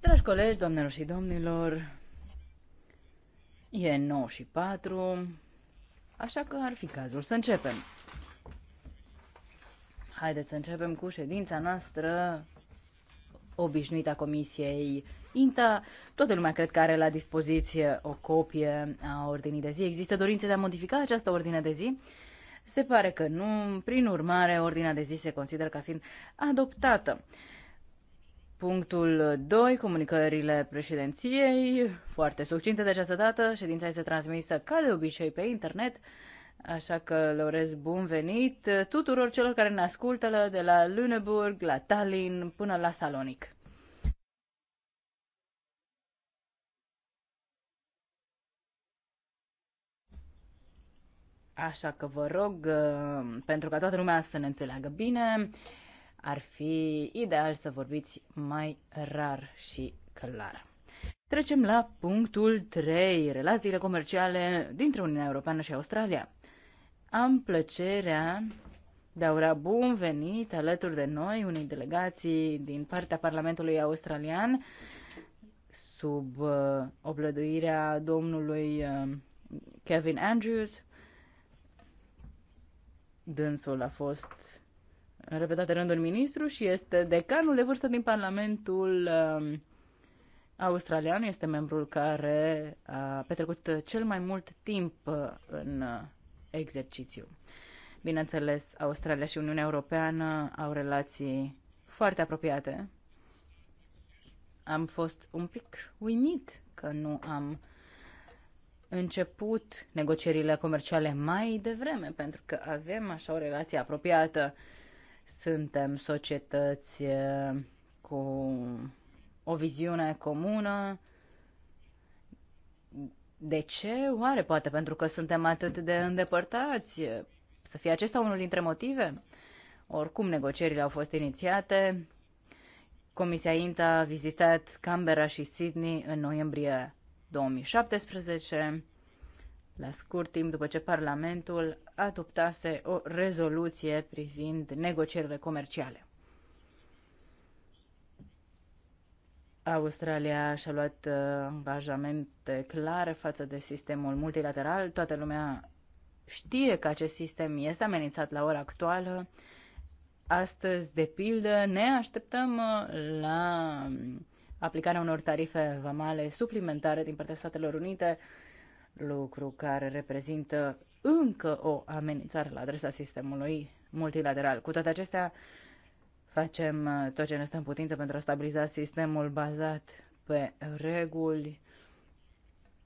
Dragi colegi, doamnelor și domnilor, e 9 și 4, așa că ar fi cazul să începem. Haideți să începem cu ședința noastră obișnuită Comisiei INTA. Toată lumea cred că are la dispoziție o copie a ordinii de zi. Există dorințe de a modifica această ordine de zi? Se pare că nu, prin urmare, ordinea de zi se consideră ca fiind adoptată. Punctul 2, comunicările președinției, foarte succinte de această dată, ședința este transmisă ca de obicei pe internet, așa că le urez bun venit tuturor celor care ne ascultă de la Lüneburg, la Tallinn, până la Salonic. Așa că vă rog, uh, pentru ca toată lumea să ne înțeleagă bine, ar fi ideal să vorbiți mai rar și clar. Trecem la punctul 3, relațiile comerciale dintre Uniunea Europeană și Australia. Am plăcerea de a ura bun venit alături de noi unei delegații din partea Parlamentului Australian sub uh, oblăduirea domnului uh, Kevin Andrews. Dânsul a fost în repetate rândul ministru și este decanul de vârstă din Parlamentul uh, australian. Este membrul care a petrecut cel mai mult timp uh, în uh, exercițiu. Bineînțeles, Australia și Uniunea Europeană au relații foarte apropiate. Am fost un pic uimit că nu am început negocierile comerciale mai devreme, pentru că avem așa o relație apropiată uh, suntem societăți eh, cu o viziune comună. De ce? Oare poate pentru că suntem atât de îndepărtați? Să fie acesta unul dintre motive? Oricum, negocierile au fost inițiate. Comisia INTA a vizitat Canberra și Sydney în noiembrie 2017 la scurt timp după ce Parlamentul adoptase o rezoluție privind negocierile comerciale. Australia și-a luat uh, angajamente clare față de sistemul multilateral. Toată lumea știe că acest sistem este amenințat la ora actuală. Astăzi, de pildă, ne așteptăm uh, la um, aplicarea unor tarife vamale suplimentare din partea Statelor Unite lucru care reprezintă încă o amenințare la adresa sistemului multilateral. Cu toate acestea, facem uh, tot ce ne stă în putință pentru a stabiliza sistemul bazat pe reguli.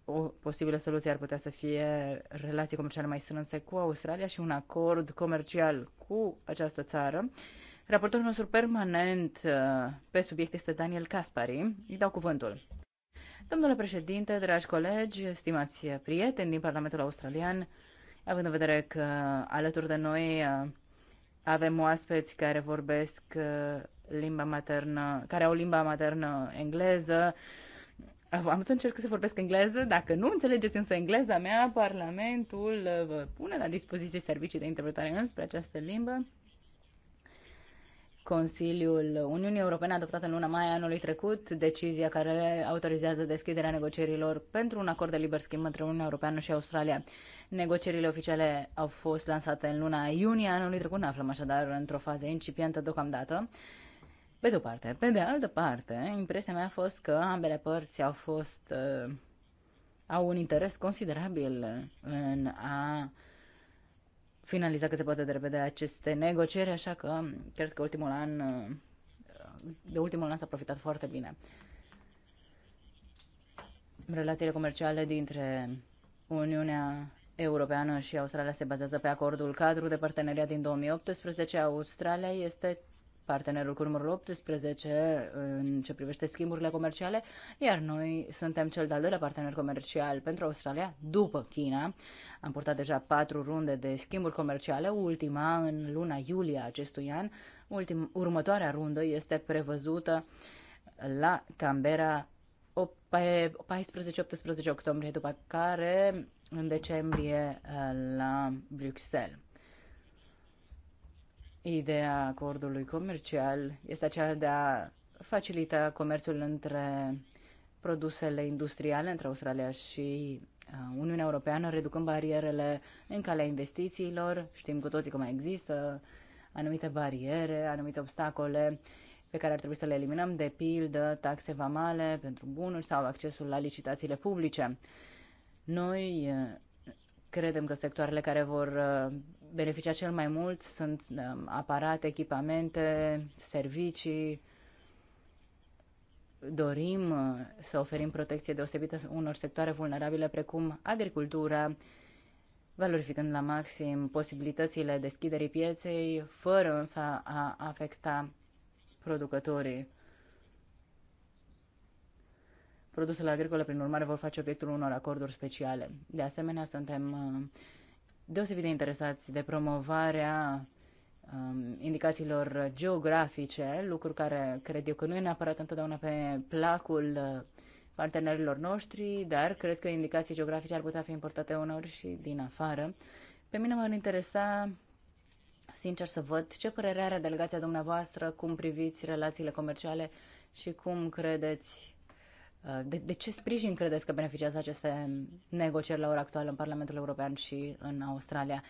O posibilă soluție ar putea să fie relații comerciale mai strânse cu Australia și un acord comercial cu această țară. Raportorul nostru permanent uh, pe subiect este Daniel Caspari. Îi dau cuvântul. Domnule președinte, dragi colegi, stimați prieteni din Parlamentul Australian, având în vedere că alături de noi uh, avem oaspeți care vorbesc uh, limba maternă, care au limba maternă engleză, uh, am să încerc să vorbesc engleză. Dacă nu înțelegeți însă engleza mea, Parlamentul vă pune la dispoziție servicii de interpretare înspre această limbă. Consiliul Uniunii Europene a adoptat în luna mai anului trecut decizia care autorizează deschiderea negocierilor pentru un acord de liber schimb între Uniunea Europeană și Australia. Negocierile oficiale au fost lansate în luna iunie anului trecut, ne aflăm așadar într-o fază incipientă deocamdată. Pe de o parte. Pe de altă parte, impresia mea a fost că ambele părți au fost uh, au un interes considerabil în a finaliza cât se poate de repede aceste negocieri, așa că cred că ultimul an, de ultimul an s-a profitat foarte bine. Relațiile comerciale dintre Uniunea Europeană și Australia se bazează pe acordul cadru de parteneriat din 2018. Australia este partenerul cu numărul 18 în ce privește schimburile comerciale, iar noi suntem cel de-al doilea partener comercial pentru Australia după China. Am purtat deja patru runde de schimburi comerciale, ultima în luna iulie acestui an. Ultim, următoarea rundă este prevăzută la Canberra pe 14-18 octombrie, după care în decembrie uh, la Bruxelles. Ideea acordului comercial este aceea de a facilita comerțul între produsele industriale între Australia și uh, Uniunea Europeană, reducând barierele în calea investițiilor. Știm cu toții că mai există anumite bariere, anumite obstacole pe care ar trebui să le eliminăm, de pildă taxe vamale pentru bunuri sau accesul la licitațiile publice. Noi uh, credem că sectoarele care vor uh, Beneficia cel mai mult sunt um, aparate, echipamente, servicii. Dorim uh, să oferim protecție deosebită unor sectoare vulnerabile precum agricultura, valorificând la maxim posibilitățile deschiderii pieței, fără însă a afecta producătorii. Produsele agricole, prin urmare, vor face obiectul unor acorduri speciale. De asemenea, suntem uh, deosebit de interesați de promovarea um, indicațiilor geografice, lucru care cred eu că nu e neapărat întotdeauna pe placul uh, partenerilor noștri, dar cred că indicații geografice ar putea fi importate uneori și din afară. Pe mine m-ar interesa sincer să văd ce părere are delegația dumneavoastră, cum priviți relațiile comerciale și cum credeți Uh, de, de ce sprijin credeți că beneficiază aceste negocieri la ora actuală în Parlamentul European și în Australia?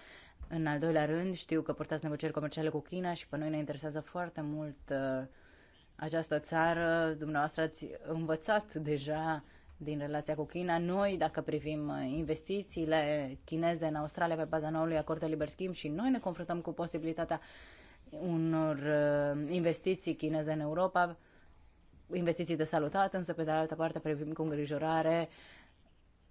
În al doilea rând, știu că portați negocieri comerciale cu China și pe noi ne interesează foarte mult uh, această țară. Dumneavoastră ați învățat deja din relația cu China. Noi, dacă privim uh, investițiile chineze în Australia pe baza noului acord de liber schimb și noi ne confruntăm cu posibilitatea unor investiții chineze în Europa, investiții de salutat, însă pe de altă parte privim cu îngrijorare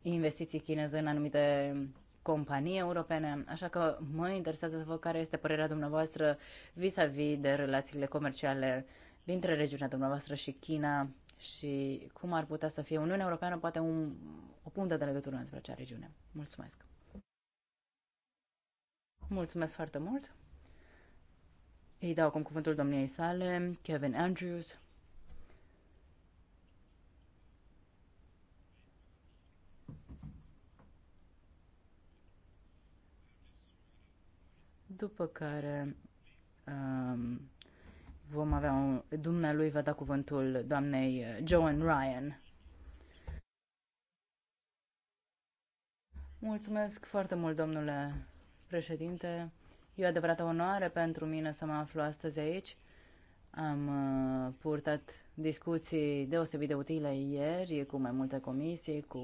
investiții chineze în anumite companii europene, așa că mă interesează să văd care este părerea dumneavoastră vis-a-vis -vis de relațiile comerciale dintre regiunea dumneavoastră și China și cum ar putea să fie Uniunea Europeană poate un, o punte de legătură între acea regiune. Mulțumesc! Mulțumesc foarte mult! Îi dau acum cuvântul domniei sale, Kevin Andrews, după care um, vom avea un, dumnealui va da cuvântul doamnei uh, Joan Ryan. Mulțumesc foarte mult, domnule președinte. E o adevărată onoare pentru mine să mă aflu astăzi aici. Am uh, purtat discuții deosebit de utile ieri cu mai multe comisii, cu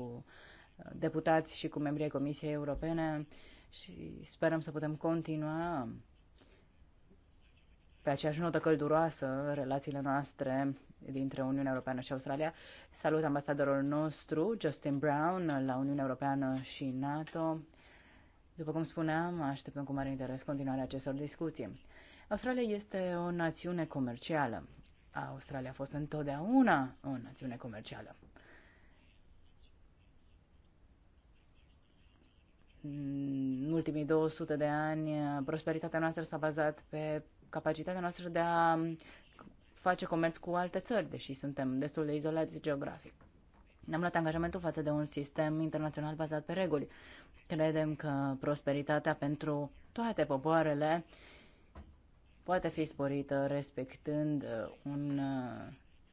uh, deputați și cu membrii Comisiei Europene. Uh, și sperăm să putem continua pe aceeași notă călduroasă relațiile noastre dintre Uniunea Europeană și Australia. Salut ambasadorul nostru, Justin Brown, la Uniunea Europeană și NATO. După cum spuneam, așteptăm cu mare interes continuarea acestor discuții. Australia este o națiune comercială. Australia a fost întotdeauna o națiune comercială. în ultimii 200 de ani, prosperitatea noastră s-a bazat pe capacitatea noastră de a face comerț cu alte țări, deși suntem destul de izolați geografic. Ne-am luat angajamentul față de un sistem internațional bazat pe reguli. Credem că prosperitatea pentru toate popoarele poate fi sporită respectând un,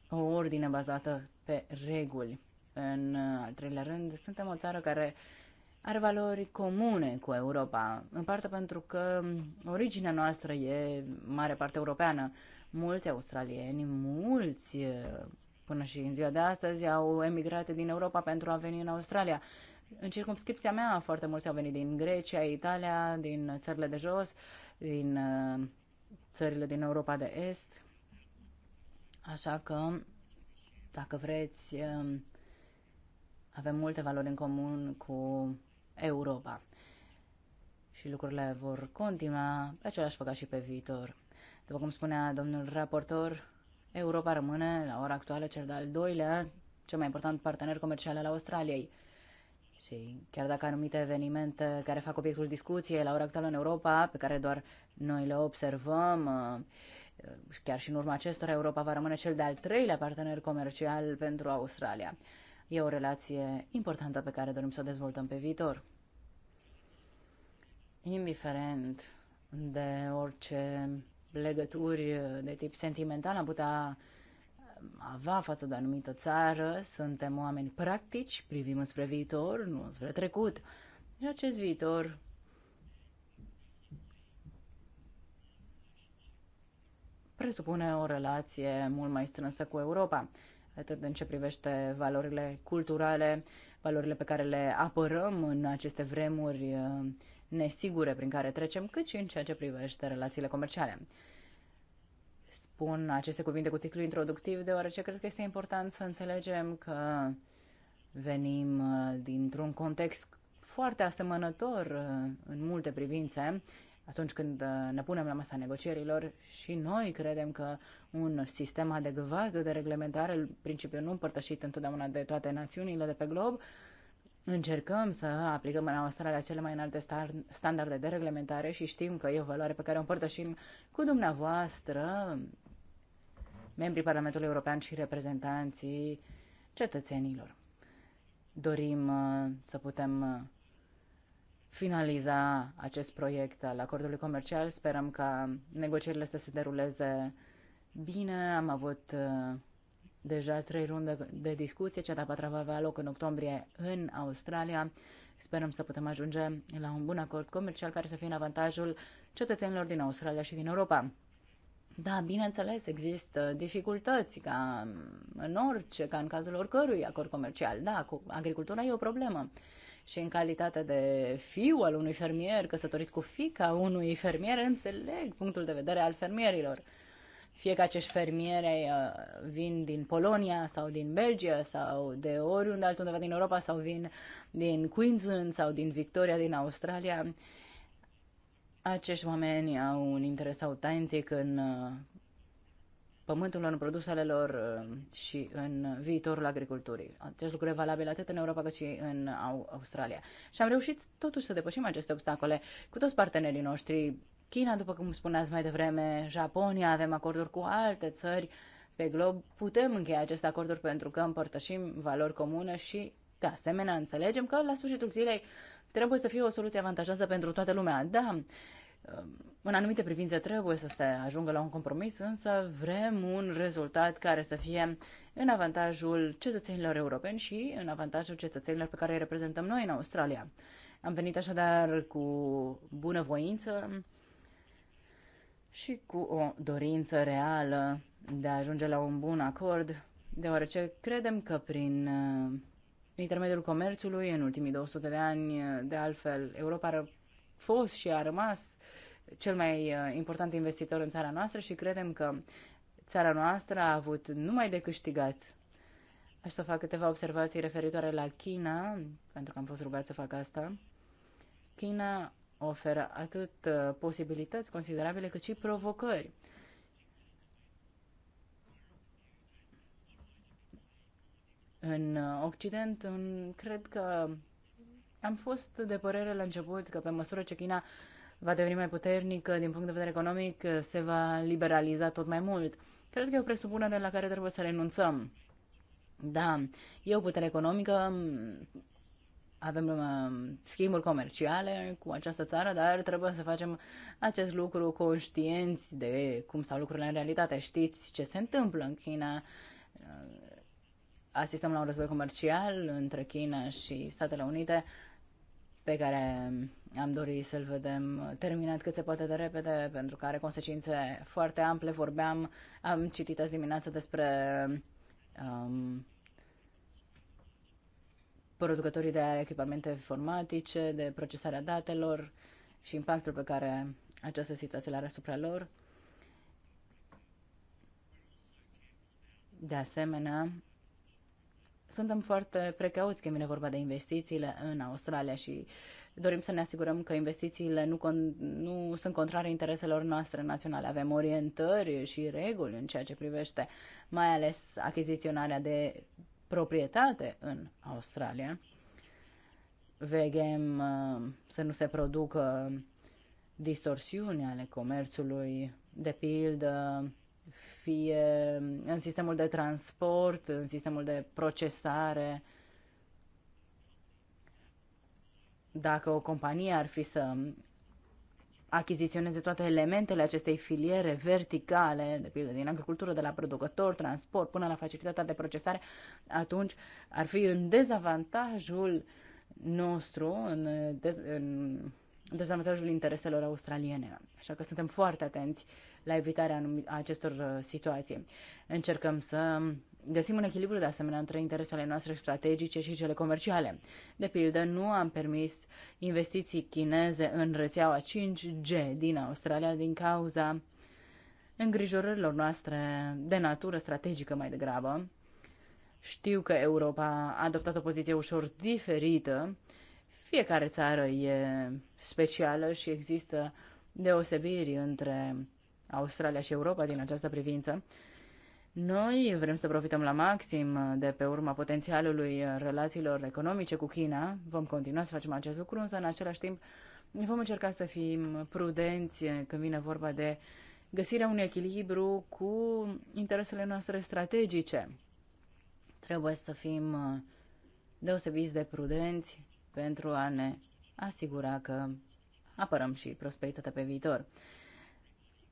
o ordine bazată pe reguli. În al treilea rând, suntem o țară care uh, are valori comune cu Europa, în parte pentru că originea noastră e mare parte europeană. Mulți australieni, mulți eh, până și în ziua de astăzi au emigrat din Europa pentru a veni în Australia. În circumscripția mea foarte mulți au venit din Grecia, Italia, din țările de jos, din eh, țările din Europa de Est. Așa că, dacă vreți, eh, avem multe valori în comun cu Europa. Și lucrurile vor continua pe același făcat și pe viitor. După cum spunea domnul raportor, Europa rămâne, la ora actuală, cel de-al doilea, cel mai important partener comercial al Australiei. Și chiar dacă anumite evenimente care fac obiectul discuției la ora actuală în Europa, pe care doar noi le observăm, uh, chiar și în urma acestora, Europa va rămâne cel de-al treilea partener comercial pentru Australia. E o relație importantă pe care dorim să o dezvoltăm pe viitor. Indiferent de orice legături de tip sentimental am putea avea față de anumită țară, suntem oameni practici, privim spre viitor, nu spre trecut. Și deci acest viitor presupune o relație mult mai strânsă cu Europa atât în ce privește valorile culturale, valorile pe care le apărăm în aceste vremuri uh, nesigure prin care trecem, cât și în ceea ce privește relațiile comerciale. Spun aceste cuvinte cu titlu introductiv, deoarece cred că este important să înțelegem că venim uh, dintr-un context foarte asemănător uh, în multe privințe, atunci când uh, ne punem la masa negocierilor și noi credem că un sistem adecvat de reglementare, în principiu nu împărtășit întotdeauna de toate națiunile de pe glob, încercăm să aplicăm în Australia cele mai înalte standarde de reglementare și știm că e o valoare pe care o împărtășim cu dumneavoastră, membrii Parlamentului European și reprezentanții cetățenilor. Dorim uh, să putem uh, finaliza acest proiect al acordului comercial. Sperăm ca negocierile să se deruleze bine. Am avut uh, deja trei runde de discuție. Cea de-a patra va avea loc în octombrie în Australia. Sperăm să putem ajunge la un bun acord comercial care să fie în avantajul cetățenilor din Australia și din Europa. Da, bineînțeles, există dificultăți, ca în orice, ca în cazul oricărui acord comercial. Da, cu agricultura e o problemă și în calitate de fiu al unui fermier, căsătorit cu fica unui fermier, înțeleg punctul de vedere al fermierilor. Fie că acești fermieri eh, vin din Polonia sau din Belgia sau de oriunde altundeva din Europa sau vin din Queensland sau din Victoria din Australia, acești oameni au un interes autentic în eh, pământul, în produsele lor uh, și în viitorul agriculturii. Acest lucru e valabil atât în Europa cât și în Australia. Și am reușit totuși să depășim aceste obstacole cu toți partenerii noștri. China, după cum spuneați mai devreme, Japonia, avem acorduri cu alte țări pe glob. Putem încheia aceste acorduri pentru că împărtășim valori comune și, de asemenea, înțelegem că la sfârșitul zilei trebuie să fie o soluție avantajoasă pentru toată lumea. Da, Um, în anumite privințe trebuie să se ajungă la un compromis, însă vrem un rezultat care să fie în avantajul cetățenilor europeni și în avantajul cetățenilor pe care îi reprezentăm noi în Australia. Am venit așadar cu bună voință și cu o dorință reală de a ajunge la un bun acord, deoarece credem că prin uh, intermediul comerțului, în ultimii 200 de ani, uh, de altfel, Europa fost și a rămas cel mai uh, important investitor în țara noastră și credem că țara noastră a avut numai de câștigat. Aș să fac câteva observații referitoare la China, pentru că am fost rugat să fac asta. China oferă atât uh, posibilități considerabile cât și provocări. În uh, Occident, cred că am fost de părere la început că pe măsură ce China va deveni mai puternică din punct de vedere economic, se va liberaliza tot mai mult. Cred că e o presupunere la care trebuie să renunțăm. Da, e o putere economică, avem um, schimburi comerciale cu această țară, dar trebuie să facem acest lucru conștienți de cum stau lucrurile în realitate. Știți ce se întâmplă în China? Asistăm la un război comercial între China și Statele Unite pe care am dorit să-l vedem terminat cât se poate de repede, pentru că are consecințe foarte ample. Vorbeam, am citit azi dimineață despre um, producătorii de echipamente informatice, de procesarea datelor și impactul pe care această situație l-are asupra lor. De asemenea, suntem foarte precauți când vine vorba de investițiile în Australia și dorim să ne asigurăm că investițiile nu, con- nu sunt contrare intereselor noastre naționale. Avem orientări și reguli în ceea ce privește mai ales achiziționarea de proprietate în Australia. Vegem uh, să nu se producă distorsiuni ale comerțului, de pildă fie în sistemul de transport, în sistemul de procesare. Dacă o companie ar fi să achiziționeze toate elementele acestei filiere verticale, de pildă din agricultură, de la producător, transport, până la facilitatea de procesare, atunci ar fi în dezavantajul nostru, în, dez- în dezavantajul intereselor australiene. Așa că suntem foarte atenți la evitarea acestor uh, situații. Încercăm să găsim un echilibru de asemenea între interesele noastre strategice și cele comerciale. De pildă, nu am permis investiții chineze în rețeaua 5G din Australia din cauza îngrijorărilor noastre de natură strategică mai degrabă. Știu că Europa a adoptat o poziție ușor diferită fiecare țară e specială și există deosebiri între Australia și Europa din această privință. Noi vrem să profităm la maxim de pe urma potențialului relațiilor economice cu China. Vom continua să facem acest lucru, însă în același timp vom încerca să fim prudenți când vine vorba de găsirea unui echilibru cu interesele noastre strategice. Trebuie să fim deosebiți de prudenți pentru a ne asigura că apărăm și prosperitatea pe viitor.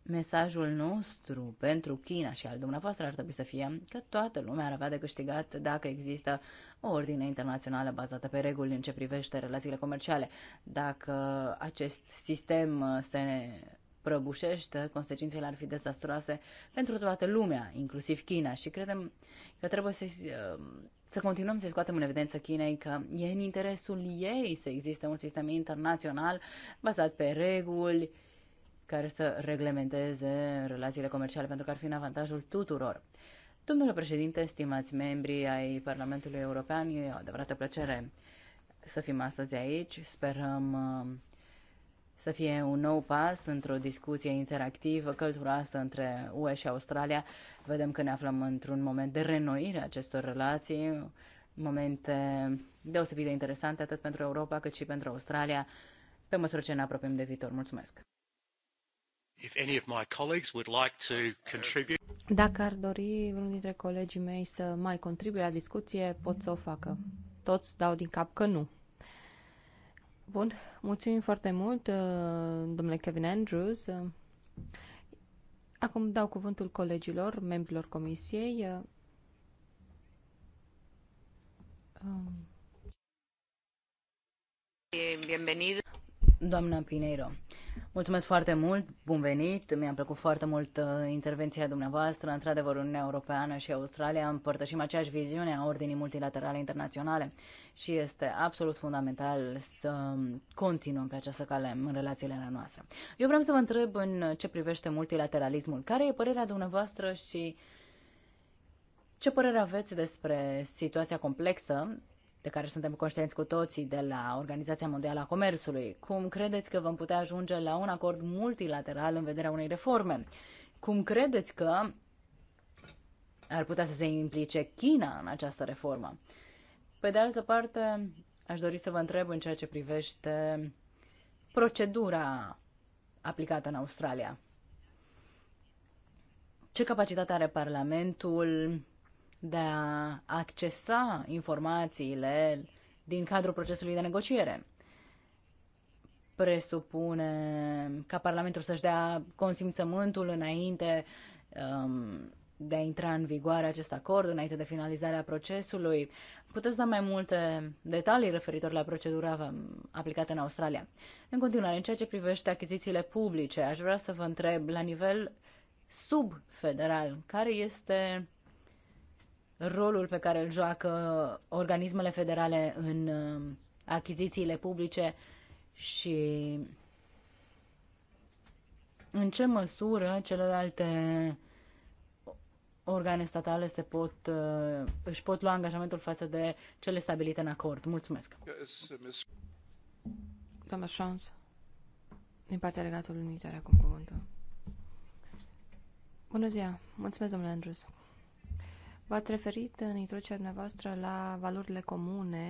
Mesajul nostru pentru China și al dumneavoastră ar trebui să fie că toată lumea ar avea de câștigat dacă există o ordine internațională bazată pe reguli în ce privește relațiile comerciale. Dacă acest sistem uh, se prăbușește, consecințele ar fi dezastroase pentru toată lumea, inclusiv China. Și credem că trebuie să uh, să continuăm să scoatem în evidență Chinei că e în interesul ei să existe un sistem internațional bazat pe reguli care să reglementeze relațiile comerciale pentru că ar fi în avantajul tuturor. Domnule președinte, stimați membri ai Parlamentului European, e o adevărată plăcere să fim astăzi aici. Sperăm uh, să fie un nou pas într-o discuție interactivă, călduroasă între UE și Australia. Vedem că ne aflăm într-un moment de renoire a acestor relații, momente deosebit de interesante atât pentru Europa cât și pentru Australia, pe măsură ce ne apropiem de viitor. Mulțumesc! If any of my colleagues would like to contribute... Dacă ar dori unul dintre colegii mei să mai contribuie la discuție, pot să o facă. Toți dau din cap că nu. Bun, mulțumim foarte mult, uh, domnule Kevin Andrews. Acum dau cuvântul colegilor, membrilor comisiei. Uh, um. Bienvenido. Doamna Pineiro, Mulțumesc foarte mult, bun venit, mi-a plăcut foarte mult uh, intervenția dumneavoastră. Într-adevăr, Uniunea Europeană și Australia împărtășim aceeași viziune a ordinii multilaterale internaționale și este absolut fundamental să continuăm pe această cale în relațiile noastre. Eu vreau să vă întreb în ce privește multilateralismul. Care e părerea dumneavoastră și ce părere aveți despre situația complexă de care suntem conștienți cu toții de la Organizația Mondială a Comerțului. Cum credeți că vom putea ajunge la un acord multilateral în vederea unei reforme? Cum credeți că ar putea să se implice China în această reformă? Pe de altă parte, aș dori să vă întreb în ceea ce privește procedura aplicată în Australia. Ce capacitate are Parlamentul de a accesa informațiile din cadrul procesului de negociere. Presupune ca Parlamentul să-și dea consimțământul înainte um, de a intra în vigoare acest acord, înainte de finalizarea procesului. Puteți da mai multe detalii referitor la procedura um, aplicată în Australia. În continuare, în ceea ce privește achizițiile publice, aș vrea să vă întreb la nivel subfederal, care este rolul pe care îl joacă organismele federale în um, achizițiile publice și în ce măsură celelalte organe statale se pot, uh, își pot lua angajamentul față de cele stabilite în acord. Mulțumesc. Doamna Șans, din partea Regatului Unit, are acum cuvântul. Bună ziua! Mulțumesc, domnule Andrews. V-ați referit în introducerea dumneavoastră la valorile comune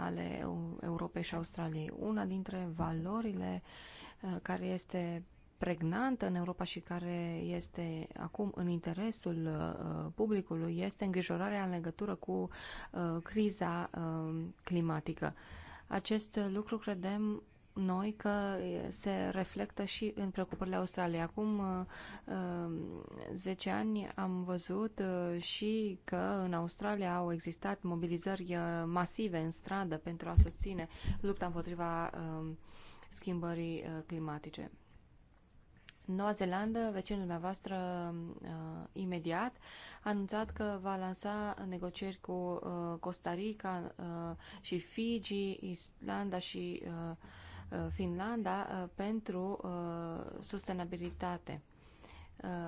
ale Europei și Australiei. Una dintre valorile uh, care este pregnantă în Europa și care este acum în interesul uh, publicului este îngrijorarea în legătură cu uh, criza climatică. Acest lucru, credem, noi că se reflectă și în preocupările Australiei. Acum 10 uh, uh, ani am văzut uh, și că în Australia au existat mobilizări masive în stradă pentru a susține lupta împotriva schimbării climatice. Noua Zeelandă, vecinul dumneavoastră uh, imediat, a anunțat că va lansa negocieri cu uh, Costa Rica uh, și Fiji, Islanda și uh, Uh, Finlanda uh, pentru uh, sustenabilitate.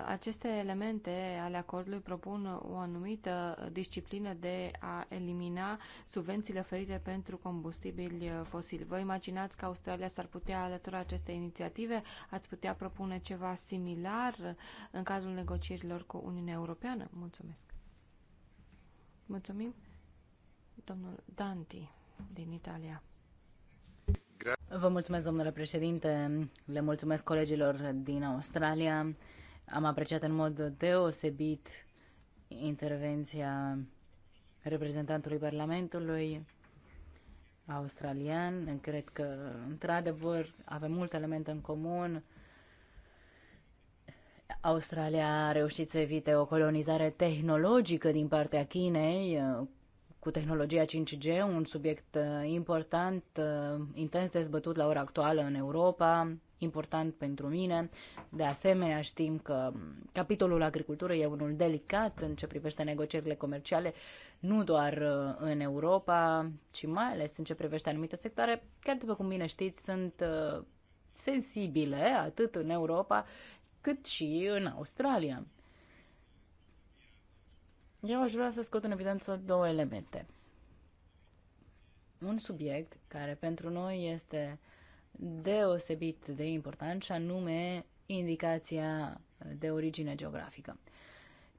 Aceste elemente ale acordului propun o anumită disciplină de a elimina subvențiile oferite pentru combustibili fosili. Vă imaginați că Australia s-ar putea alătura aceste inițiative? Ați putea propune ceva similar în cadrul negocierilor cu Uniunea Europeană? Mulțumesc! Mulțumim, domnul Danti din Italia. Vă mulțumesc, domnule președinte. Le mulțumesc colegilor din Australia. Am apreciat în mod deosebit intervenția reprezentantului Parlamentului australian. Cred că, într-adevăr, avem multe elemente în comun. Australia a reușit să evite o colonizare tehnologică din partea Chinei cu tehnologia 5G, un subiect uh, important, uh, intens dezbătut la ora actuală în Europa, important pentru mine. De asemenea, știm că capitolul agricultură e unul delicat în ce privește negocierile comerciale, nu doar uh, în Europa, ci mai ales în ce privește anumite sectoare, chiar după cum bine știți, sunt sensibile atât în Europa cât și în Australia. Eu aș vrea să scot în evidență două elemente. Un subiect care pentru noi este deosebit de important și anume indicația de origine geografică.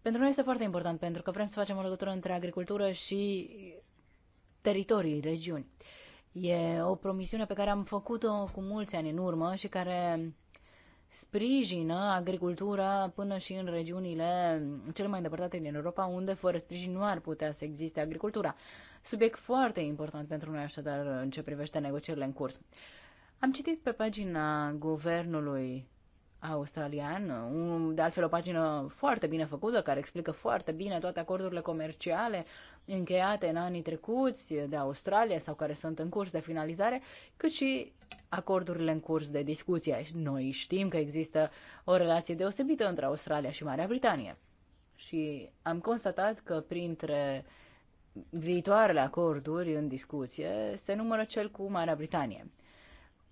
Pentru noi este foarte important pentru că vrem să facem o legătură între agricultură și teritorii, regiuni. E o promisiune pe care am făcut-o cu mulți ani în urmă și care sprijină agricultura până și în regiunile cele mai îndepărtate din Europa, unde fără sprijin nu ar putea să existe agricultura. Subiect foarte important pentru noi așadar în ce privește negocierile în curs. Am citit pe pagina guvernului australian, de altfel o pagină foarte bine făcută, care explică foarte bine toate acordurile comerciale încheiate în anii trecuți de Australia sau care sunt în curs de finalizare, cât și acordurile în curs de discuție. Noi știm că există o relație deosebită între Australia și Marea Britanie. Și am constatat că printre viitoarele acorduri în discuție se numără cel cu Marea Britanie.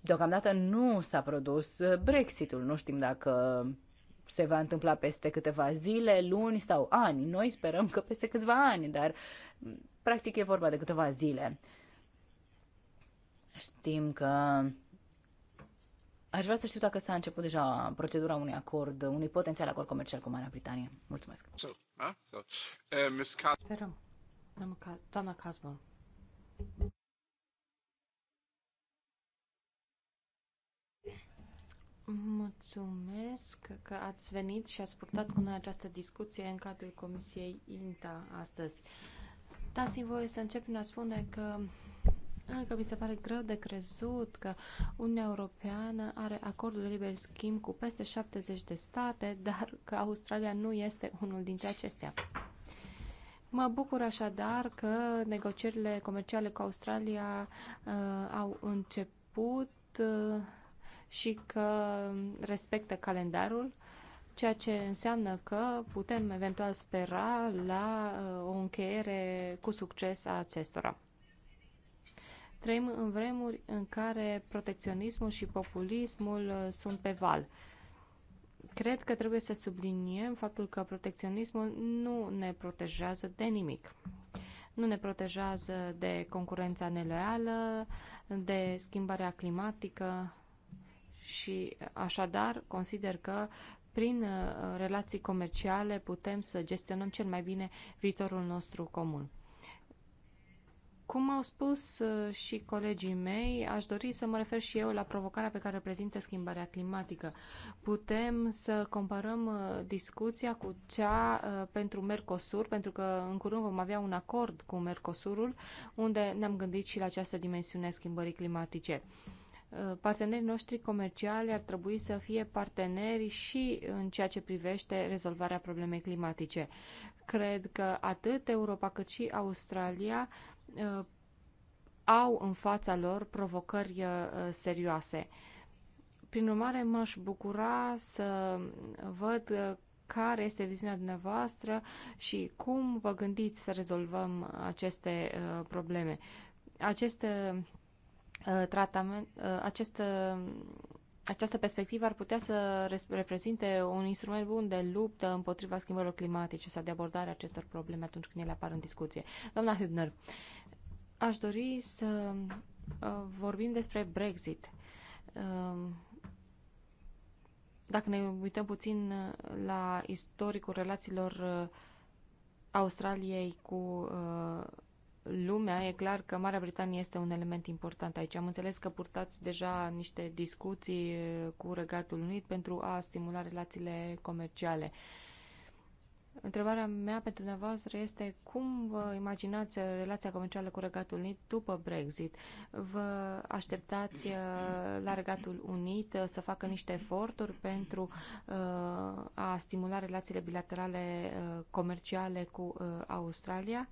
Deocamdată nu s-a produs Brexitul, nu știm dacă se va întâmpla peste câteva zile, luni sau ani. Noi sperăm că peste câțiva ani, dar Practic e vorba de câteva zile. Știm că Aș vrea să știu dacă s-a început deja procedura unui acord, unui potențial acord comercial cu Marea Britanie. Mulțumesc. Sperăm. Ah, eh, doamna Casbon. Mulțumesc că ați venit și ați purtat cu noi această discuție în cadrul Comisiei INTA astăzi. Uh, Dați-mi voi să încep prin a spune că încă mi se pare greu de crezut că Uniunea Europeană are acordul de liber schimb cu peste 70 de state, dar că Australia nu este unul dintre acestea. Mă bucur așadar că negocierile comerciale cu Australia uh, au început uh, și că respectă calendarul ceea ce înseamnă că putem eventual spera la uh, o încheiere cu succes a acestora. Trăim în vremuri în care protecționismul și populismul uh, sunt pe val. Cred că trebuie să subliniem faptul că protecționismul nu ne protejează de nimic. Nu ne protejează de concurența neloială, de schimbarea climatică, și așadar consider că prin uh, relații comerciale putem să gestionăm cel mai bine viitorul nostru comun. Cum au spus uh, și colegii mei, aș dori să mă refer și eu la provocarea pe care reprezintă schimbarea climatică. Putem să comparăm uh, discuția cu cea pentru Mercosur, pentru că în curând vom avea un acord cu Mercosurul, unde ne-am gândit și la această dimensiune a schimbării climatice. Uh, partenerii noștri comerciali ar trebui să fie parteneri și în ceea ce privește rezolvarea problemei climatice. Cred că atât Europa cât și Australia uh, au în fața lor provocări uh, serioase. Prin urmare, m-aș bucura să văd care este viziunea dumneavoastră și cum vă gândiți să rezolvăm aceste probleme. Aceste Uh, tratament, uh, acest, uh, această perspectivă ar putea să reprezinte un instrument bun de luptă împotriva schimbărilor climatice sau de abordare acestor probleme atunci când ele apar în discuție. Doamna Hübner, aș dori să vorbim despre Brexit. Dacă ne uităm puțin la istoricul relațiilor Australiei cu lumea, e clar că Marea Britanie este un element important aici. Am înțeles că purtați deja niște discuții cu Regatul Unit pentru a stimula relațiile comerciale. Întrebarea mea pentru dumneavoastră este cum vă imaginați relația comercială cu Regatul Unit după Brexit? Vă așteptați la Regatul Unit să facă niște eforturi pentru a stimula relațiile bilaterale comerciale cu Australia?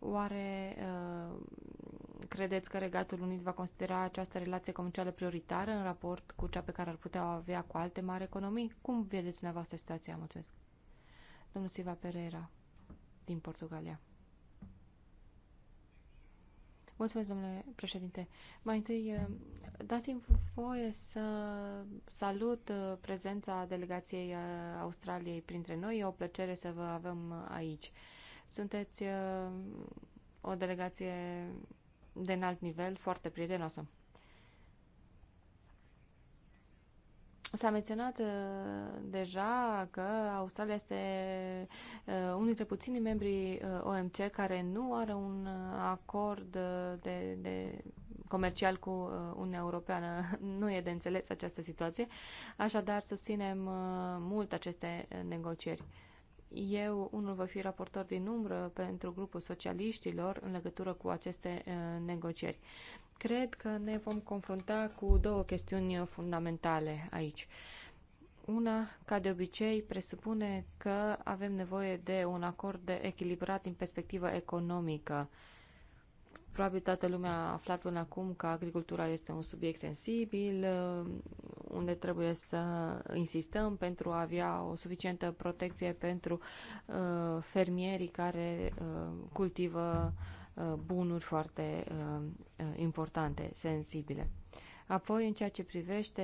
Oare uh, credeți că Regatul Unit va considera această relație comercială prioritară în raport cu cea pe care ar putea o avea cu alte mari economii? Cum vedeți dumneavoastră situația? Mulțumesc. Domnul Silva Pereira, din Portugalia. Mulțumesc, domnule președinte. Mai întâi, uh, dați-mi voie să salut uh, prezența delegației uh, Australiei printre noi. E o plăcere să vă avem aici. Sunteți uh, o delegație de înalt nivel, foarte prietenoasă. S-a menționat uh, deja că Australia este uh, unul dintre puținii membrii OMC care nu are un acord de, de comercial cu Uniunea Europeană. Nu e de înțeles această situație, așadar susținem mult aceste negocieri. Eu, unul, voi fi raportor din umbră pentru grupul socialiștilor în legătură cu aceste uh, negocieri. Cred că ne vom confrunta cu două chestiuni uh, fundamentale aici. Una, ca de obicei, presupune că avem nevoie de un acord de echilibrat din perspectivă economică Probabil toată lumea a aflat până acum că agricultura este un subiect sensibil, uh, unde trebuie să insistăm pentru a avea o suficientă protecție pentru uh, fermierii care uh, cultivă uh, bunuri foarte uh, uh, importante, sensibile. Apoi, în ceea ce privește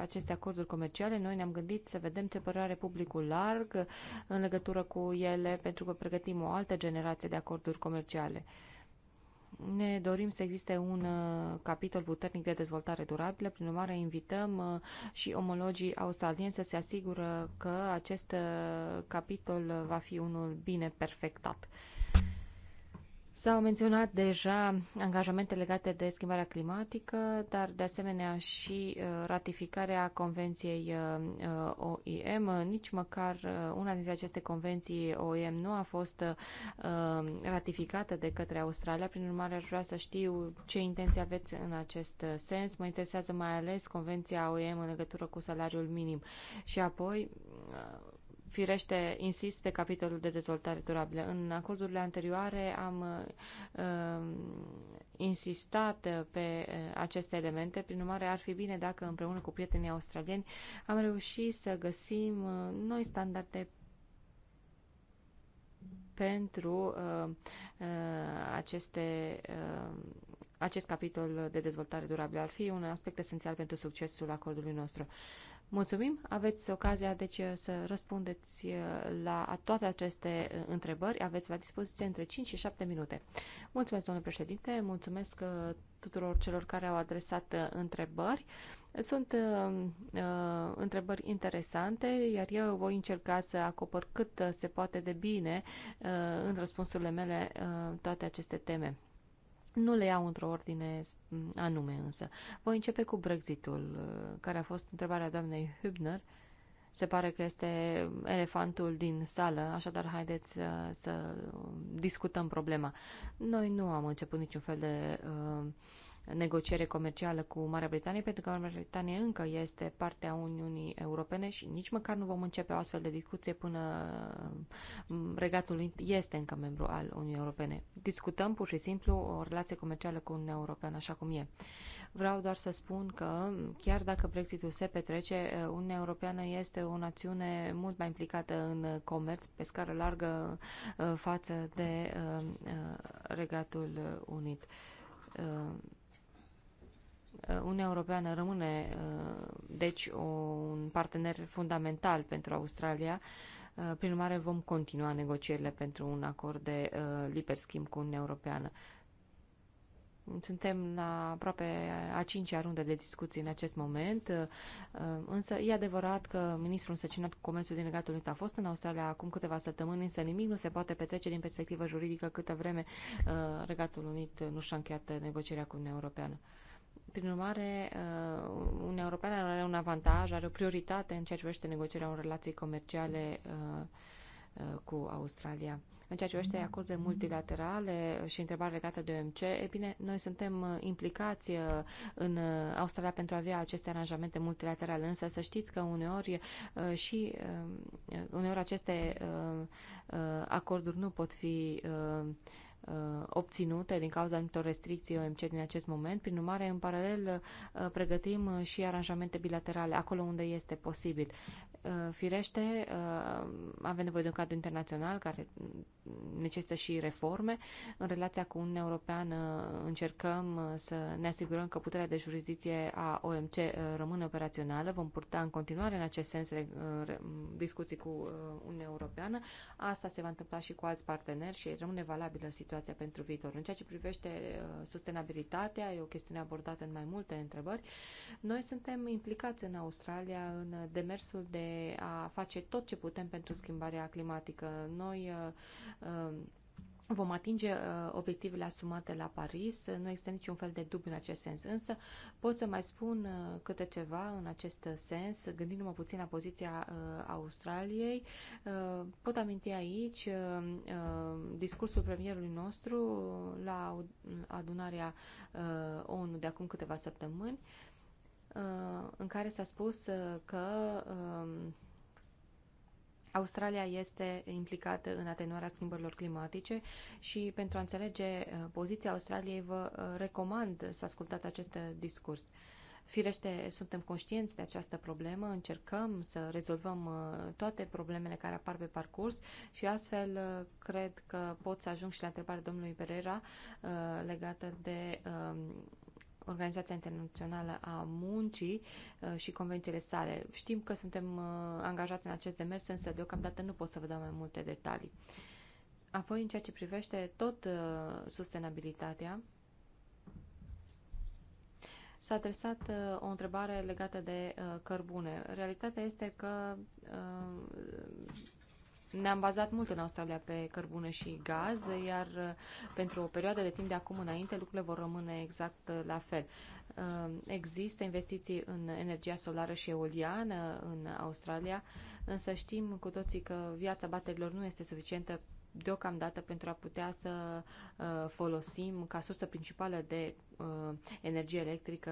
aceste acorduri comerciale, noi ne-am gândit să vedem ce părere are publicul larg în legătură cu ele, pentru că pregătim o altă generație de acorduri comerciale. Uh, ne dorim să existe un uh, capitol puternic de dezvoltare durabilă, prin urmare invităm uh, și omologii australieni să se asigură că acest uh, capitol va fi unul bine perfectat. S-au menționat deja angajamente legate de schimbarea climatică, dar de asemenea și uh, ratificarea convenției uh, uh, OIM. Nici măcar una dintre aceste convenții OIM nu a fost ratificată de către Australia. Prin urmare, aș vrea să știu ce intenții aveți în acest sens. Mă interesează mai ales convenția OIM în legătură cu salariul minim. Și apoi, Firește, insist pe capitolul de dezvoltare durabilă. În acordurile anterioare am uh, insistat pe uh, aceste elemente, prin urmare ar fi bine dacă împreună cu prietenii australieni am reușit să găsim uh, noi standarde pentru uh, uh, aceste, uh, acest capitol de dezvoltare durabilă ar fi un aspect esențial pentru succesul acordului nostru. Mulțumim, aveți ocazia deci să răspundeți uh, la toate aceste uh, întrebări, aveți la dispoziție între 5 și 7 minute. Mulțumesc, domnule președinte, mulțumesc uh, tuturor celor care au adresat întrebări. Sunt uh, întrebări interesante, iar eu voi încerca să acopăr cât se poate de bine uh, în răspunsurile mele uh, toate aceste teme. Nu le iau într-o ordine mm, anume însă. Voi începe cu Brexitul, uh, care a fost întrebarea doamnei Hübner. Se pare că este elefantul din sală, așadar haideți să, uh, să discutăm problema. Noi nu am început niciun fel de uh, negociere comercială cu Marea Britanie, pentru că Marea Britanie încă este parte a Uniunii Europene și nici măcar nu vom începe o astfel de discuție până Regatul Unit este încă membru al Uniunii Europene. Discutăm pur și simplu o relație comercială cu Uniunea Europeană așa cum e. Vreau doar să spun că chiar dacă Brexitul se petrece, Uniunea Europeană este o națiune mult mai implicată în comerț pe scară largă uh, față de uh, uh, Regatul Unit. Uh, Uniunea Europeană rămâne, uh, deci, un partener fundamental pentru Australia. Uh, prin urmare, vom continua negocierile pentru un acord de uh, liber schimb cu Uniunea Europeană. Suntem la aproape a cincea rundă de discuții în acest moment, însă e adevărat că ministrul însăcinat cu comerțul din Regatul Unit a fost în Australia acum câteva săptămâni, însă nimic nu se poate petrece din perspectivă juridică câtă vreme Regatul Unit nu și-a încheiat negocierea cu Uniunea Europeană. Prin urmare, uh, Uniunea Europeană are un avantaj, are o prioritate în ceea ce privește negocierea unor relații comerciale uh, uh, cu Australia. În ceea ce privește acorduri multilaterale și întrebarea legată de OMC, e bine, noi suntem implicați în Australia pentru a avea aceste aranjamente multilaterale, însă să știți că uneori și uneori aceste acorduri nu pot fi Uh, obținute din cauza anumitor restricții OMC din acest moment. Prin urmare, în paralel, uh, pregătim uh, și aranjamente bilaterale acolo unde este posibil. Firește, avem nevoie de un cadru internațional care necesită și reforme. În relația cu Uniunea Europeană încercăm uh, să ne asigurăm că puterea de jurisdicție a OMC uh, rămâne operațională. Vom purta în continuare în acest sens uh, discuții cu Uniunea Europeană. Asta se va întâmpla și cu alți parteneri și rămâne valabilă situația pentru viitor. În ceea ce privește sustenabilitatea, e o chestiune abordată în mai multe întrebări. Noi suntem implicați în Australia în demersul de a face tot ce putem pentru schimbarea climatică. Noi Um, vom atinge uh, obiectivele asumate la Paris, nu există niciun fel de dubiu în acest sens, însă pot să mai spun uh, câte ceva în acest sens, gândindu-mă puțin la poziția uh, Australiei. pot aminti aici discursul premierului nostru la adunarea ONU de acum câteva săptămâni, în care s-a spus că um, Australia este implicată în atenuarea schimbărilor climatice și pentru a înțelege uh, poziția Australiei vă uh, recomand să ascultați acest uh, discurs. Firește, suntem conștienți de această problemă, încercăm să rezolvăm toate problemele care apar pe parcurs și astfel cred că pot să ajung și la întrebarea domnului Pereira legată de um, Organizația Internațională a Muncii uh, și convențiile sale. Știm că suntem uh, angajați în acest demers, însă deocamdată nu pot să vă dau mai multe detalii. Apoi, în ceea ce privește tot uh, sustenabilitatea, s-a adresat o întrebare legată de cărbune. Realitatea este că ne-am bazat mult în Australia pe cărbune și gaz, iar uh, pentru o perioadă de timp de acum înainte lucrurile vor rămâne exact uh, la fel. Uh, există investiții în energia solară și eoliană în Australia, însă știm cu toții că viața baterilor nu este suficientă deocamdată pentru a putea să folosim ca sursă principală de energie electrică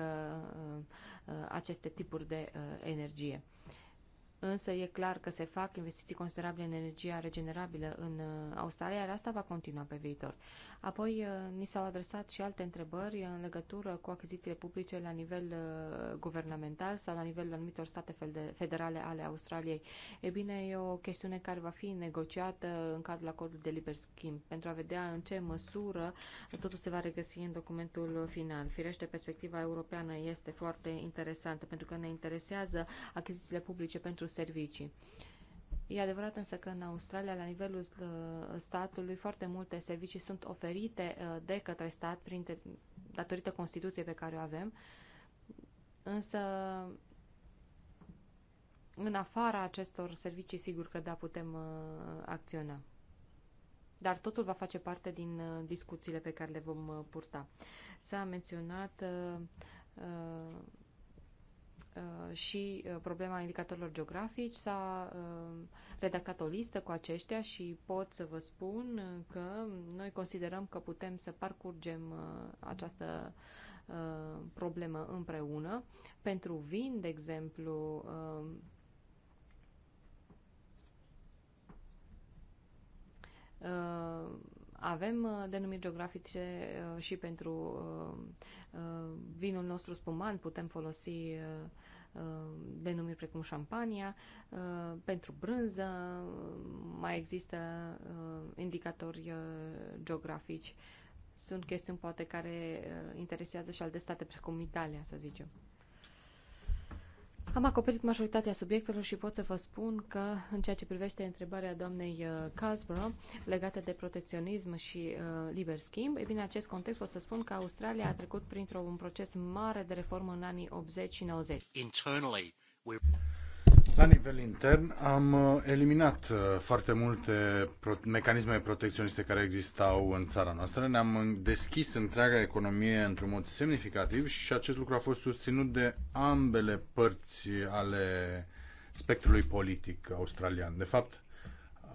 aceste tipuri de energie însă e clar că se fac investiții considerabile în energia regenerabilă în uh, Australia, iar asta va continua pe viitor. Apoi uh, ni s-au adresat și alte întrebări în legătură cu achizițiile publice la nivel uh, guvernamental sau la nivelul anumitor state federale ale Australiei. E bine, e o chestiune care va fi negociată în cadrul acordului de liber schimb pentru a vedea în ce măsură totul se va regăsi în documentul final. Firește, perspectiva europeană este foarte interesantă pentru că ne interesează achizițiile publice pentru servicii. E adevărat însă că în Australia, la nivelul ă, statului, foarte multe servicii sunt oferite ă, de către stat prin datorită Constituției pe care o avem, însă în afara acestor servicii, sigur că da, putem ă, acționa. Dar totul va face parte din discuțiile pe care le vom purta. S-a menționat uh, uh, Uh, și uh, problema indicatorilor geografici. S-a uh, redactat o listă cu aceștia și pot să vă spun că noi considerăm că putem să parcurgem această problemă împreună. Pentru vin, de exemplu, avem uh, denumiri geografice uh, și pentru uh, vinul nostru spuman, putem folosi denumiri precum șampania, pentru brânză mai există indicatori geografici. Sunt chestiuni poate care interesează și alte state precum Italia, să zicem. Am acoperit majoritatea subiectelor și pot să vă spun că, în ceea ce privește întrebarea doamnei uh, Casbro legată de protecționism și uh, liber schimb, e bine, în acest context pot să spun că Australia a trecut printr-un proces mare de reformă în anii 80 și 90. Internally, we're... La nivel intern am uh, eliminat uh, foarte multe mecanisme protecționiste care existau în țara noastră. Ne-am deschis întreaga economie într-un mod semnificativ și acest lucru a fost susținut de ambele părți ale spectrului politic australian. De fapt,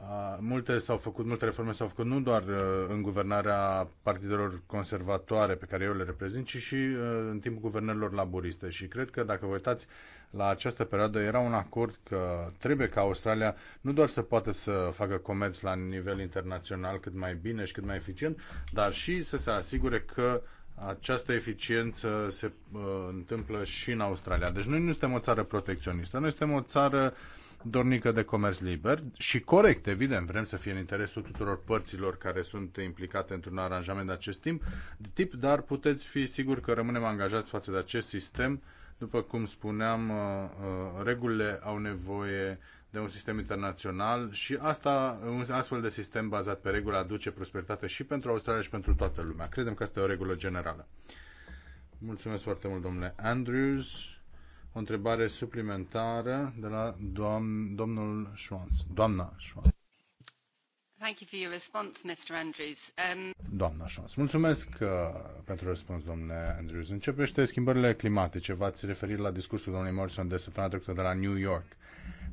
Uh, multe s-au făcut, multe reforme s-au făcut nu doar uh, în guvernarea partidelor conservatoare pe care eu le reprezint, ci și uh, în timpul guvernărilor laboriste. Și cred că dacă vă uitați la această perioadă, era un acord că trebuie ca Australia nu doar să poată să facă comerț la nivel internațional cât mai bine și cât mai eficient, dar și să se asigure că această eficiență se uh, întâmplă și în Australia. Deci noi nu suntem o țară protecționistă, noi suntem o țară uh, dornică de comerț liber și corect, evident, vrem să fie în interesul tuturor părților care sunt implicate într-un aranjament de acest timp, de tip, dar puteți fi siguri că rămânem angajați față de acest sistem. După cum spuneam, uh, uh, regulile au nevoie de un sistem internațional și asta, un astfel de sistem bazat pe reguli aduce prosperitate și pentru Australia și pentru toată lumea. Credem că asta e o regulă generală. Mulțumesc foarte mult, domnule Andrews o întrebare suplimentară de la domnul Schwanz. Doamna Schwanz. Thank you for your response, Mr. Andrews. Um... Doamna Schwanz, mulțumesc uh, pentru răspuns, domnule Andrews. Începește schimbările climatice. V-ați referit la discursul domnului Morrison de săptămâna trecută de la New York,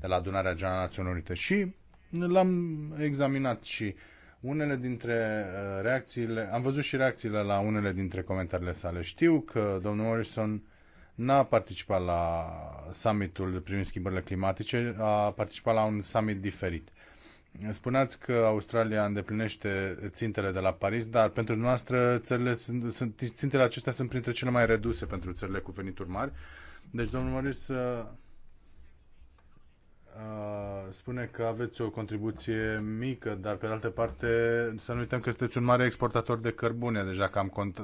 de la adunarea generală Națiunilor Unite și l-am examinat și unele dintre uh, reacțiile, am văzut și reacțiile la unele dintre comentariile sale. Știu că domnul Morrison n-a participat la summitul privind schimbările climatice, a participat la un summit diferit. Spuneați că Australia îndeplinește țintele de la Paris, dar pentru noastră țările sunt, sunt, țintele acestea sunt printre cele mai reduse pentru țările cu venituri mari. Deci, domnul Maris uh, uh, spune că aveți o contribuție mică, dar pe de altă parte să nu uităm că sunteți un mare exportator de cărbune. Deci dacă am, cont,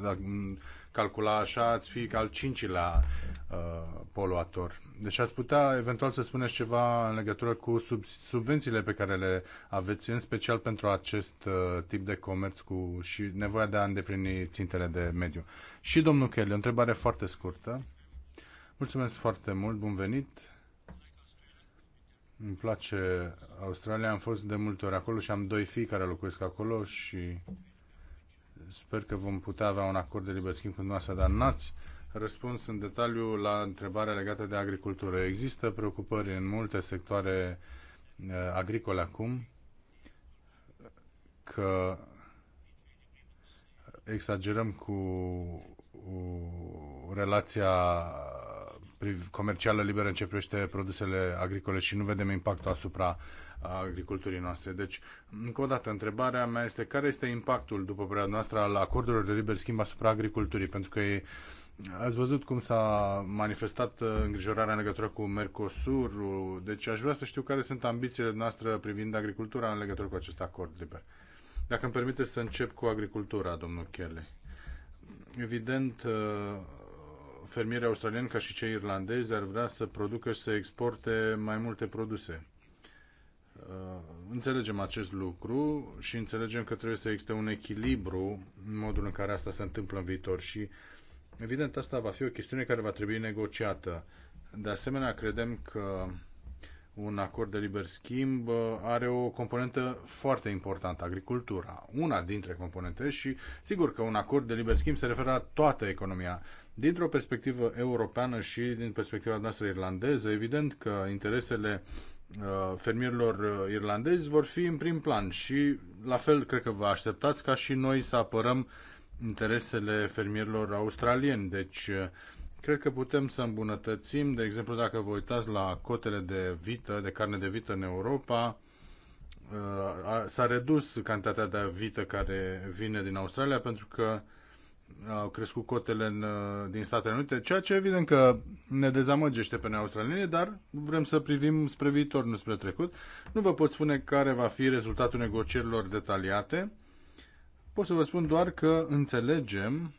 calcula așa, ați fi al cincilea uh, poluator. Deci ați putea eventual să spuneți ceva în legătură cu sub, subvențiile pe care le aveți, în special pentru acest uh, tip de comerț cu, și nevoia de a îndeplini țintele de mediu. Și domnul Kelly, o întrebare foarte scurtă. Mulțumesc foarte mult, bun venit. Îmi place Australia, am fost de multe ori acolo și am doi fii care locuiesc acolo și Sper că vom putea avea un acord de liber schimb cu dumneavoastră, dar n-ați răspuns în detaliu la întrebarea legată de agricultură. Există preocupări în multe sectoare uh, agricole acum că exagerăm cu relația comercială liberă începește produsele agricole și nu vedem impactul asupra uh, a agriculturii noastre. Deci, încă o dată, întrebarea mea este care este impactul, după părerea noastră, al acordurilor de liber schimb asupra agriculturii? Pentru că e, ați văzut cum s-a manifestat uh, îngrijorarea în legătură cu Mercosur, deci aș vrea să știu care sunt ambițiile noastre privind agricultura în legătură cu acest acord liber. Dacă îmi permite să încep cu agricultura, domnul Kelly. Evident, uh, fermierii australieni ca și cei irlandezi ar vrea să producă și să exporte mai multe produse. Uh, înțelegem acest lucru și înțelegem că trebuie să existe un echilibru în modul în care asta se întâmplă în viitor și evident asta va fi o chestiune care va trebui negociată. De asemenea, credem că un acord de liber schimb uh, are o componentă foarte importantă, agricultura, una dintre componente și sigur că un acord de liber schimb se referă la toată economia. Dintr-o perspectivă europeană și din perspectiva noastră irlandeză, evident că interesele uh, Uh, fermierilor uh, irlandezi vor fi în prim plan și la fel cred că vă așteptați ca și noi să apărăm interesele fermierilor australieni. Deci uh, cred că putem să îmbunătățim, de exemplu dacă vă uitați la cotele de vită, de carne de vită în Europa, s-a redus cantitatea de vită care vine din Australia pentru că au crescut cotele în, uh, din Statele Unite, ceea ce evident că ne dezamăgește pe noi dar vrem să privim spre viitor, nu spre trecut. Nu vă pot spune care va fi rezultatul negocierilor detaliate. Pot să vă spun doar că înțelegem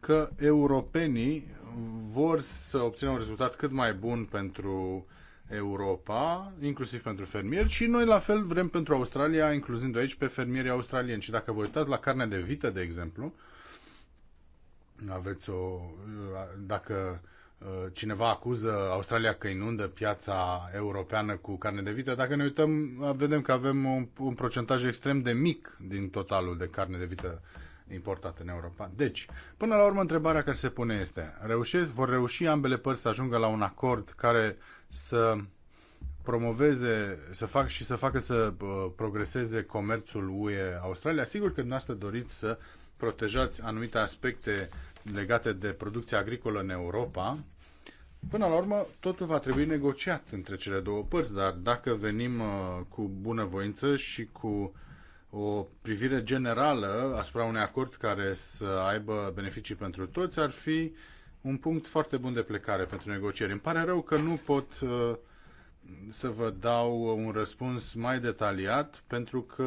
că europenii vor să obțină un rezultat cât mai bun pentru Europa, inclusiv pentru fermieri și noi la fel vrem pentru Australia, incluzând aici pe fermierii australieni. Și dacă vă uitați la carnea de vită, de exemplu, aveți o... Dacă uh, cineva acuză Australia că inundă piața europeană cu carne de vită, dacă ne uităm, vedem că avem un, un procentaj extrem de mic din totalul de carne de vită importată în Europa. Deci, până la urmă, întrebarea care se pune este, reușesc, vor reuși ambele părți să ajungă la un acord care să promoveze să fac și să facă să uh, progreseze comerțul UE Australia? Sigur că dumneavoastră doriți să protejați anumite aspecte legate de producția agricolă în Europa, Până la urmă, totul va trebui negociat între cele două părți, dar dacă venim uh, cu bunăvoință și cu o privire generală asupra unui acord care să aibă beneficii pentru toți, ar fi un punct foarte bun de plecare pentru negocieri. Îmi pare rău că nu pot uh, să vă dau un răspuns mai detaliat, pentru că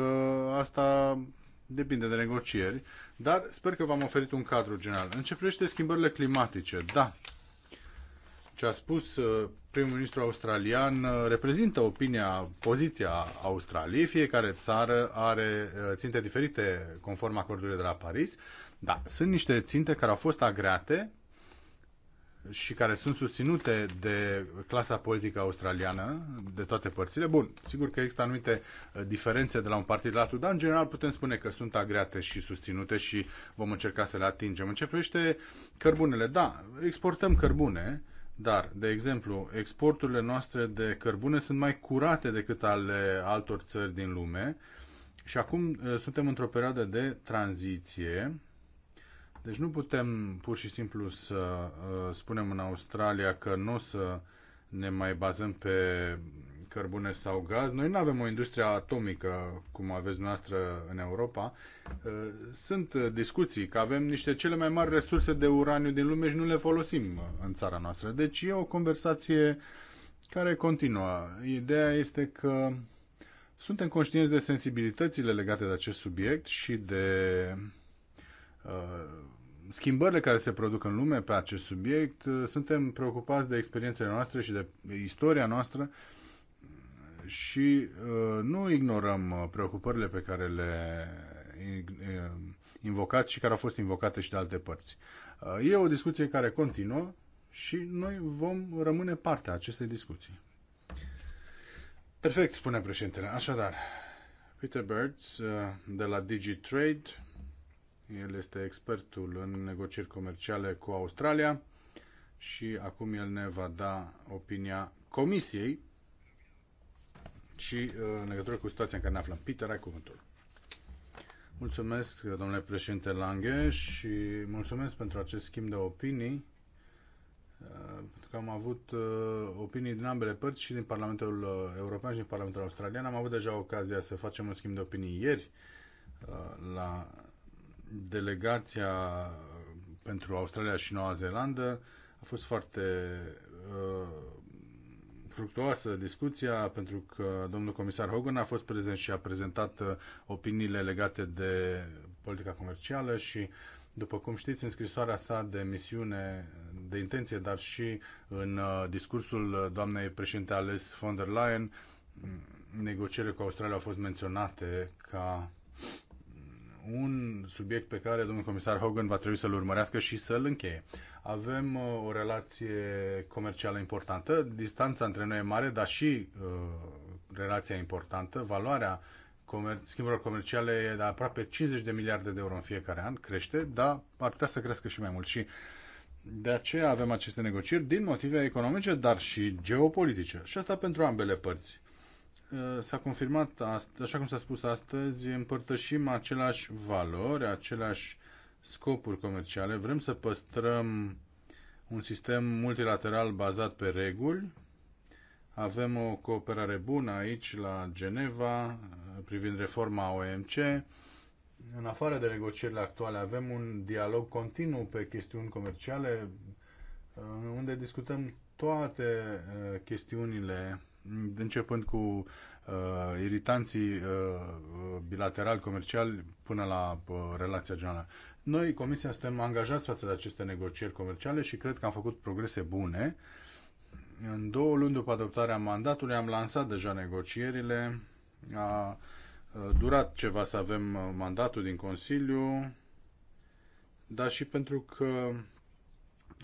asta depinde de negocieri, dar sper că v-am oferit un cadru general. În ce privește schimbările climatice, da, ce a spus uh, primul ministru australian uh, reprezintă opinia, poziția Australiei. Fiecare țară are uh, ținte diferite conform acordului de la Paris, dar sunt niște ținte care au fost agreate și care sunt susținute de clasa politică australiană, de toate părțile. Bun, sigur că există anumite uh, diferențe de la un partid la altul, dar în general putem spune că sunt agreate și susținute și vom încerca să le atingem. În ce privește cărbunele, da, exportăm cărbune, dar, de exemplu, exporturile noastre de cărbune sunt mai curate decât ale altor țări din lume și acum uh, suntem într-o perioadă de tranziție deci nu putem pur și simplu să uh, spunem în Australia că nu o să ne mai bazăm pe cărbune sau gaz. Noi nu avem o industrie atomică cum aveți noastră în Europa. Uh, sunt discuții că avem niște cele mai mari resurse de uraniu din lume și nu le folosim uh, în țara noastră. Deci e o conversație care continuă. Ideea este că suntem conștienți de sensibilitățile legate de acest subiect și de Uh, schimbările care se produc în lume pe acest subiect. Uh, suntem preocupați de experiențele noastre și de istoria noastră și uh, nu ignorăm preocupările pe care le invocați și care au fost invocate și de alte părți. E o discuție care continuă și noi vom rămâne parte a acestei discuții. Perfect, spune președintele. Așadar, Peter Birds de la DigiTrade el este expertul în negocieri comerciale cu Australia și acum el ne va da opinia Comisiei și uh, în legătură cu situația în care ne aflăm. Peter, ai cuvântul. Mulțumesc, domnule președinte Lange, și mulțumesc pentru acest schimb de opinii, pentru uh, că am avut uh, opinii din ambele părți, și din Parlamentul European și din Parlamentul Australian. Am avut deja ocazia să facem un schimb de opinii ieri la delegația pentru Australia și Noua Zeelandă a fost foarte uh, fructuoasă discuția pentru că domnul comisar Hogan a fost prezent și a prezentat uh, opiniile legate de politica comercială și, după cum știți, în scrisoarea sa de misiune, de intenție, dar și în uh, discursul doamnei președinte ales von der Leyen, mm, negocierile cu Australia au fost menționate ca un subiect pe care domnul comisar Hogan va trebui să-l urmărească și să-l încheie. Avem uh, o relație comercială importantă, distanța între noi e mare, dar și uh, relația importantă, valoarea comer- schimburilor comerciale e de aproape 50 de miliarde de euro în fiecare an, crește, dar ar putea să crească și mai mult. Și de aceea avem aceste negocieri din motive economice, dar și geopolitice. Și asta pentru ambele părți. Eh, s-a confirmat, asta, așa cum s-a spus astăzi, împărtășim aceleași valori, aceleași scopuri comerciale. Vrem să păstrăm un sistem multilateral bazat pe reguli. Avem o cooperare bună aici la Geneva eh, privind reforma OMC. În afară de negocierile actuale, avem un dialog continuu pe chestiuni comerciale eh, unde discutăm toate chestiunile începând cu uh, iritanții uh, bilaterali, comerciali, până la uh, relația generală. Noi, Comisia, suntem angajați față de aceste negocieri comerciale și cred că am făcut progrese bune. În două luni după adoptarea mandatului am lansat deja negocierile. A uh, durat ceva să avem uh, mandatul din Consiliu, dar și pentru că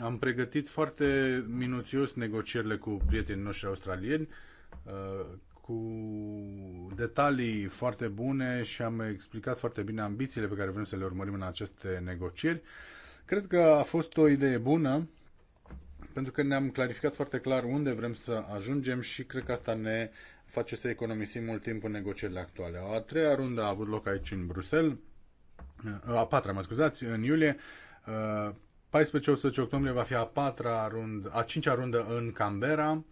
am pregătit foarte minuțios negocierile cu prietenii noștri australieni, uh, cu detalii foarte bune și am explicat foarte bine ambițiile pe care vrem să le urmărim în aceste negocieri. Cred că a fost o idee bună pentru că ne-am clarificat foarte clar unde vrem să ajungem și cred că asta ne face să economisim mult timp în negocierile actuale. A treia rundă a avut loc aici în Bruxelles, uh, a patra, mă scuzați, în iulie, uh, 14-18 octombrie va fi a patra rund, a cincea rundă în Canberra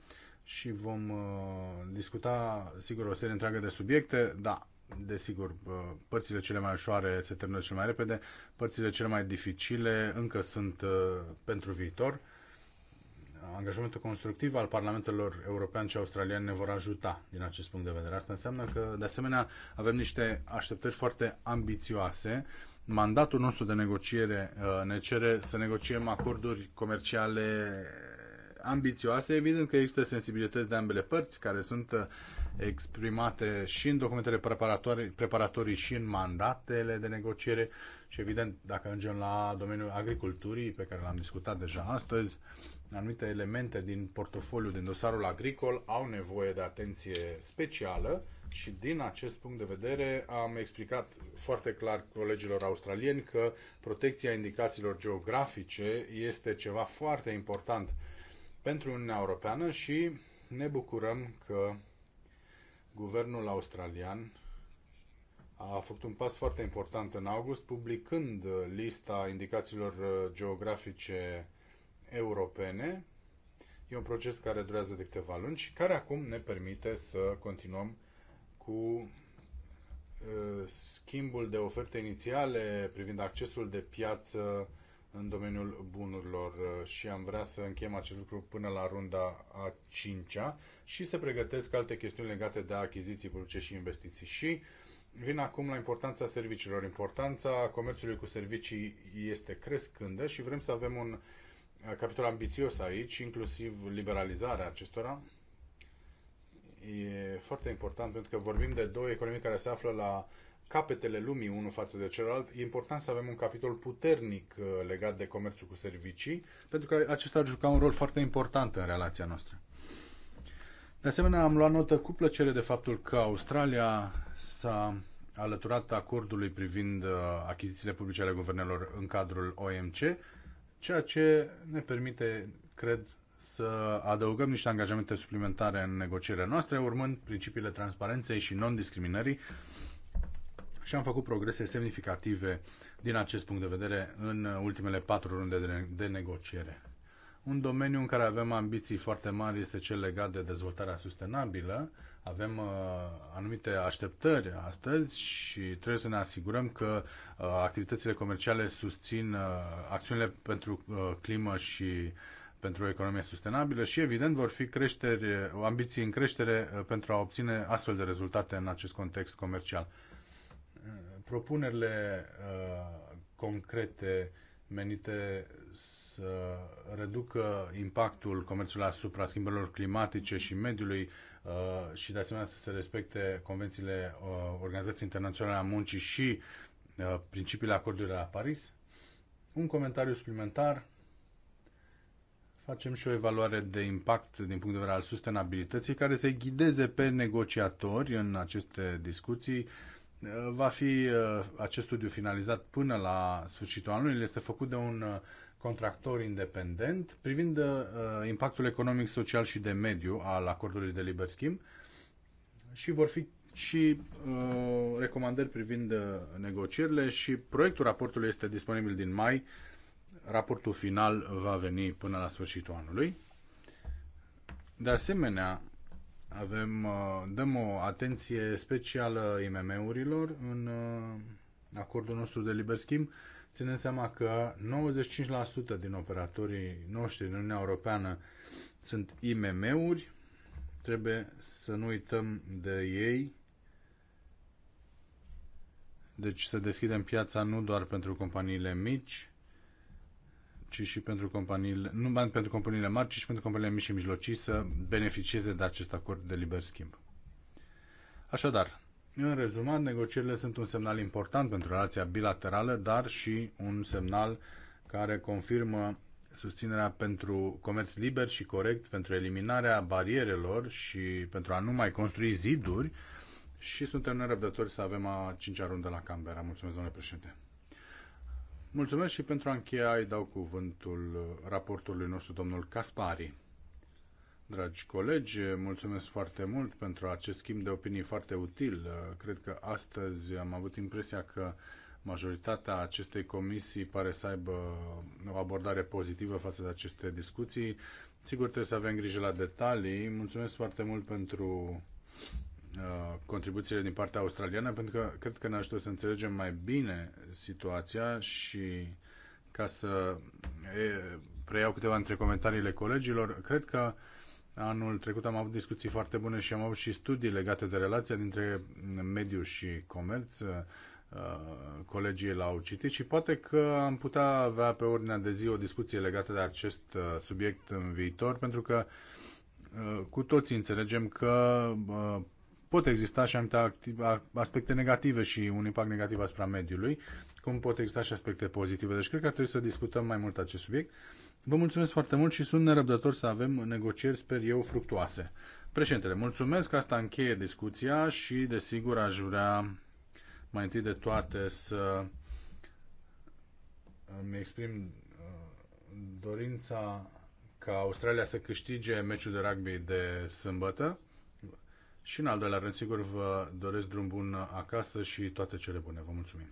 și vom uh, discuta, sigur, o serie întreagă de subiecte. Da, desigur, uh, părțile cele mai ușoare se termină cel mai repede, părțile cele mai dificile încă sunt uh, pentru viitor. Angajamentul constructiv al parlamentelor european și australian ne vor ajuta din acest punct de vedere. Asta înseamnă că, de asemenea, avem niște așteptări foarte ambițioase mandatul nostru de negociere uh, ne cere să negociem acorduri comerciale ambițioase. Evident că există sensibilități de ambele părți care sunt uh, exprimate și în documentele preparatorii, preparatorii și în mandatele de negociere și evident dacă ajungem la domeniul agriculturii pe care l-am discutat deja astăzi, anumite elemente din portofoliu din dosarul agricol au nevoie de atenție specială și din acest punct de vedere am explicat foarte clar colegilor australieni că protecția indicațiilor geografice este ceva foarte important pentru Uniunea Europeană și ne bucurăm că guvernul australian a făcut un pas foarte important în august, publicând lista indicațiilor geografice europene. E un proces care durează de câteva luni și care acum ne permite să continuăm cu uh, schimbul de oferte inițiale privind accesul de piață în domeniul bunurilor uh, și am vrea să încheiem acest lucru până la runda a 5-a și să pregătesc alte chestiuni legate de achiziții publice și investiții. Și vin acum la importanța serviciilor. Importanța comerțului cu servicii este crescândă și vrem să avem un uh, capitol ambițios aici, inclusiv liberalizarea acestora, e foarte important pentru că vorbim de două economii care se află la capetele lumii unul față de celălalt. E important să avem un capitol puternic uh, legat de comerțul cu servicii, pentru că acesta ar juca un rol foarte important în relația noastră. De asemenea, am luat notă cu plăcere de faptul că Australia s-a alăturat acordului privind uh, achizițiile publice ale guvernelor în cadrul OMC, ceea ce ne permite, cred, să adăugăm niște angajamente suplimentare în negocierile noastre, urmând principiile transparenței și non-discriminării și am făcut progrese semnificative din acest punct de vedere în ultimele patru runde de, ne- de negociere. Un domeniu în care avem ambiții foarte mari este cel legat de dezvoltarea sustenabilă. Avem uh, anumite așteptări astăzi și trebuie să ne asigurăm că uh, activitățile comerciale susțin uh, acțiunile pentru uh, climă și uh, pentru o economie sustenabilă și, evident, vor fi creșteri, ambiții în creștere uh, pentru a obține astfel de rezultate în acest context comercial. Uh, propunerile uh, concrete menite să reducă impactul comerțului asupra schimbărilor climatice și mediului uh, și, de asemenea, să se respecte convențiile uh, Organizației Internaționale a Muncii și uh, principiile acordului de la Paris. Un comentariu suplimentar facem și o evaluare de impact din punct de vedere al sustenabilității care să ghideze pe negociatori în aceste discuții. Va fi uh, acest studiu finalizat până la sfârșitul anului. El este făcut de un uh, contractor independent privind uh, impactul economic, social și de mediu al acordului de liber schimb și vor fi și recomandări privind negocierile și proiectul raportului este disponibil din mai Raportul final va veni până la sfârșitul anului. De asemenea, avem, uh, dăm o atenție specială IMM-urilor în uh, acordul nostru de liber schimb, ținând seama că 95% din operatorii noștri din Uniunea Europeană sunt IMM-uri, trebuie să nu uităm de ei, deci să deschidem piața nu doar pentru companiile mici, ci și pentru companiile, nu bani pentru companiile mari, ci și pentru companiile mici și mijlocii să beneficieze de acest acord de liber schimb. Așadar, în rezumat, negocierile sunt un semnal important pentru relația bilaterală, dar și un semnal care confirmă susținerea pentru comerț liber și corect, pentru eliminarea barierelor și pentru a nu mai construi ziduri și suntem nerăbdători să avem a cincea rundă la Canberra. Mulțumesc, domnule președinte. Mulțumesc și pentru a încheia îi dau cuvântul raportului nostru, domnul Caspari. Dragi colegi, mulțumesc foarte mult pentru acest schimb de opinii foarte util. Cred că astăzi am avut impresia că majoritatea acestei comisii pare să aibă o abordare pozitivă față de aceste discuții. Sigur, trebuie să avem grijă la detalii. Mulțumesc foarte mult pentru Uh, contribuțiile din partea australiană, pentru că cred că ne ajută să înțelegem mai bine situația și ca să preiau câteva dintre comentariile colegilor, cred că anul trecut am avut discuții foarte bune și am avut și studii legate de relația dintre mediu și comerț. Uh, colegii l-au citit și poate că am putea avea pe ordinea de zi o discuție legată de acest uh, subiect în viitor, pentru că cu toții înțelegem că pot exista și anumite aspecte negative și un impact negativ asupra mediului, cum pot exista și aspecte pozitive. Deci cred că ar trebui să discutăm mai mult acest subiect. Vă mulțumesc foarte mult și sunt nerăbdător să avem negocieri, sper eu, fructuoase. Președintele, mulțumesc, asta încheie discuția și desigur aș vrea mai întâi de toate să îmi exprim uh, dorința ca Australia să câștige meciul de rugby de sâmbătă și în al doilea rând, sigur, vă doresc drum bun acasă și toate cele bune. Vă mulțumim!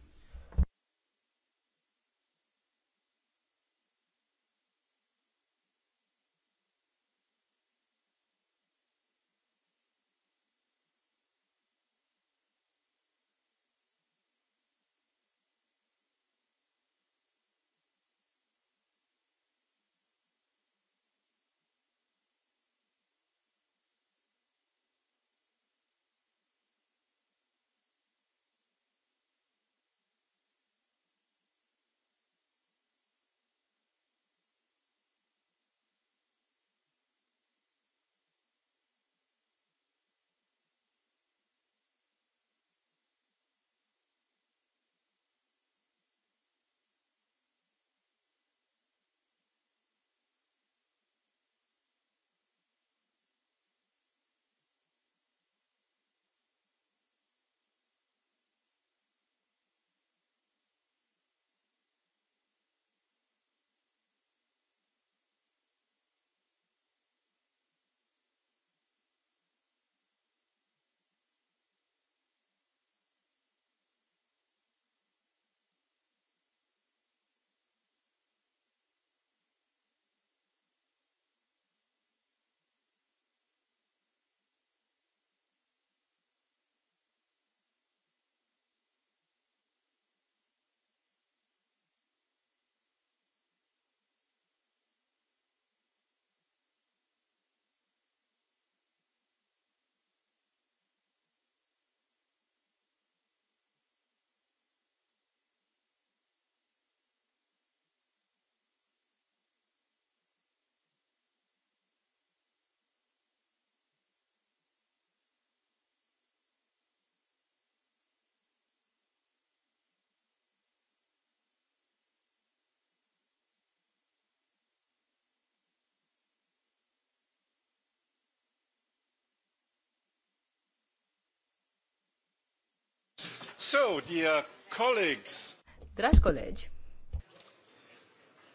So, dear colleagues, Dragi colegi,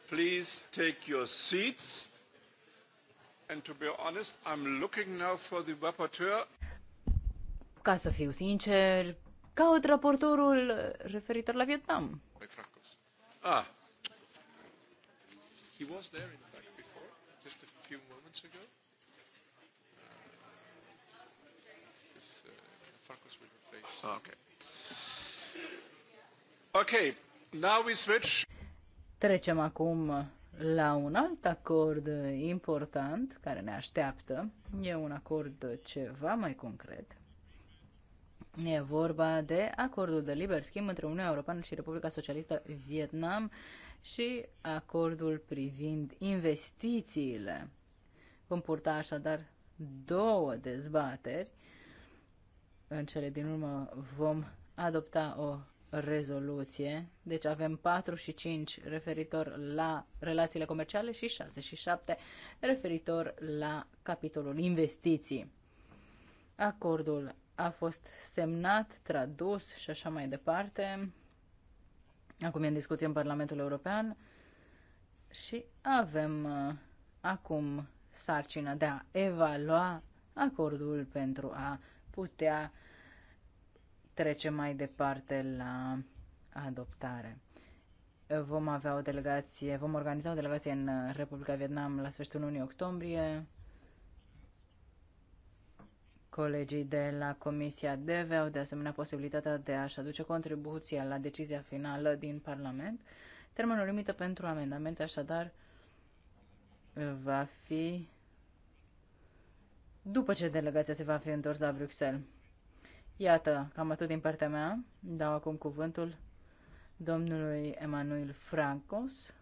please take your seats. And to be honest, I'm looking now for the rapporteur. Ca să fiu sincer, caut raportorul referitor la Vietnam. Ah. He was there in fact before, just a few moments ago. Uh, this, uh, Farkas will replace. Ah, okay. Trecem acum la un alt acord important care ne așteaptă. E un acord ceva mai concret. E vorba de acordul de liber schimb între Uniunea Europeană și Republica Socialistă Vietnam și acordul privind investițiile. Vom purta așadar două dezbateri. În cele din urmă vom adopta o rezoluție. Deci avem 4 și 5 referitor la relațiile comerciale și 6 și 7 referitor la capitolul investiții. Acordul a fost semnat, tradus și așa mai departe. Acum e în discuție în Parlamentul European și avem uh, acum sarcina de a evalua acordul pentru a putea trecem mai departe la adoptare. Vom avea o delegație, vom organiza o delegație în Republica Vietnam la sfârșitul lunii octombrie. Colegii de la Comisia DEVE au de asemenea posibilitatea de a-și aduce contribuția la decizia finală din Parlament. Termenul limită pentru amendamente, așadar, va fi după ce delegația se va fi întors la Bruxelles. Iată, cam atât din partea mea. Dau acum cuvântul domnului Emanuel Francos.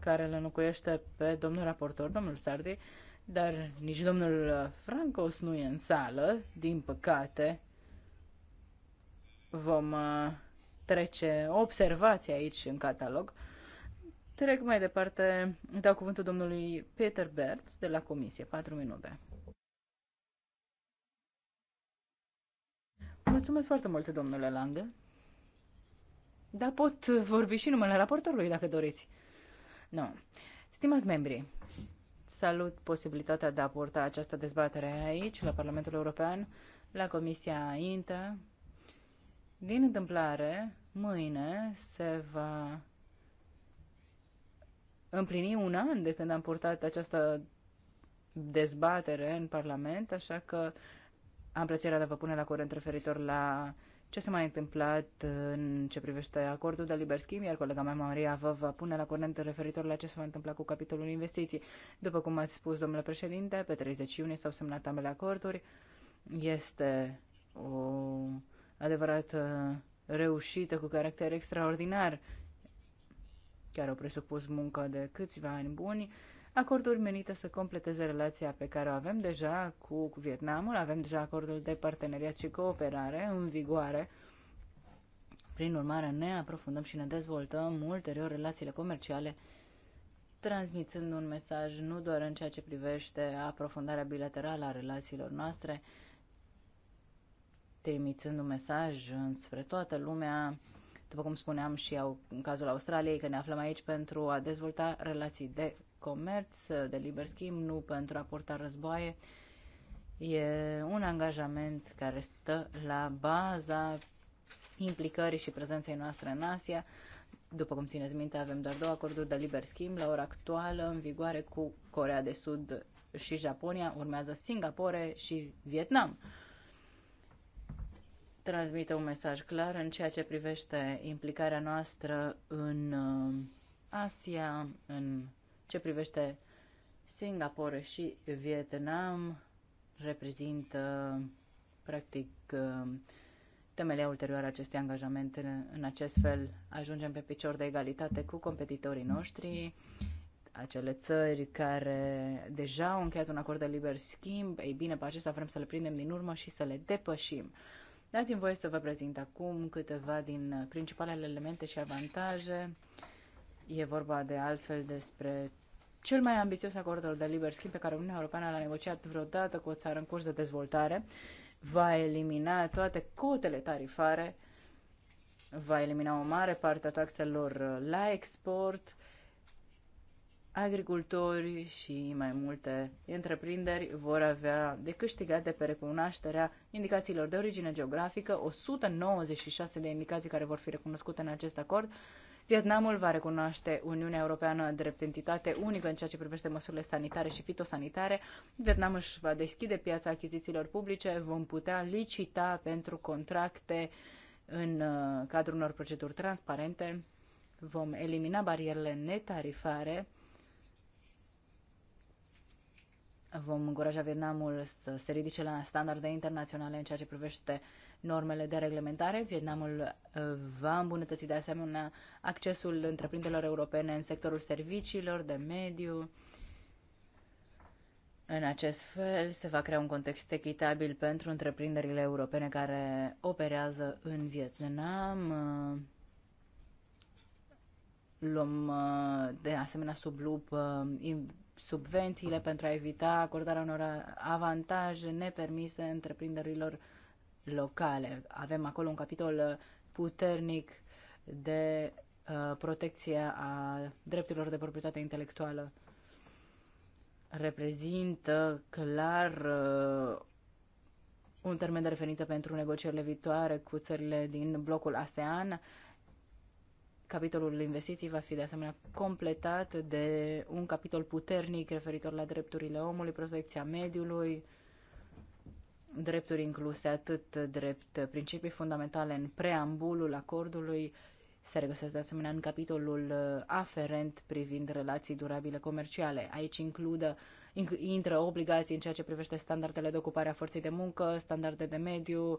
care îl înlocuiește pe domnul raportor, domnul Sardi, dar nici domnul Francos nu e în sală, din păcate. Vom uh, trece observația aici în catalog. Trec mai departe, dau cuvântul domnului Peter Bertz de la Comisie, 4 minute. Mulțumesc foarte mult, domnule Lange. Da, pot vorbi și numele raportorului, dacă doriți. Nu. Stimați membri, salut posibilitatea de a porta această dezbatere aici, la Parlamentul European, la Comisia INTA. Din întâmplare, mâine se va împlini un an de când am purtat această dezbatere în Parlament, așa că am plăcerea de a vă pune la curent referitor la ce s-a mai întâmplat în ce privește acordul de liber schimb, iar colega mea Maria vă va pune la curent referitor la ce s-a întâmplat cu capitolul investiții. După cum ați spus, domnule președinte, pe 30 iunie s-au semnat ambele acorduri. Este o adevărată uh, reușită cu caracter extraordinar care au presupus muncă de câțiva ani buni, acorduri menite să completeze relația pe care o avem deja cu Vietnamul, avem deja acordul de parteneriat și cooperare în vigoare. Prin urmare, ne aprofundăm și ne dezvoltăm ulterior relațiile comerciale, transmițând un mesaj nu doar în ceea ce privește aprofundarea bilaterală a relațiilor noastre, trimițând un mesaj înspre toată lumea după cum spuneam și au în cazul Australiei, că ne aflăm aici pentru a dezvolta relații de comerț, de liber schimb, nu pentru a purta războaie. E un angajament care stă la baza implicării și prezenței noastre în Asia. După cum țineți minte, avem doar două acorduri de liber schimb la ora actuală în vigoare cu Corea de Sud și Japonia, urmează Singapore și Vietnam transmite un mesaj clar în ceea ce privește implicarea noastră în uh, Asia, în ce privește Singapore și Vietnam, reprezintă practic uh, temele ulterioare acestui angajament. În acest fel ajungem pe picior de egalitate cu competitorii noștri, acele țări care deja au încheiat un acord de liber schimb, ei bine, pe acesta vrem să le prindem din urmă și să le depășim. Dați-mi voie să vă prezint acum câteva din principalele elemente și avantaje. E vorba de altfel despre cel mai ambițios acord de liber schimb pe care Uniunea Europeană l-a negociat vreodată cu o țară în curs de dezvoltare. Va elimina toate cotele tarifare, va elimina o mare parte a taxelor la export, agricultori și mai multe întreprinderi vor avea de câștigat de pe recunoașterea indicațiilor de origine geografică, 196 de indicații care vor fi recunoscute în acest acord. Vietnamul va recunoaște Uniunea Europeană drept entitate unică în ceea ce privește măsurile sanitare și fitosanitare. Vietnamul își va deschide piața achizițiilor publice, vom putea licita pentru contracte în uh, cadrul unor proceduri transparente, vom elimina barierele netarifare, Vom încuraja Vietnamul să se ridice la standarde internaționale în ceea ce privește normele de reglementare. Vietnamul uh, va îmbunătăți de asemenea accesul întreprinderilor europene în sectorul serviciilor, de mediu. În acest fel se va crea un context echitabil pentru întreprinderile europene care operează în Vietnam. Luăm uh, de asemenea sub lupă uh, subvențiile pentru a evita acordarea unor avantaje nepermise întreprinderilor locale. Avem acolo un capitol uh, puternic de uh, protecție a drepturilor de proprietate intelectuală. Reprezintă clar uh, un termen de referință pentru negocierile viitoare cu țările din blocul ASEAN Capitolul investiții va fi de asemenea completat de un capitol puternic referitor la drepturile omului, protecția mediului, drepturi incluse atât drept principii fundamentale în preambulul acordului, se regăsesc de asemenea în capitolul uh, aferent privind relații durabile comerciale. Aici includă, intră obligații în ceea ce privește standardele de ocupare a forței de muncă, standarde de mediu, uh,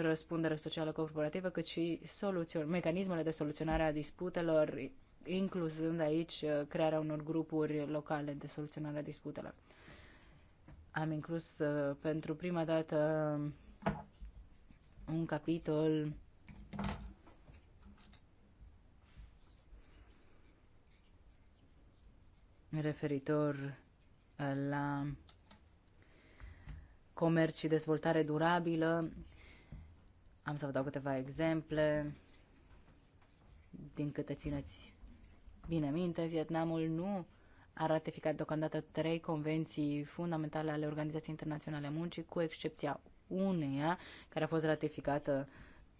răspundere socială corporativă, cât și soluțion, mecanismele de soluționare a disputelor, incluzând aici uh, crearea unor grupuri locale de soluționare a disputelor. Am inclus uh, pentru prima dată un capitol referitor uh, la comerț și dezvoltare durabilă am să vă dau câteva exemple. Din câte țineți bine minte, Vietnamul nu a ratificat deocamdată trei convenții fundamentale ale Organizației Internaționale a Muncii, cu excepția uneia care a fost ratificată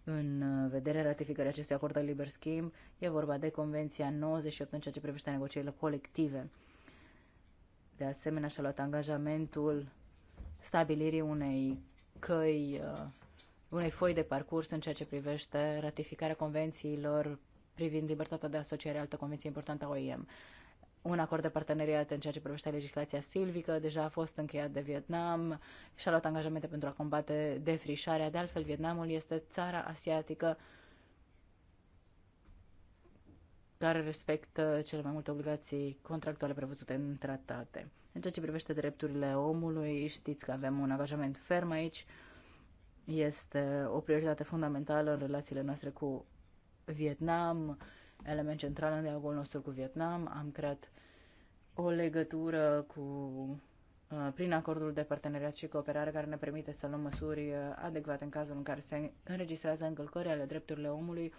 în vederea ratificării acestui acord de liber schimb. E vorba de Convenția 98 în ceea ce privește negocierile colective. De asemenea, și-a luat angajamentul stabilirii unei căi uh, unei foi de parcurs în ceea ce privește ratificarea convențiilor privind libertatea de asociere, altă convenție importantă a OIM. Un acord de parteneriat în ceea ce privește legislația silvică deja a fost încheiat de Vietnam și a luat angajamente pentru a combate defrișarea. De altfel, Vietnamul este țara asiatică care respectă cele mai multe obligații contractuale prevăzute în tratate. În ceea ce privește drepturile omului, știți că avem un angajament ferm aici este o prioritate fundamentală în relațiile noastre cu Vietnam, element central în dialogul nostru cu Vietnam. Am creat o legătură cu uh, prin acordul de parteneriat și cooperare care ne permite să luăm măsuri uh, adecvate în cazul în care se înregistrează încălcări ale drepturilor omului,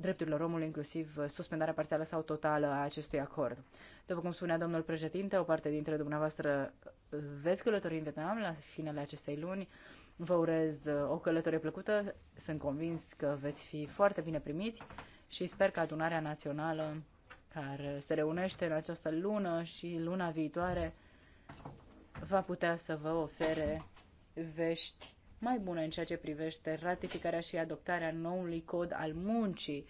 drepturilor omului, inclusiv uh, suspendarea parțială sau totală a acestui acord. După cum spunea domnul președinte, o parte dintre dumneavoastră veți călători în Vietnam la finele acestei luni. Vă urez uh, o călătorie plăcută, sunt convins că veți fi foarte bine primiți și sper că adunarea națională care se reunește în această lună și luna viitoare va putea să vă ofere vești mai bune în ceea ce privește ratificarea și adoptarea noului cod al muncii,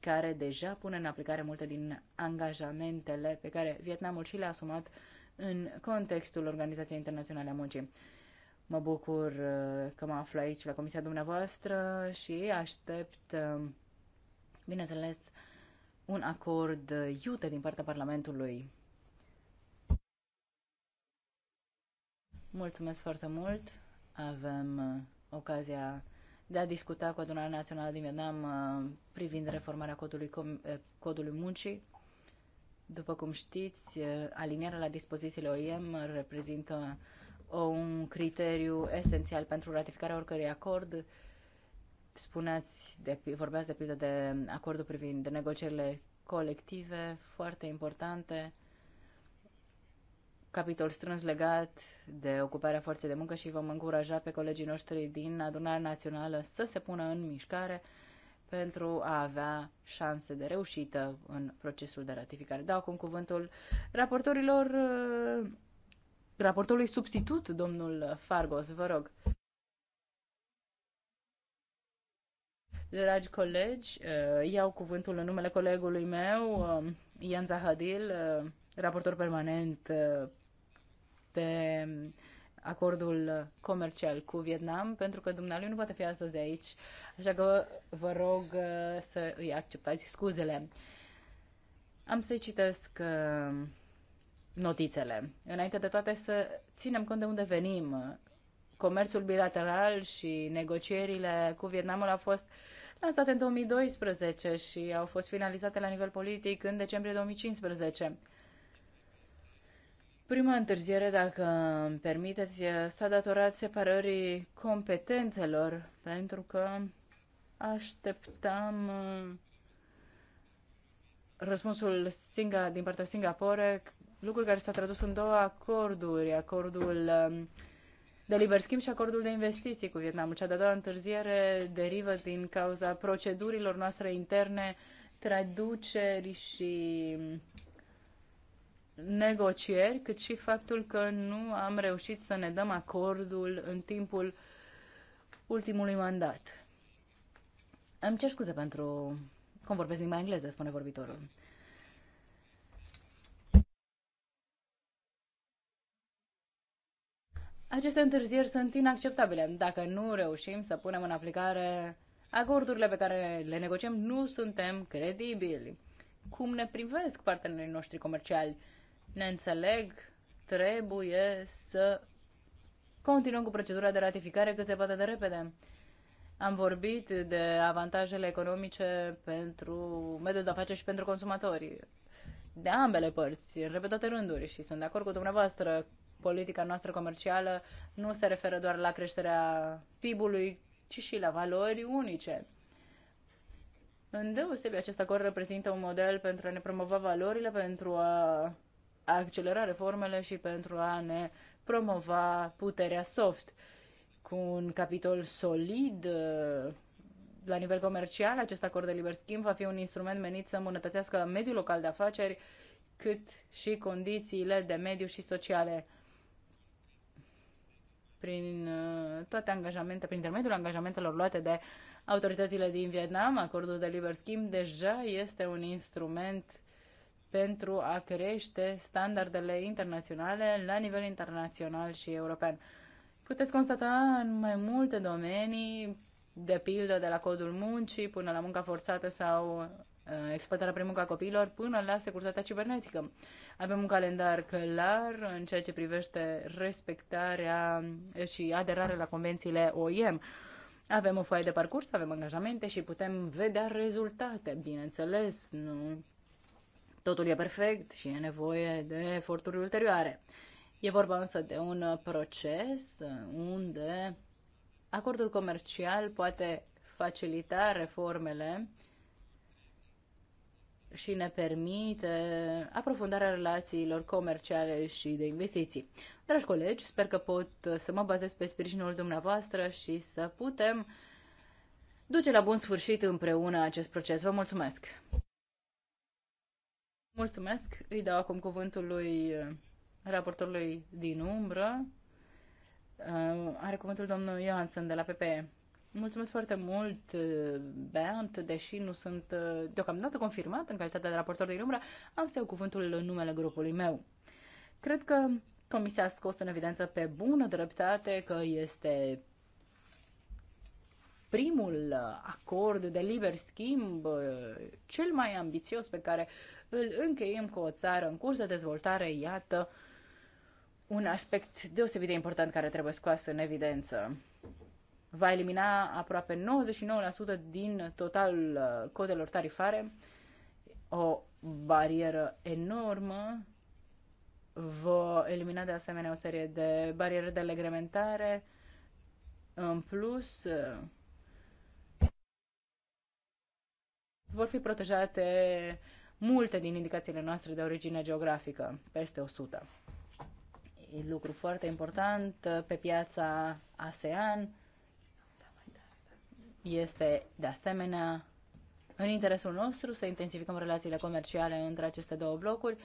care deja pune în aplicare multe din angajamentele pe care Vietnamul și le-a asumat în contextul Organizației Internaționale a Muncii. Mă bucur uh, că mă aflu aici la comisia dumneavoastră și aștept, uh, bineînțeles, un acord uh, iute din partea Parlamentului. Mulțumesc foarte mult. Avem ocazia de a discuta cu Adunarea Națională din Vietnam privind reformarea codului, codului muncii. După cum știți, alinierea la dispozițiile OIM reprezintă un criteriu esențial pentru ratificarea oricărui acord. Spuneați, de, vorbeați de pildă de acordul privind de negocierile colective, foarte importante, capitol strâns legat de ocuparea forței de muncă și vom încuraja pe colegii noștri din adunarea națională să se pună în mișcare pentru a avea șanse de reușită în procesul de ratificare. Dau acum cuvântul raportorilor Raportului substitut, domnul Fargos, vă rog. Dragi colegi, uh, iau cuvântul în numele colegului meu, um, Ian Zahadil, uh, raportor permanent uh, pe acordul comercial cu Vietnam, pentru că dumnealui nu poate fi astăzi aici, așa că vă rog să îi acceptați scuzele. Am să-i citesc notițele. Înainte de toate să ținem cont de unde venim. Comerțul bilateral și negocierile cu Vietnamul au fost lansate în 2012 și au fost finalizate la nivel politic în decembrie 2015. Prima întârziere, dacă îmi permiteți, s-a datorat separării competențelor, pentru că așteptam uh, răspunsul Singa, din partea Singapore lucru care s-a tradus în două acorduri, acordul um, de liber schimb și acordul de investiții cu Vietnamul. Cea de-a doua întârziere derivă din cauza procedurilor noastre interne, traduceri și um, negocieri, cât și faptul că nu am reușit să ne dăm acordul în timpul ultimului mandat. Îmi cer scuze pentru cum vorbesc limba engleză, spune vorbitorul. Aceste întârzieri sunt inacceptabile. Dacă nu reușim să punem în aplicare acordurile pe care le negociem, nu suntem credibili. Cum ne privesc partenerii noștri comerciali? Ne înțeleg? Trebuie să continuăm cu procedura de ratificare cât se poate de repede. Am vorbit de avantajele economice pentru mediul de afaceri și pentru consumatori de ambele părți, în repetate rânduri și sunt de acord cu dumneavoastră politica noastră comercială nu se referă doar la creșterea PIB-ului, ci și la valori unice. Îndeosebi, acest acord reprezintă un model pentru a ne promova valorile, pentru a accelera reformele și pentru a ne promova puterea soft. Cu un capitol solid uh, la nivel comercial, acest acord de liber schimb va fi un instrument menit să îmbunătățească mediul local de afaceri, cât și condițiile de mediu și sociale prin uh, toate angajamente, prin intermediul angajamentelor luate de autoritățile din Vietnam, acordul de liber schimb deja este un instrument pentru a crește standardele internaționale la nivel internațional și european. Puteți constata în mai multe domenii, de pildă de la codul muncii până la munca forțată sau uh, exploatarea prin munca copiilor până la securitatea cibernetică. Avem un calendar clar în ceea ce privește respectarea și aderarea la convențiile OIM. Avem o foaie de parcurs, avem angajamente și putem vedea rezultate, bineînțeles, nu totul e perfect și e nevoie de eforturi ulterioare. E vorba însă de un proces unde acordul comercial poate facilita reformele și ne permite aprofundarea relațiilor comerciale și de investiții. Dragi colegi, sper că pot să mă bazez pe sprijinul dumneavoastră și să putem duce la bun sfârșit împreună acest proces. Vă mulțumesc! Mulțumesc! Îi dau acum cuvântul lui uh, raportorului din umbră. Uh, are cuvântul domnul Ioan de la PPE. Mulțumesc foarte mult, Bernd, deși nu sunt uh, deocamdată confirmat în calitatea de raportor de umbră, am să iau cuvântul în numele grupului meu. Cred că Comisia a scos în evidență pe bună dreptate că este primul acord de liber schimb uh, cel mai ambițios pe care îl încheiem cu o țară în curs de dezvoltare, iată un aspect deosebit de important care trebuie scoas în evidență va elimina aproape 99% din totalul uh, codelor tarifare, o barieră enormă, va elimina de asemenea o serie de bariere de legrementare, în plus uh, vor fi protejate multe din indicațiile noastre de origine geografică, peste 100. E lucru foarte important uh, pe piața ASEAN, este, de asemenea, în interesul nostru să intensificăm relațiile comerciale între aceste două blocuri.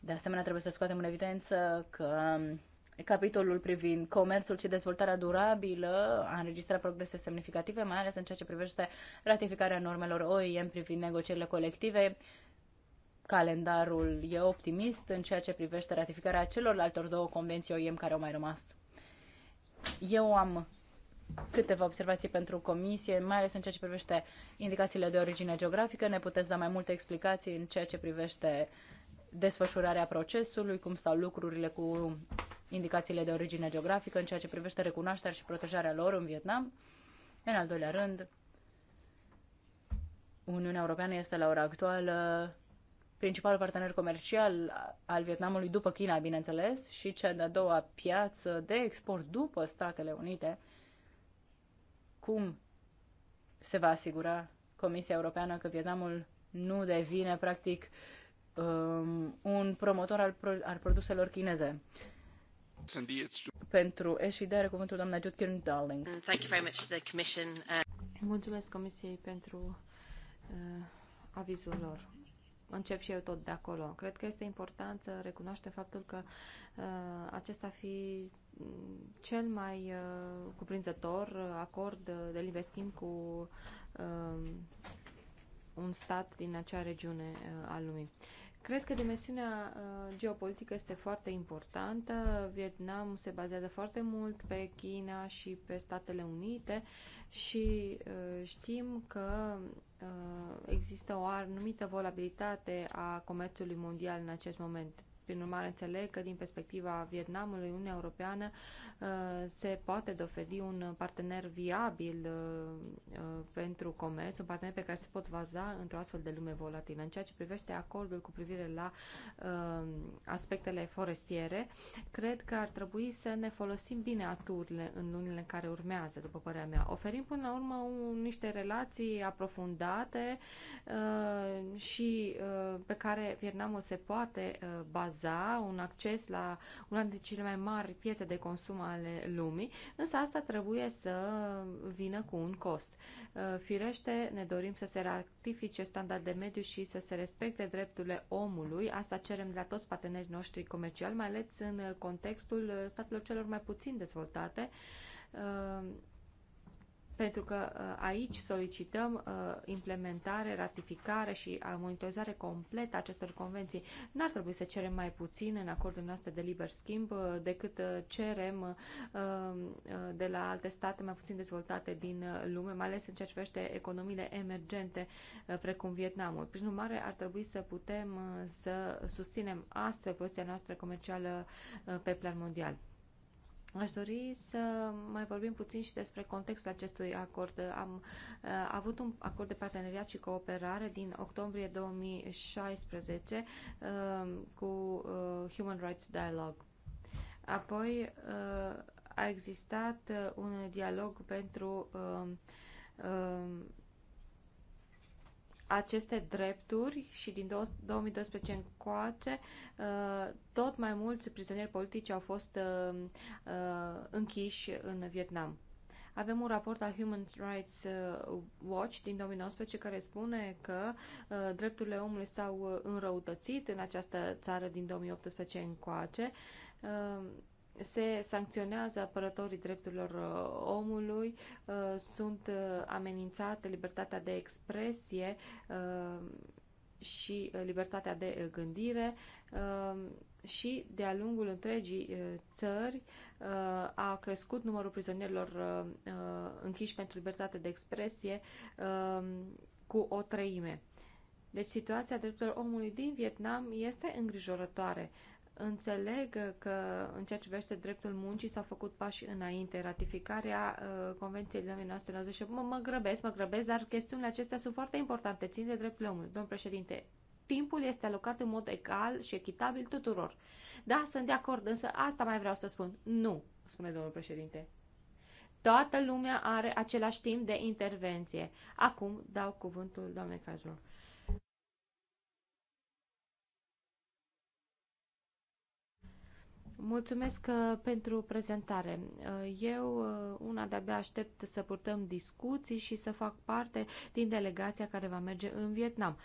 De asemenea, trebuie să scoatem în evidență că um, capitolul privind comerțul și dezvoltarea durabilă a înregistrat progrese semnificative, mai ales în ceea ce privește ratificarea normelor OIM privind negocierile colective. Calendarul e optimist în ceea ce privește ratificarea celorlalte două convenții OIM care au mai rămas. Eu am câteva observații pentru comisie, mai ales în ceea ce privește indicațiile de origine geografică. Ne puteți da mai multe explicații în ceea ce privește desfășurarea procesului, cum stau lucrurile cu indicațiile de origine geografică, în ceea ce privește recunoașterea și protejarea lor în Vietnam. În al doilea rând, Uniunea Europeană este la ora actuală principalul partener comercial al Vietnamului după China, bineînțeles, și cea de-a doua piață de export după Statele Unite – cum se va asigura Comisia Europeană că Vietnamul nu devine, practic, um, un promotor al, pro- al produselor chineze? Pentru SID are cuvântul doamna Judkin Darling. Thank you very much to the commission. Uh, Mulțumesc Comisiei pentru uh, avizul lor încep și eu tot de acolo. Cred că este important să recunoaște faptul că uh, acesta fi cel mai uh, cuprinzător acord de liber schimb cu um, un stat din acea regiune uh, a lumii. Cred că dimensiunea uh, geopolitică este foarte importantă. Vietnam se bazează foarte mult pe China și pe Statele Unite și știm că există o anumită volabilitate a comerțului mondial în acest moment. Prin urmare, înțeleg că din perspectiva Vietnamului, Uniunea Europeană uh, se poate dovedi un partener viabil uh, uh, pentru comerț, un partener pe care se pot baza într-o astfel de lume volatilă. În ceea ce privește acordul cu privire la aspectele forestiere, cred că ar trebui să ne folosim bine aturile în lunile care urmează, după părerea mea. Oferim până la urmă niște relații aprofundate și pe care Vietnamul se poate baza baza un acces la una dintre cele mai mari piețe de consum ale lumii, însă asta trebuie să vină cu un cost. Uh, firește, ne dorim să se ratifice standard de mediu și să se respecte drepturile omului. Asta cerem de la toți partenerii noștri comerciali, mai ales în contextul uh, statelor celor mai puțin dezvoltate uh, pentru că uh, aici solicităm uh, implementare, ratificare și uh, monitorizare completă acestor convenții. N-ar trebui să cerem mai puțin în acordul nostru de liber schimb decât cerem de la alte state mai puțin dezvoltate din lume, mai ales în ceea ce privește economiile emergente precum Vietnamul. Prin urmare, ar trebui să putem să susținem astfel poziția noastră comercială pe plan mondial. Aș dori să mai vorbim puțin și despre contextul acestui acord. Am uh, avut un acord de parteneriat și cooperare din octombrie 2016 uh, cu uh, Human Rights Dialogue. Apoi uh, a existat uh, un dialog pentru uh, uh, aceste drepturi și din 2012 încoace uh, tot mai mulți prizonieri politici au fost uh, uh, închiși în Vietnam. Avem un raport al Human Rights Watch din 2019 care spune că drepturile omului s-au înrăutățit în această țară din 2018 încoace se sancționează apărătorii drepturilor uh, omului, uh, sunt uh, amenințate libertatea de expresie și libertatea de gândire și de-a lungul întregii țări a crescut numărul prizonierilor închiși pentru libertate de expresie cu o treime. Deci situația drepturilor omului din Vietnam este îngrijorătoare. Uh, Înțeleg că în ceea ce privește dreptul muncii s-au făcut pași înainte. Ratificarea uh, Convenției din 1998. Mă, mă grăbesc, mă grăbesc, dar chestiunile acestea sunt foarte importante. Țin de dreptul omului. Domn președinte, timpul este alocat în mod egal și echitabil tuturor. Da, sunt de acord, însă asta mai vreau să spun. Nu, spune domnul președinte. Toată lumea are același timp de intervenție. Acum dau cuvântul doamnei Cazlor. Mulțumesc uh, pentru prezentare. Uh, eu uh, una de-abia aștept să purtăm discuții și să fac parte din delegația care va merge în Vietnam.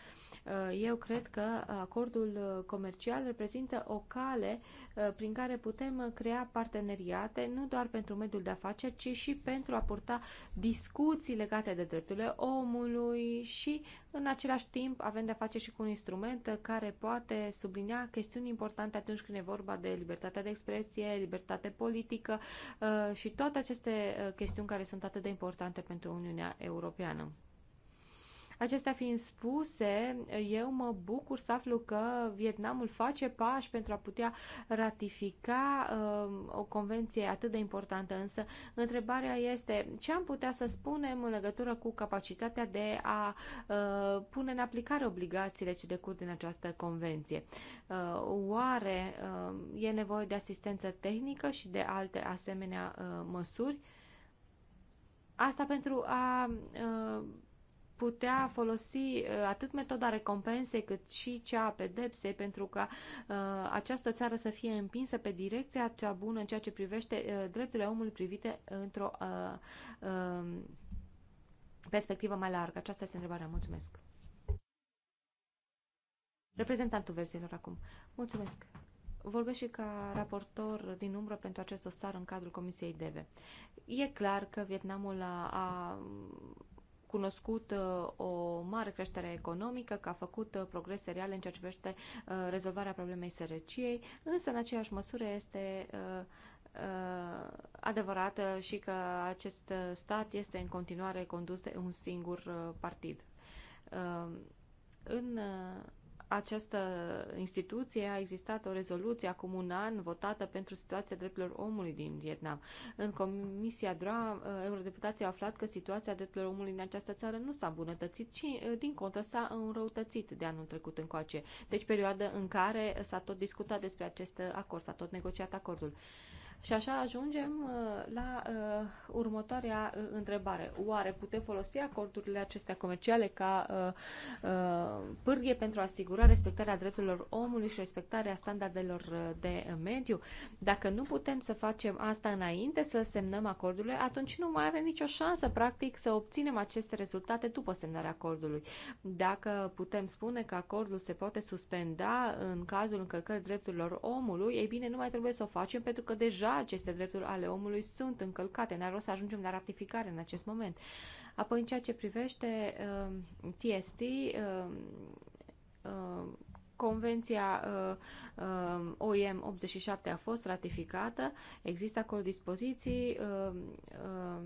Uh, eu cred că acordul comercial reprezintă o cale uh, prin care putem crea parteneriate nu doar pentru mediul de afaceri, ci și pentru a purta discuții legate de drepturile omului și în același timp avem de a face și cu un instrument care poate sublinia chestiuni importante atunci când e vorba de libertatea de expresie, libertate politică uh, și toate aceste chestiuni care sunt atât de importante pentru Uniunea Europeană. Acestea fiind spuse, eu mă bucur să aflu că Vietnamul face pași pentru a putea ratifica uh, o convenție atât de importantă, însă întrebarea este ce am putea să spunem în legătură cu capacitatea de a uh, pune în aplicare obligațiile ce decurg din această convenție. Uh, oare uh, e nevoie de asistență tehnică și de alte asemenea uh, măsuri? Asta pentru a uh, putea folosi uh, atât metoda recompensei cât și cea a pedepsei pentru ca uh, această țară să fie împinsă pe direcția cea bună în ceea ce privește uh, drepturile omului privite într-o um, perspectivă mai largă. Aceasta este întrebarea. Mulțumesc. Reprezentantul versiilor acum. Mulțumesc. Vorbesc și ca raportor din umbră pentru acest dosar în cadrul Comisiei DEVE. E clar că Vietnamul a, a cunoscut uh, o mare creștere economică, că a făcut uh, progrese reale în ceea ce privește uh, rezolvarea problemei sărăciei, însă în aceeași măsură este adevărată și că acest stat este în continuare condus de un singur partid. În această instituție a existat o rezoluție acum un an votată pentru situația drepturilor omului din Vietnam. În Comisia DRA, eh, eurodeputații au aflat că situația drepturilor omului în această țară nu s-a îmbunătățit, ci eh, din contră s-a înrăutățit de anul trecut încoace. Deci perioada în care s-a tot discutat despre acest acord, s-a tot negociat acordul. Și așa ajungem uh, la uh, următoarea uh, întrebare. Oare putem folosi acordurile acestea comerciale ca pârghie pentru a asigura respectarea drepturilor omului și respectarea standardelor de mediu? Dacă nu putem să facem asta înainte să semnăm acordurile, atunci nu mai avem nicio șansă, practic, să obținem aceste rezultate după semnarea acordului. Dacă putem spune că acordul se poate suspenda în cazul încălcării drepturilor omului, ei bine, nu mai trebuie să o facem pentru că deja deja aceste drepturi ale omului sunt încălcate. N-ar să ajungem la ratificare în acest moment. Apoi, în ceea ce privește uh, TST, uh, uh, Convenția uh, uh, OIM 87 a fost ratificată, există acolo dispoziții uh, uh,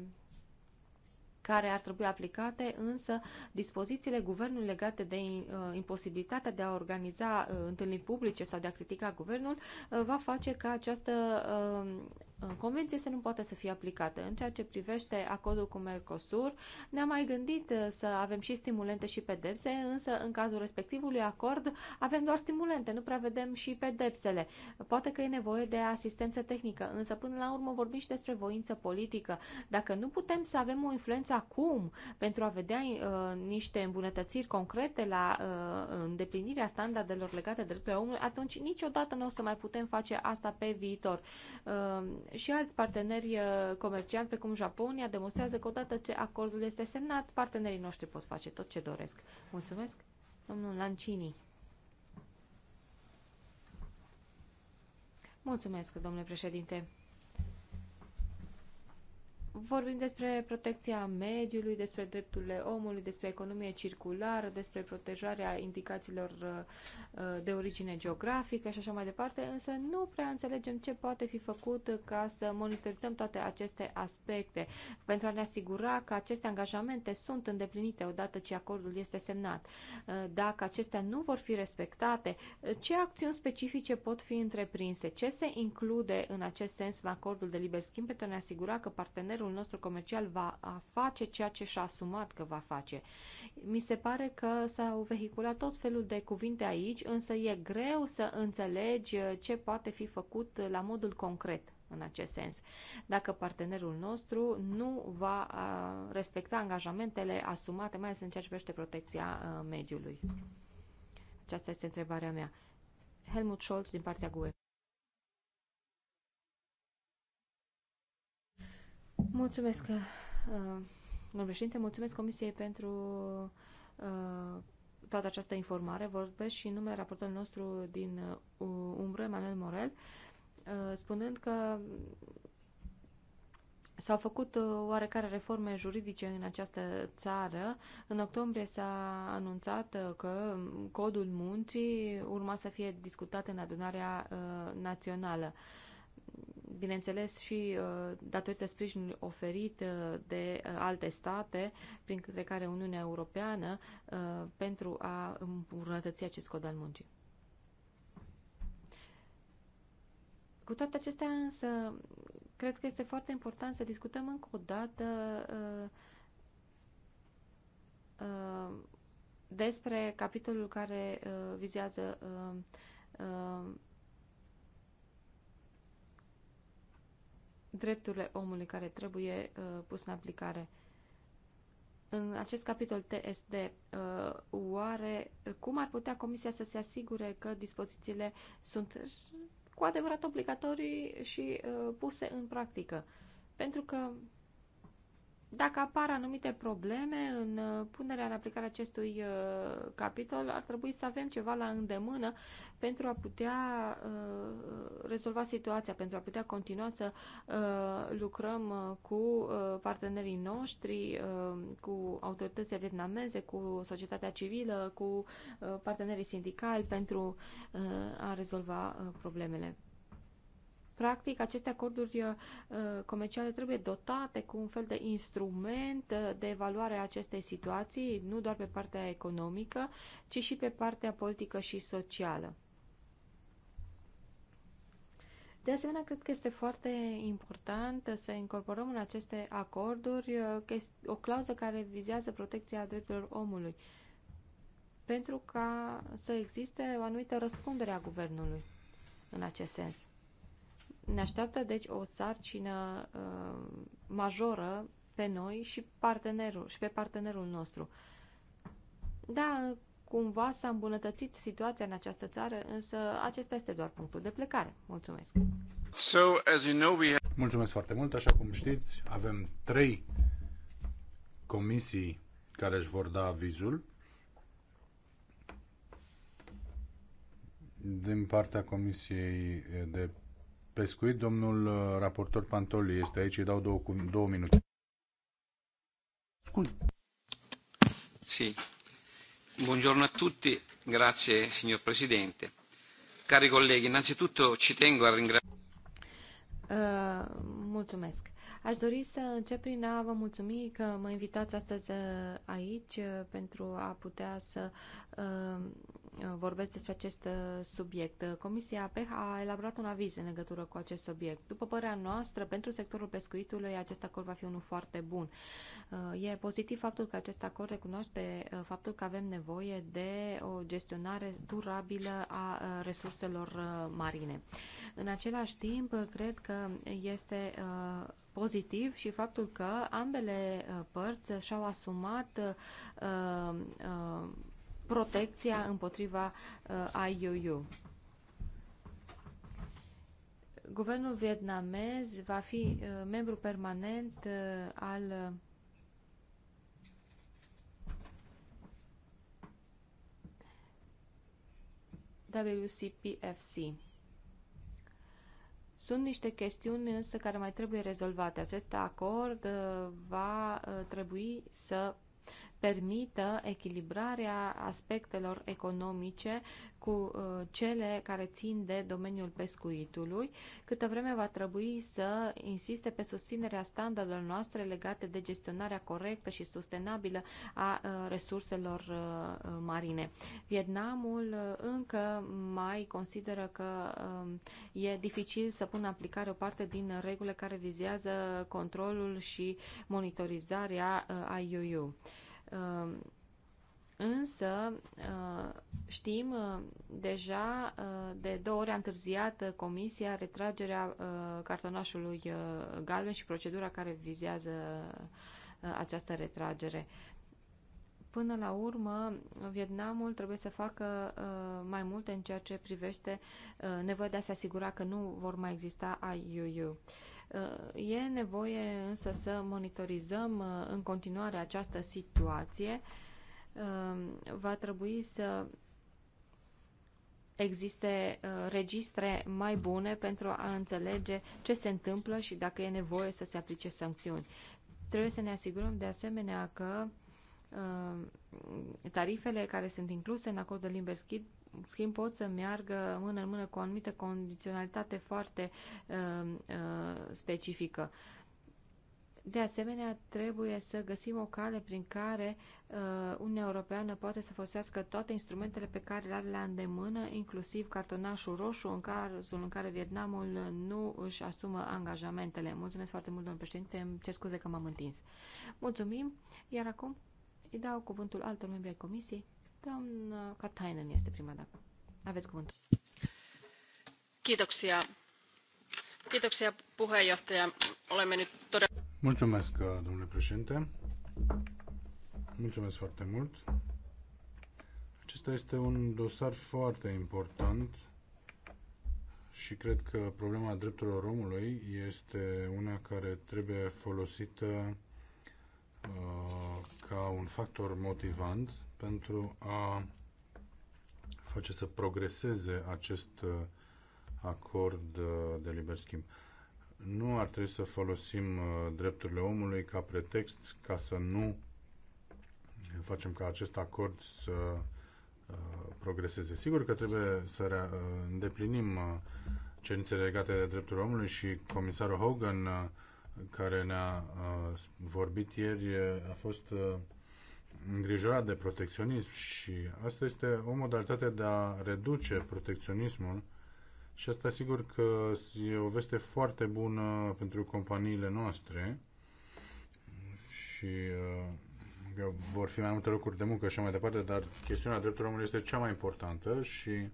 care ar trebui aplicate, însă dispozițiile guvernului legate de uh, imposibilitatea de a organiza uh, întâlniri publice sau de a critica guvernul uh, va face ca această Uh, convenție să nu poată să fie aplicată. În ceea ce privește acordul cu Mercosur, ne-am mai gândit uh, să avem și stimulente și pedepse, însă în cazul respectivului acord avem doar stimulente, nu prea vedem și pedepsele. Poate că e nevoie de asistență tehnică, însă până la urmă vorbim și despre voință politică. Dacă nu putem să avem o influență acum pentru a vedea uh, niște îmbunătățiri concrete la uh, îndeplinirea standardelor legate de drepturile omului, atunci niciodată nu o să mai putem face asta pe viitor. Uh, și alți parteneri uh, comerciali, precum Japonia, demonstrează că odată ce acordul este semnat, partenerii noștri pot face tot ce doresc. Mulțumesc, domnul Lancini. Mulțumesc, domnule președinte. Vorbim despre protecția mediului, despre drepturile omului, despre economie circulară, despre protejarea indicațiilor uh, uh, de origine geografică și așa mai departe, însă nu prea înțelegem ce poate fi făcut ca să monitorizăm toate aceste aspecte, pentru a ne asigura că aceste angajamente sunt îndeplinite odată ce acordul este semnat. Uh, dacă acestea nu vor fi respectate, ce acțiuni specifice pot fi întreprinse? Ce se include în acest sens în acordul de liber schimb pentru a ne asigura că partenerul partenerul nostru comercial va face ceea ce și-a asumat că va face. Mi se pare că s-au vehiculat tot felul de cuvinte aici, însă e greu să înțelegi ce poate fi făcut la modul concret în acest sens. Dacă partenerul nostru nu va respecta angajamentele asumate, mai ales în ceea ce privește protecția mediului. Aceasta este întrebarea mea. Helmut Scholz din partea GUE. Mulțumesc, uh, domnul președinte, mulțumesc Comisiei pentru uh, toată această informare. Vorbesc și în numele raportorului nostru din uh, umbră, Manuel Morel, spunând că S-au făcut oarecare reforme juridice în această țară. În octombrie s-a anunțat că codul muncii urma să fie discutat în adunarea națională bineînțeles și uh, datorită sprijinului oferit uh, de uh, alte state, printre care Uniunea Europeană, pentru a îmbunătăți acest cod al muncii. Cu toate acestea însă, cred că este foarte important să discutăm încă o dată despre capitolul care vizează drepturile omului care trebuie uh, pus în aplicare. În acest capitol TSD, uh, oare cum ar putea Comisia să se asigure că dispozițiile sunt cu adevărat obligatorii și uh, puse în practică? Pentru că dacă apar anumite probleme în uh, punerea în aplicare acestui uh, capitol, ar trebui să avem ceva la îndemână pentru a putea uh, rezolva situația, pentru a putea continua să lucrăm cu partenerii noștri, cu autoritățile vietnameze, cu societatea civilă, cu partenerii sindicali pentru a rezolva problemele. Practic, aceste acorduri uh, comerciale trebuie dotate cu un fel de instrument uh, de evaluare a acestei situații, nu doar pe partea economică, ci și pe partea politică și socială. De asemenea, cred că este foarte important să incorporăm în aceste acorduri uh, o clauză care vizează protecția drepturilor omului, pentru ca să existe o anumită răspundere a guvernului în acest sens. Ne așteaptă, deci, o sarcină uh, majoră pe noi și, partenerul, și pe partenerul nostru. Da, cumva s-a îmbunătățit situația în această țară, însă acesta este doar punctul de plecare. Mulțumesc! So, as you know, we have... Mulțumesc foarte mult! Așa cum știți, avem trei comisii care își vor da avizul. Din partea Comisiei de pescuit. Domnul uh, raportor Pantoli este aici, îi dau două, două minute. Sì. Buongiorno a tutti, grazie signor Presidente. Cari colleghi, innanzitutto ci tengo a ringraziare. Uh, mulțumesc. Aș dori să încep prin a vă mulțumi că mă invitați astăzi uh, aici uh, pentru a putea să uh, vorbesc despre acest subiect. Comisia PEH a elaborat un aviz în legătură cu acest subiect. După părerea noastră, pentru sectorul pescuitului, acest acord va fi unul foarte bun. E pozitiv faptul că acest acord recunoaște faptul că avem nevoie de o gestionare durabilă a resurselor marine. În același timp, cred că este pozitiv și faptul că ambele uh, părți și-au asumat uh, uh, protecția împotriva IUU. Guvernul vietnamez va fi membru permanent al WCPFC. Sunt niște chestiuni însă care mai trebuie rezolvate. Acest acord uh, va uh, trebui să permită echilibrarea aspectelor economice cu uh, cele care țin de domeniul pescuitului, câtă vreme va trebui să insiste pe susținerea standardelor noastre legate de gestionarea corectă și sustenabilă a uh, resurselor uh, marine. Vietnamul încă mai consideră că um, e dificil să pună aplicare o parte din regulile care vizează controlul și monitorizarea IUU. Um, însă uh, știm uh, deja uh, de două ori a întârziat comisia retragerea cartonașului galben și procedura care vizează această retragere. Până la urmă, Vietnamul trebuie să facă mai multe în ceea ce privește nevoia de a se asigura că nu vor mai exista IUU. E nevoie însă să monitorizăm uh, în continuare această situație. Uh, va trebui să existe uh, registre mai bune pentru a înțelege ce se întâmplă și dacă e nevoie să se aplice sancțiuni. Trebuie să ne asigurăm de asemenea că tarifele care sunt incluse în acordul liber schimb schimb, pot să meargă mână în mână cu o anumită condiționalitate foarte uh, uh, specifică. De asemenea, trebuie să găsim o cale prin care uh, Uniunea Europeană poate să folosească toate instrumentele pe care le are la îndemână, inclusiv cartonașul roșu, în cazul în care Vietnamul nu își asumă angajamentele. Mulțumesc foarte mult, domnul președinte. Îmi cer scuze că m-am întins. Mulțumim. Iar acum îi dau cuvântul altor membri ai comisiei Doamna Katainen este prima dacă aveți cuvântul. Kiitoksia. Kiitoksia puheenjohtaja. Olemme nyt todella... Mulțumesc, uh, domnule președinte. Mulțumesc foarte mult. Acesta este un dosar foarte important și cred că problema drepturilor omului este una care trebuie folosită uh, ca un factor motivant pentru a face să progreseze acest uh, acord uh, de liber schimb. Nu ar trebui să folosim uh, drepturile omului ca pretext ca să nu facem ca acest acord să progreseze. Sigur că trebuie să îndeplinim cerințele legate de drepturile omului și comisarul Hogan, care ne-a vorbit ieri, a fost îngrijorat de protecționism și asta este o modalitate de a reduce protecționismul și asta sigur că e o veste foarte bună pentru companiile noastre și uh, că vor fi mai multe locuri de muncă și mai departe, dar chestiunea drepturilor omului este cea mai importantă și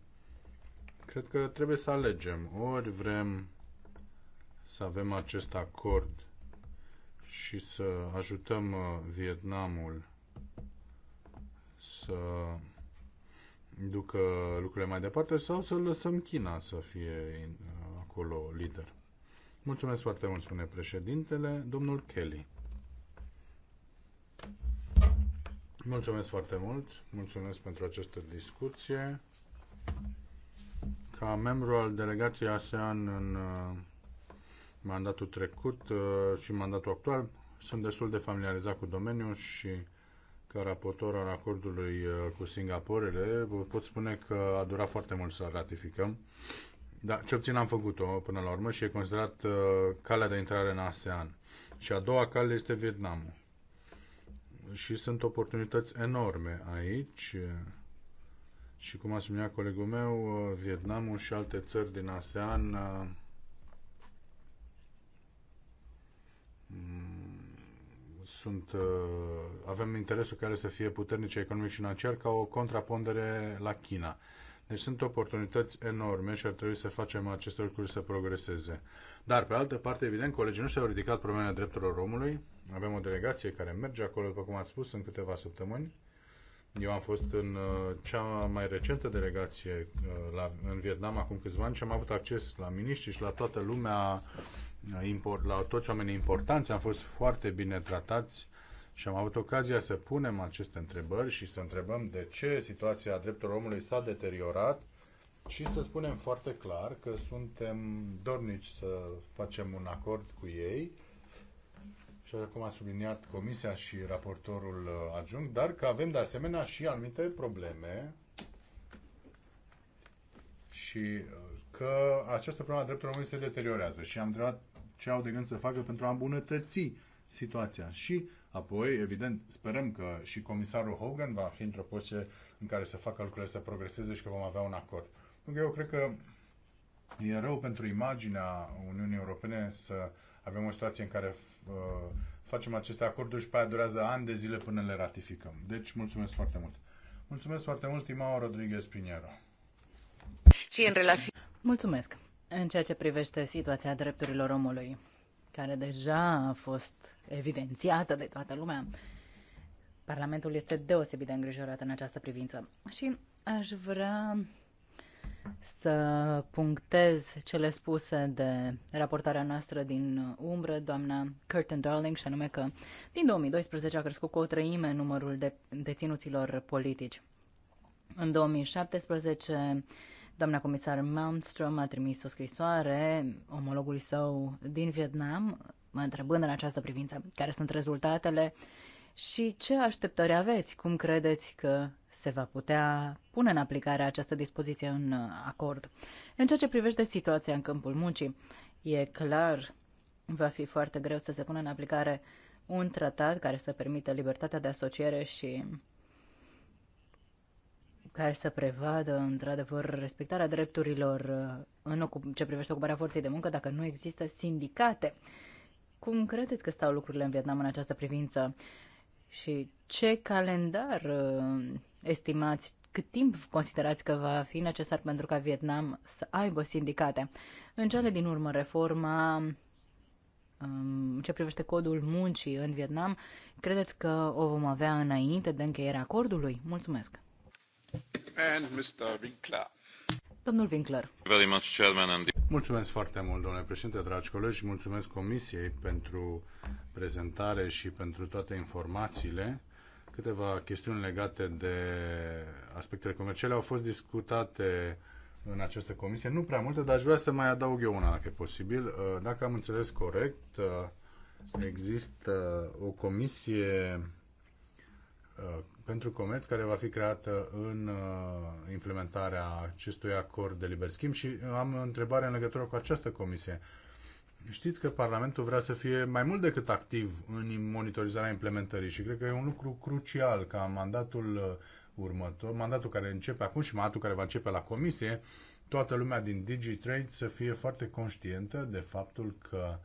cred că trebuie să alegem. Ori vrem să avem acest acord și să ajutăm uh, Vietnamul să ducă lucrurile mai departe sau să lăsăm China să fie uh, acolo lider. Mulțumesc foarte mult, spune președintele, domnul Kelly. Mulțumesc foarte mult, mulțumesc pentru această discuție. Ca membru al delegației ASEAN în uh, mandatul trecut uh, și mandatul actual, sunt destul de familiarizat cu domeniul și ca raportor al acordului uh, cu Singaporele, pot spune că a durat foarte mult să ratificăm. Dar ce puțin am făcut-o până la urmă și e considerat uh, calea de intrare în ASEAN. Și a doua cale este Vietnamul. Și sunt oportunități enorme aici. Și cum a spunea colegul meu, uh, Vietnamul și alte țări din ASEAN sunt, uh, avem interesul care să fie puternice economic și financiar ca o contrapondere la China. Deci sunt oportunități enorme și ar trebui să facem aceste lucruri să progreseze. Dar, pe altă parte, evident, colegii noștri au ridicat problemele drepturilor omului. Avem o delegație care merge acolo, după cum ați spus, în câteva săptămâni. Eu am fost în uh, cea mai recentă delegație uh, la, în Vietnam acum câțiva ani și am avut acces la miniștri și la toată lumea import, la toți oamenii importanți, am fost foarte bine tratați și am avut ocazia să punem aceste întrebări și să întrebăm de ce situația drepturilor omului s-a deteriorat și să spunem foarte clar că suntem dornici să facem un acord cu ei și așa cum a subliniat Comisia și raportorul uh, adjunct, dar că avem de asemenea și anumite probleme și uh, că această problemă a drepturilor omului se deteriorează. Și am întrebat ce au de gând să facă pentru a îmbunătăți situația. Și apoi, evident, sperăm că și comisarul Hogan va fi într-o poziție în care să facă lucrurile să progreseze și că vom avea un acord. Pentru că eu cred că e rău pentru imaginea Uniunii Europene să avem o situație în care uh, facem aceste acorduri și pe aia durează ani de zile până le ratificăm. Deci, mulțumesc foarte mult. Mulțumesc foarte mult, Imao Rodriguez Piniero. Și în relație. Mulțumesc în ceea ce privește situația drepturilor omului, care deja a fost evidențiată de toată lumea, Parlamentul este deosebit de îngrijorat în această privință. Și aș vrea să punctez cele spuse de raportarea noastră din umbră, doamna Curtin Darling, și anume că din 2012 a crescut cu o treime numărul de deținuților politici. În 2017 Doamna comisar Malmström a trimis o scrisoare omologului său din Vietnam, mă întrebând în această privință care sunt rezultatele și ce așteptări aveți, cum credeți că se va putea pune în aplicare această dispoziție în acord. În ceea ce privește situația în câmpul muncii, e clar, va fi foarte greu să se pună în aplicare un tratat care să permită libertatea de asociere și care să prevadă, într-adevăr, respectarea drepturilor uh, în ce privește ocuparea forței de muncă dacă nu există sindicate. Cum credeți că stau lucrurile în Vietnam în această privință? Și ce calendar uh, estimați, cât timp considerați că va fi necesar pentru ca Vietnam să aibă sindicate? În cele din urmă, reforma um, ce privește codul muncii în Vietnam, credeți că o vom avea înainte de încheierea acordului? Mulțumesc! Domnul Winkler. Very much, Chairman, and... Mulțumesc foarte mult, domnule președinte, dragi colegi, mulțumesc Comisiei pentru prezentare și pentru toate informațiile. Câteva chestiuni legate de aspectele comerciale au fost discutate în această comisie. Nu prea multe, dar aș vrea să mai adaug eu una, dacă e posibil. Uh, dacă am înțeles corect, uh, există o comisie Uh, pentru comerț care va fi creată în uh, implementarea acestui acord de liber schimb și am o întrebare în legătură cu această comisie. Știți că Parlamentul vrea să fie mai mult decât activ în monitorizarea implementării și cred că e un lucru crucial ca mandatul uh, următor, mandatul care începe acum și mandatul care va începe la comisie, toată lumea din DigiTrade să fie foarte conștientă de faptul că uh,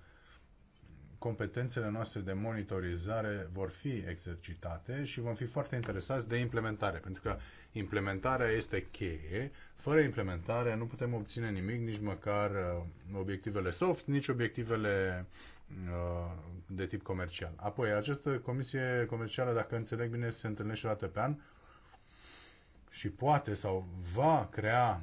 competențele noastre de monitorizare vor fi exercitate și vom fi foarte interesați de implementare, pentru că implementarea este cheie. Fără implementare nu putem obține nimic, nici măcar uh, obiectivele soft, nici obiectivele uh, de tip comercial. Apoi, această comisie comercială, dacă înțeleg bine, se întâlnește o dată pe an și poate sau va crea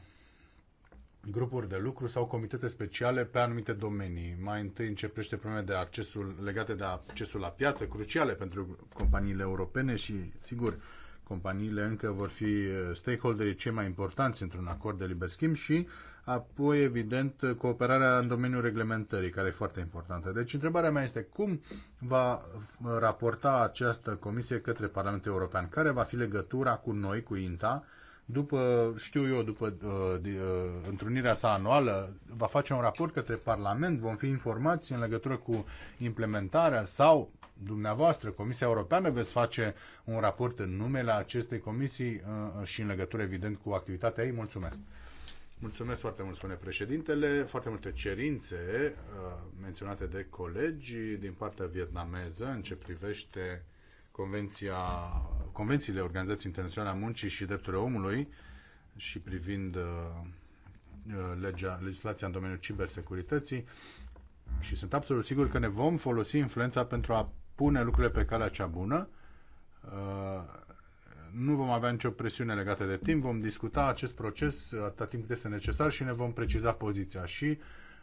grupuri de lucru sau comitete speciale pe anumite domenii. Mai întâi începește probleme de accesul, legate de accesul la piață, cruciale pentru companiile europene și, sigur, companiile încă vor fi eh, stakeholderii cei mai importanți într-un acord de liber schimb și apoi, evident, cooperarea în domeniul reglementării, care e foarte importantă. Deci, întrebarea mea este cum va eh, raporta această comisie către Parlamentul European? Care va fi legătura cu noi, cu INTA, după, știu eu, după uh, de, uh, întrunirea sa anuală, va face un raport către Parlament, vom fi informați în legătură cu implementarea sau dumneavoastră, Comisia Europeană, veți face un raport în numele acestei comisii uh, uh și în legătură, evident, cu activitatea ei. Mulțumesc! Mulțumesc foarte mult, spune președintele. Foarte multe cerințe uh, menționate de colegi din partea vietnameză în ce privește Convenția, Convențiile Organizației Internaționale a Muncii și Drepturile Omului și privind uh, uh, legea, legislația în domeniul cibersecurității și sunt absolut sigur că ne vom folosi influența pentru a pune lucrurile pe calea cea bună. Uh, nu vom avea nicio presiune legată de timp, vom discuta acest proces atâta timp cât este necesar și ne vom preciza poziția și uh,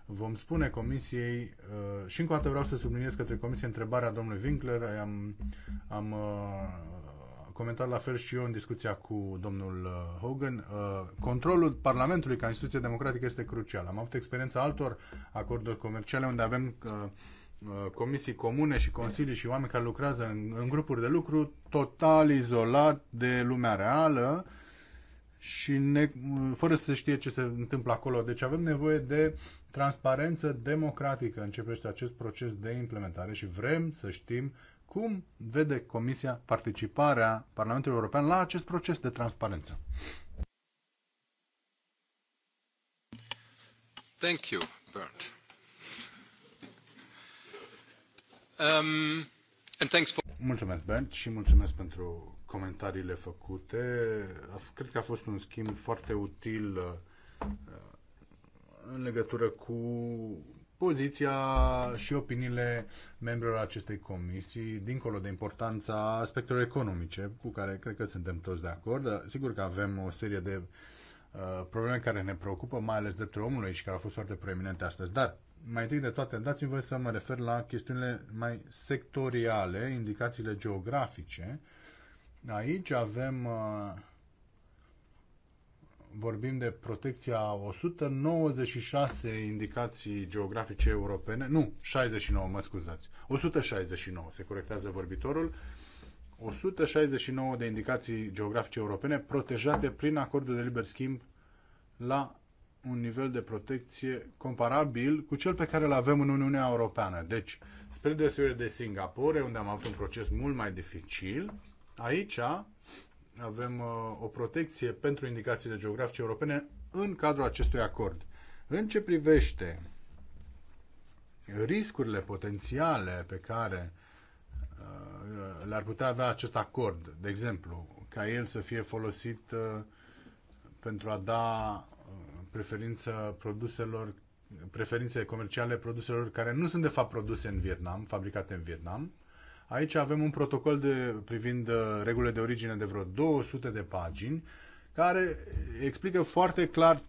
vom spune comisiei uh, și încă o dată vreau să subliniez către comisie întrebarea domnului Winkler, am, am uh, comentat la fel și eu în discuția cu domnul uh, Hogan. Uh, controlul Parlamentului ca instituție democratică este crucial. Am avut experiența altor acorduri comerciale unde avem uh, uh, comisii comune și consilii și oameni care lucrează în, în grupuri de lucru total izolat de lumea reală și ne, fără să știe ce se întâmplă acolo. Deci avem nevoie de transparență democratică începește acest proces de implementare și vrem să știm cum vede Comisia participarea Parlamentului European la acest proces de transparență. Thank you, Bert. Um, and thanks for... Mulțumesc, Bernd, și mulțumesc pentru comentariile făcute. Cred că a fost un schimb foarte util uh, în legătură cu poziția și opiniile membrilor acestei comisii, dincolo de importanța aspectelor economice, cu care cred că suntem toți de acord. Sigur că avem o serie de uh, probleme care ne preocupă, mai ales dreptul omului și care au fost foarte proeminente astăzi. Dar, mai întâi de toate, dați-mi voi să mă refer la chestiunile mai sectoriale, indicațiile geografice. Aici avem uh, vorbim de protecția 196 indicații geografice europene, nu, 69, mă scuzați, 169, se corectează vorbitorul, 169 de indicații geografice europene protejate prin acordul de liber schimb la un nivel de protecție comparabil cu cel pe care îl avem în Uniunea Europeană. Deci, spre deosebire de Singapore, unde am avut un proces mult mai dificil, aici avem uh, o protecție pentru indicațiile geografice europene în cadrul acestui acord. În ce privește riscurile potențiale pe care uh, le-ar putea avea acest acord, de exemplu, ca el să fie folosit uh, pentru a da preferință produselor, preferințe comerciale produselor care nu sunt de fapt produse în Vietnam, fabricate în Vietnam, Aici avem un protocol de, privind uh, regulile de origine de vreo 200 de pagini, care explică foarte clar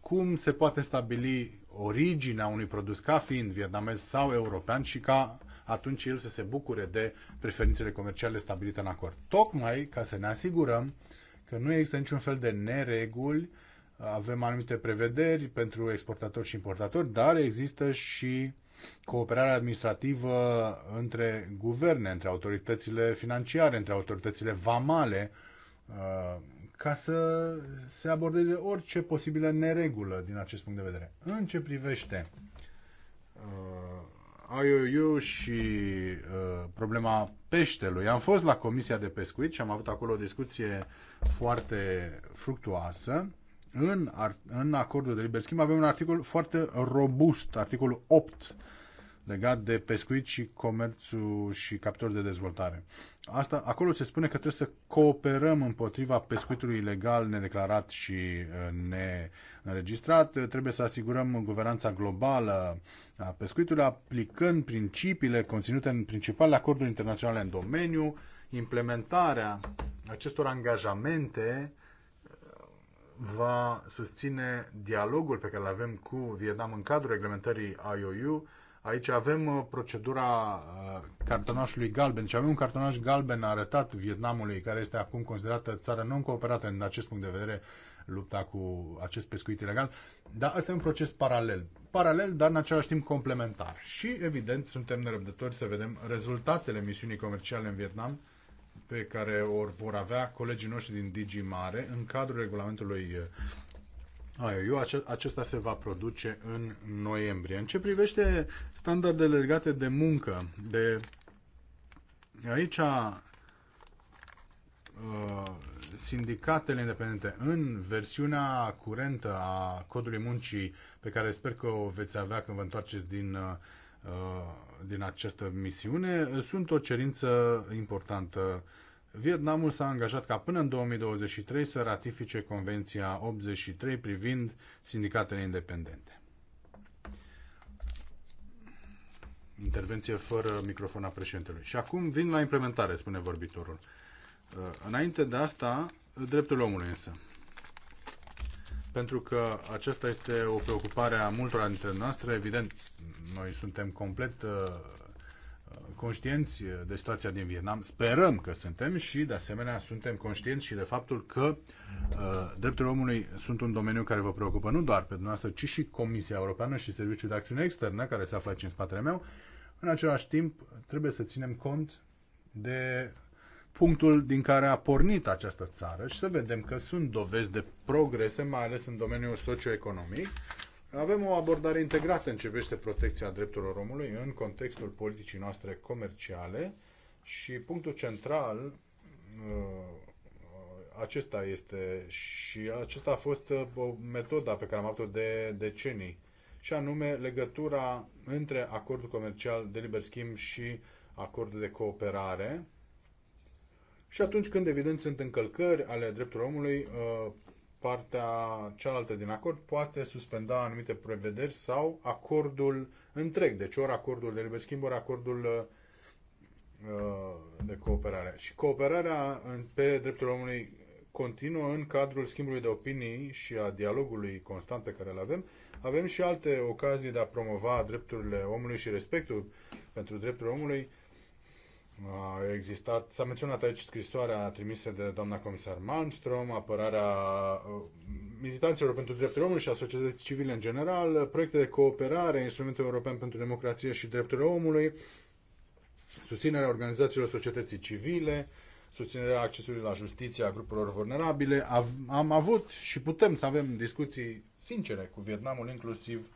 cum se poate stabili originea unui produs ca fiind vietnamez sau european și ca atunci el să se bucure de preferințele comerciale stabilite în acord. Tocmai ca să ne asigurăm că nu există niciun fel de nereguli, avem anumite prevederi pentru exportatori și importatori, dar există și cooperarea administrativă între guverne, între autoritățile financiare, între autoritățile vamale, uh, ca să se abordeze orice posibilă neregulă din acest punct de vedere. În ce privește uh, IOU și uh, problema peștelui, am fost la Comisia de Pescuit și am avut acolo o discuție foarte fructuoasă în, în acordul de liber schimb avem un articol foarte robust, articolul 8, legat de pescuit și comerțul și captori de dezvoltare. Asta, acolo se spune că trebuie să cooperăm împotriva pescuitului ilegal, nedeclarat și uh, neregistrat. Trebuie să asigurăm guvernanța globală a pescuitului, aplicând principiile conținute în principalele acorduri internaționale în domeniu, implementarea acestor angajamente va susține dialogul pe care îl avem cu Vietnam în cadrul reglementării IOU. Aici avem uh, procedura uh, cartonașului galben. Deci avem un cartonaș galben arătat Vietnamului, care este acum considerată țară non-cooperată în acest punct de vedere lupta cu acest pescuit ilegal. Dar asta e un proces paralel. Paralel, dar în același timp complementar. Și, evident, suntem nerăbdători să vedem rezultatele misiunii comerciale în Vietnam, pe care o vor avea colegii noștri din Digi Mare în cadrul regulamentului uh, IOU, Acesta se va produce în noiembrie. În ce privește standardele legate de muncă, de aici uh, sindicatele independente în versiunea curentă a codului muncii pe care sper că o veți avea când vă întoarceți din uh, din această misiune sunt o cerință importantă. Vietnamul s-a angajat ca până în 2023 să ratifice Convenția 83 privind sindicatele independente. Intervenție fără microfon a președintelui. Și acum vin la implementare, spune vorbitorul. Înainte de asta, dreptul omului însă pentru că aceasta este o preocupare a multora dintre noastre. Evident, noi suntem complet uh, conștienți de situația din Vietnam, sperăm că suntem și, de asemenea, suntem conștienți și de faptul că uh, drepturile omului sunt un domeniu care vă preocupă nu doar pe dumneavoastră, ci și Comisia Europeană și Serviciul de Acțiune Externă, care se află aici în spatele meu. În același timp, trebuie să ținem cont de punctul din care a pornit această țară și să vedem că sunt dovezi de progrese, mai ales în domeniul socioeconomic. Avem o abordare integrată în ce privește protecția drepturilor omului în contextul politicii noastre comerciale și punctul central uh, acesta este și acesta a fost uh, o metoda pe care am avut-o de decenii și anume legătura între acordul comercial de liber schimb și acordul de cooperare și atunci când, evident, sunt încălcări ale drepturilor omului, uh, partea cealaltă din acord poate suspenda anumite prevederi sau acordul întreg. Deci ori acordul de liber schimb, ori acordul uh, de cooperare. Și cooperarea pe drepturile omului continuă în cadrul schimbului de opinii și a dialogului constant pe care îl avem. Avem și alte ocazii de a promova drepturile omului și respectul pentru drepturile omului a existat, s-a menționat aici scrisoarea trimisă de doamna comisar Malmström, apărarea uh, militanților pentru drepturile omului și a societății civile în general, proiecte de cooperare, instrumentul european pentru democrație și drepturile omului, susținerea organizațiilor societății civile, susținerea accesului la justiție a grupurilor vulnerabile. Am avut și putem să avem discuții sincere cu Vietnamul, inclusiv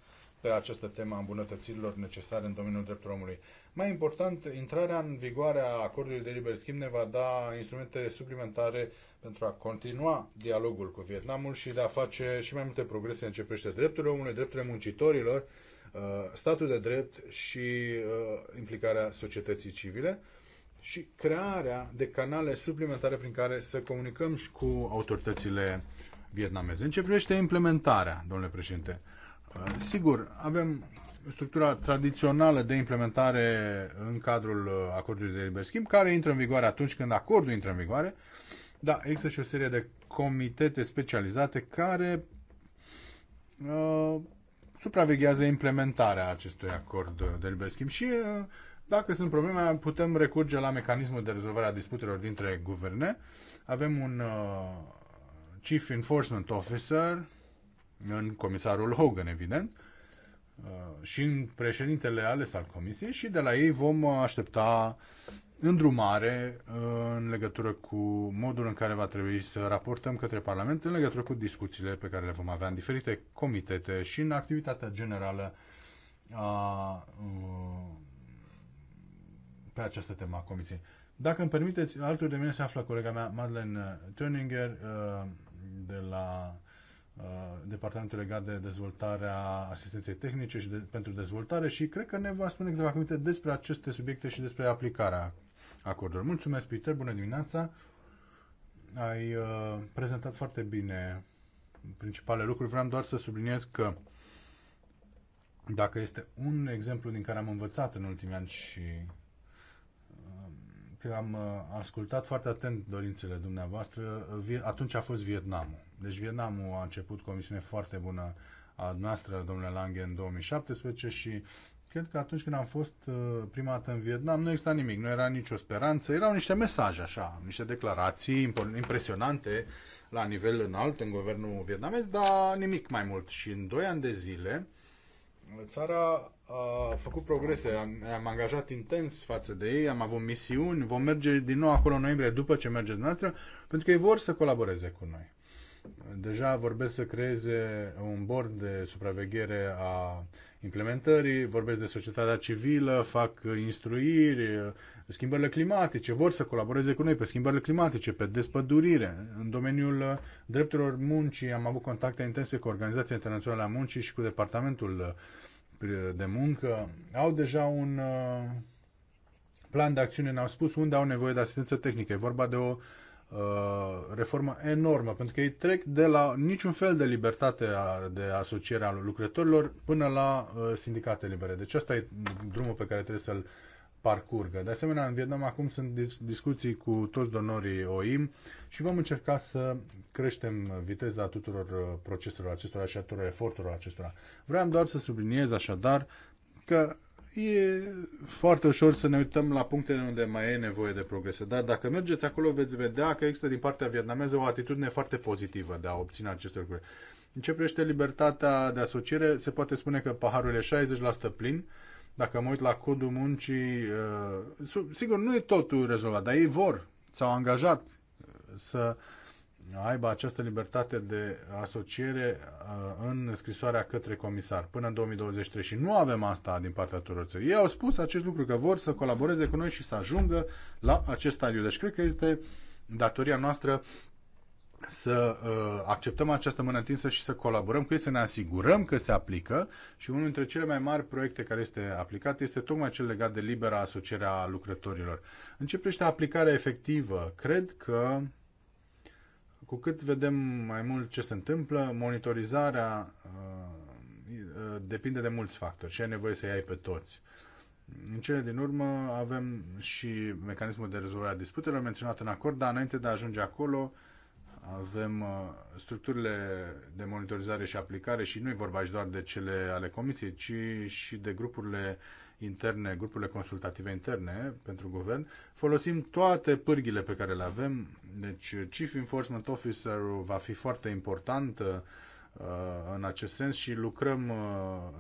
pe această temă a îmbunătățirilor necesare în domeniul drepturilor omului. Mai important, intrarea în vigoare a acordului de liber schimb ne va da instrumente suplimentare pentru a continua dialogul cu Vietnamul și de a face și mai multe progrese în ce privește drepturile omului, drepturile muncitorilor, uh, statul de drept și uh, implicarea societății civile și crearea de canale suplimentare prin care să comunicăm și cu autoritățile vietnameze. În ce privește implementarea, domnule președinte, Uh, sigur, avem structura tradițională de implementare în cadrul uh, acordului de liber schimb, care intră în vigoare atunci când acordul intră în vigoare, dar există și o serie de comitete specializate care uh, supraveghează implementarea acestui acord de liber schimb și uh, dacă sunt probleme, putem recurge la mecanismul de rezolvare a disputelor dintre guverne. Avem un uh, Chief Enforcement Officer, în comisarul Hogan, evident, uh, și în președintele ales al comisiei și de la ei vom aștepta îndrumare uh, în legătură cu modul în care va trebui să raportăm către Parlament în legătură cu discuțiile pe care le vom avea în diferite comitete și în activitatea generală a, uh, pe această temă a Comisiei. Dacă îmi permiteți, altul de mine se află colega mea, Madeleine Turninger, de la Uh, departamentul legat de dezvoltarea asistenței tehnice și de, pentru dezvoltare și cred că ne va spune câteva cuvinte despre aceste subiecte și despre aplicarea acordurilor. Mulțumesc, Peter, bună dimineața! Ai uh, prezentat foarte bine principalele lucruri. Vreau doar să subliniez că dacă este un exemplu din care am învățat în ultimii ani și că am uh, ascultat foarte atent dorințele dumneavoastră. Uh, atunci a fost Vietnamul. Deci Vietnamul a început cu o misiune foarte bună a noastră, domnule Lange, în 2017 și cred că atunci când am fost uh, prima dată în Vietnam nu exista nimic, nu era nicio speranță, erau niște mesaje așa, niște declarații impresionante la nivel înalt în guvernul vietnamez, dar nimic mai mult. Și în 2 ani de zile țara uh, făcut progrese, am, am angajat intens față de ei, am avut misiuni, vom merge din nou acolo în noiembrie după ce mergeți noastră, pentru că ei vor să colaboreze cu noi. Deja vorbesc să creeze un board de supraveghere a implementării, vorbesc de societatea civilă, fac instruiri, schimbările climatice, vor să colaboreze cu noi pe schimbările climatice, pe despădurire. În domeniul drepturilor muncii am avut contacte intense cu Organizația Internațională a Muncii și cu Departamentul de muncă au deja un uh, plan de acțiune, ne-au spus unde au nevoie de asistență tehnică. E vorba de o uh, reformă enormă, pentru că ei trec de la niciun fel de libertate de asociere a lucrătorilor până la uh, sindicate libere. Deci asta e drumul pe care trebuie să-l parcurgă. De asemenea, în Vietnam acum sunt discuții cu toți donorii OIM și vom încerca să creștem viteza tuturor uh, proceselor acestora și a tuturor eforturilor acestora. Vreau doar să subliniez așadar că e foarte ușor să ne uităm la punctele unde mai e nevoie de progrese, dar dacă mergeți acolo veți vedea că există din partea vietnameză o atitudine foarte pozitivă de a obține aceste lucruri. În ce privește libertatea de asociere, se poate spune că paharul e 60% plin, dacă mă uit la codul muncii, uh, sigur, nu e totul rezolvat, dar ei vor, s-au angajat uh, să aibă această libertate de asociere uh, în scrisoarea către comisar până în 2023 și nu avem asta din partea tuturor țării. Ei au spus acest lucru că vor să colaboreze cu noi și să ajungă la acest stadiu. Deci cred că este datoria noastră să uh, acceptăm această mână întinsă și să colaborăm cu ei, să ne asigurăm că se aplică și unul dintre cele mai mari proiecte care este aplicat este tocmai cel legat de libera asociere a lucrătorilor. Începește aplicarea efectivă. Cred că cu cât vedem mai mult ce se întâmplă, monitorizarea uh, uh, depinde de mulți factori și ai nevoie să-i ai pe toți. În cele din urmă avem și mecanismul de rezolvare a disputelor menționat în acord, dar înainte de a ajunge acolo avem uh, structurile de monitorizare și aplicare și nu e vorba și doar de cele ale comisiei, ci și de grupurile interne, grupurile consultative interne pentru guvern, folosim toate pârghile pe care le avem. Deci Chief Enforcement Officer va fi foarte important uh, în acest sens și lucrăm uh,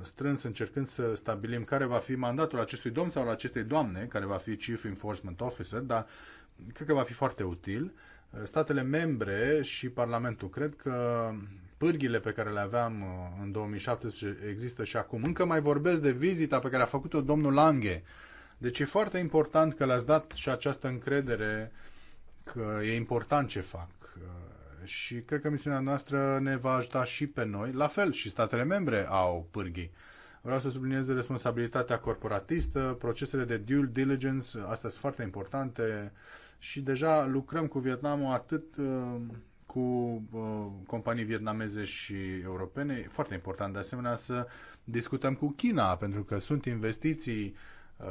strâns încercând să stabilim care va fi mandatul acestui domn sau al acestei doamne care va fi Chief Enforcement Officer, dar cred că va fi foarte util. Statele membre și Parlamentul cred că pârghile pe care le aveam uh, în 2017 există și acum. Încă mai vorbesc de vizita pe care a făcut-o domnul Lange. Deci e foarte important că le-ați dat și această încredere că e important ce fac. Uh, și cred că misiunea noastră ne va ajuta și pe noi. La fel, și statele membre au pârghii. Vreau să subliniez responsabilitatea corporatistă, procesele de due diligence, astea sunt foarte importante și deja lucrăm cu Vietnamul atât uh, cu uh, companii vietnameze și europene. E foarte important de asemenea să discutăm cu China, pentru că sunt investiții uh,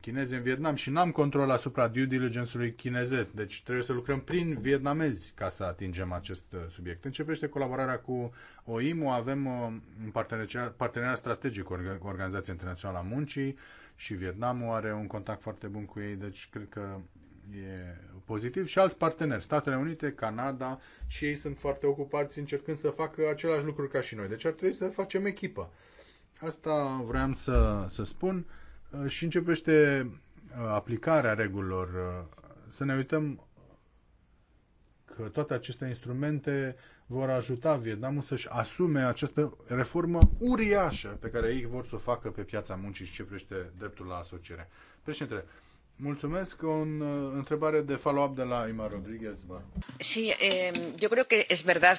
chineze în Vietnam și n-am control asupra due diligence-ului chinezesc. Deci trebuie să lucrăm prin vietnamezi ca să atingem acest uh, subiect. Începește colaborarea cu OIMU, avem uh, un parteneriat, parteneriat strategic cu Organizația Internațională a Muncii și Vietnamul are un contact foarte bun cu ei, deci cred că e pozitiv și alți parteneri, Statele Unite, Canada și ei sunt foarte ocupați încercând să facă același lucru ca și noi. Deci ar trebui să facem echipă. Asta vreau să, să spun uh, și începește uh, aplicarea regulilor. Uh, să ne uităm că toate aceste instrumente vor ajuta Vietnamul să-și asume această reformă uriașă pe care ei vor să o facă pe piața muncii și ce privește dreptul la asociere. Președinte, Mulțumesc. O uh, întrebare de follow-up de la Ima Rodriguez. Sí, eh, yo creo que es verdad.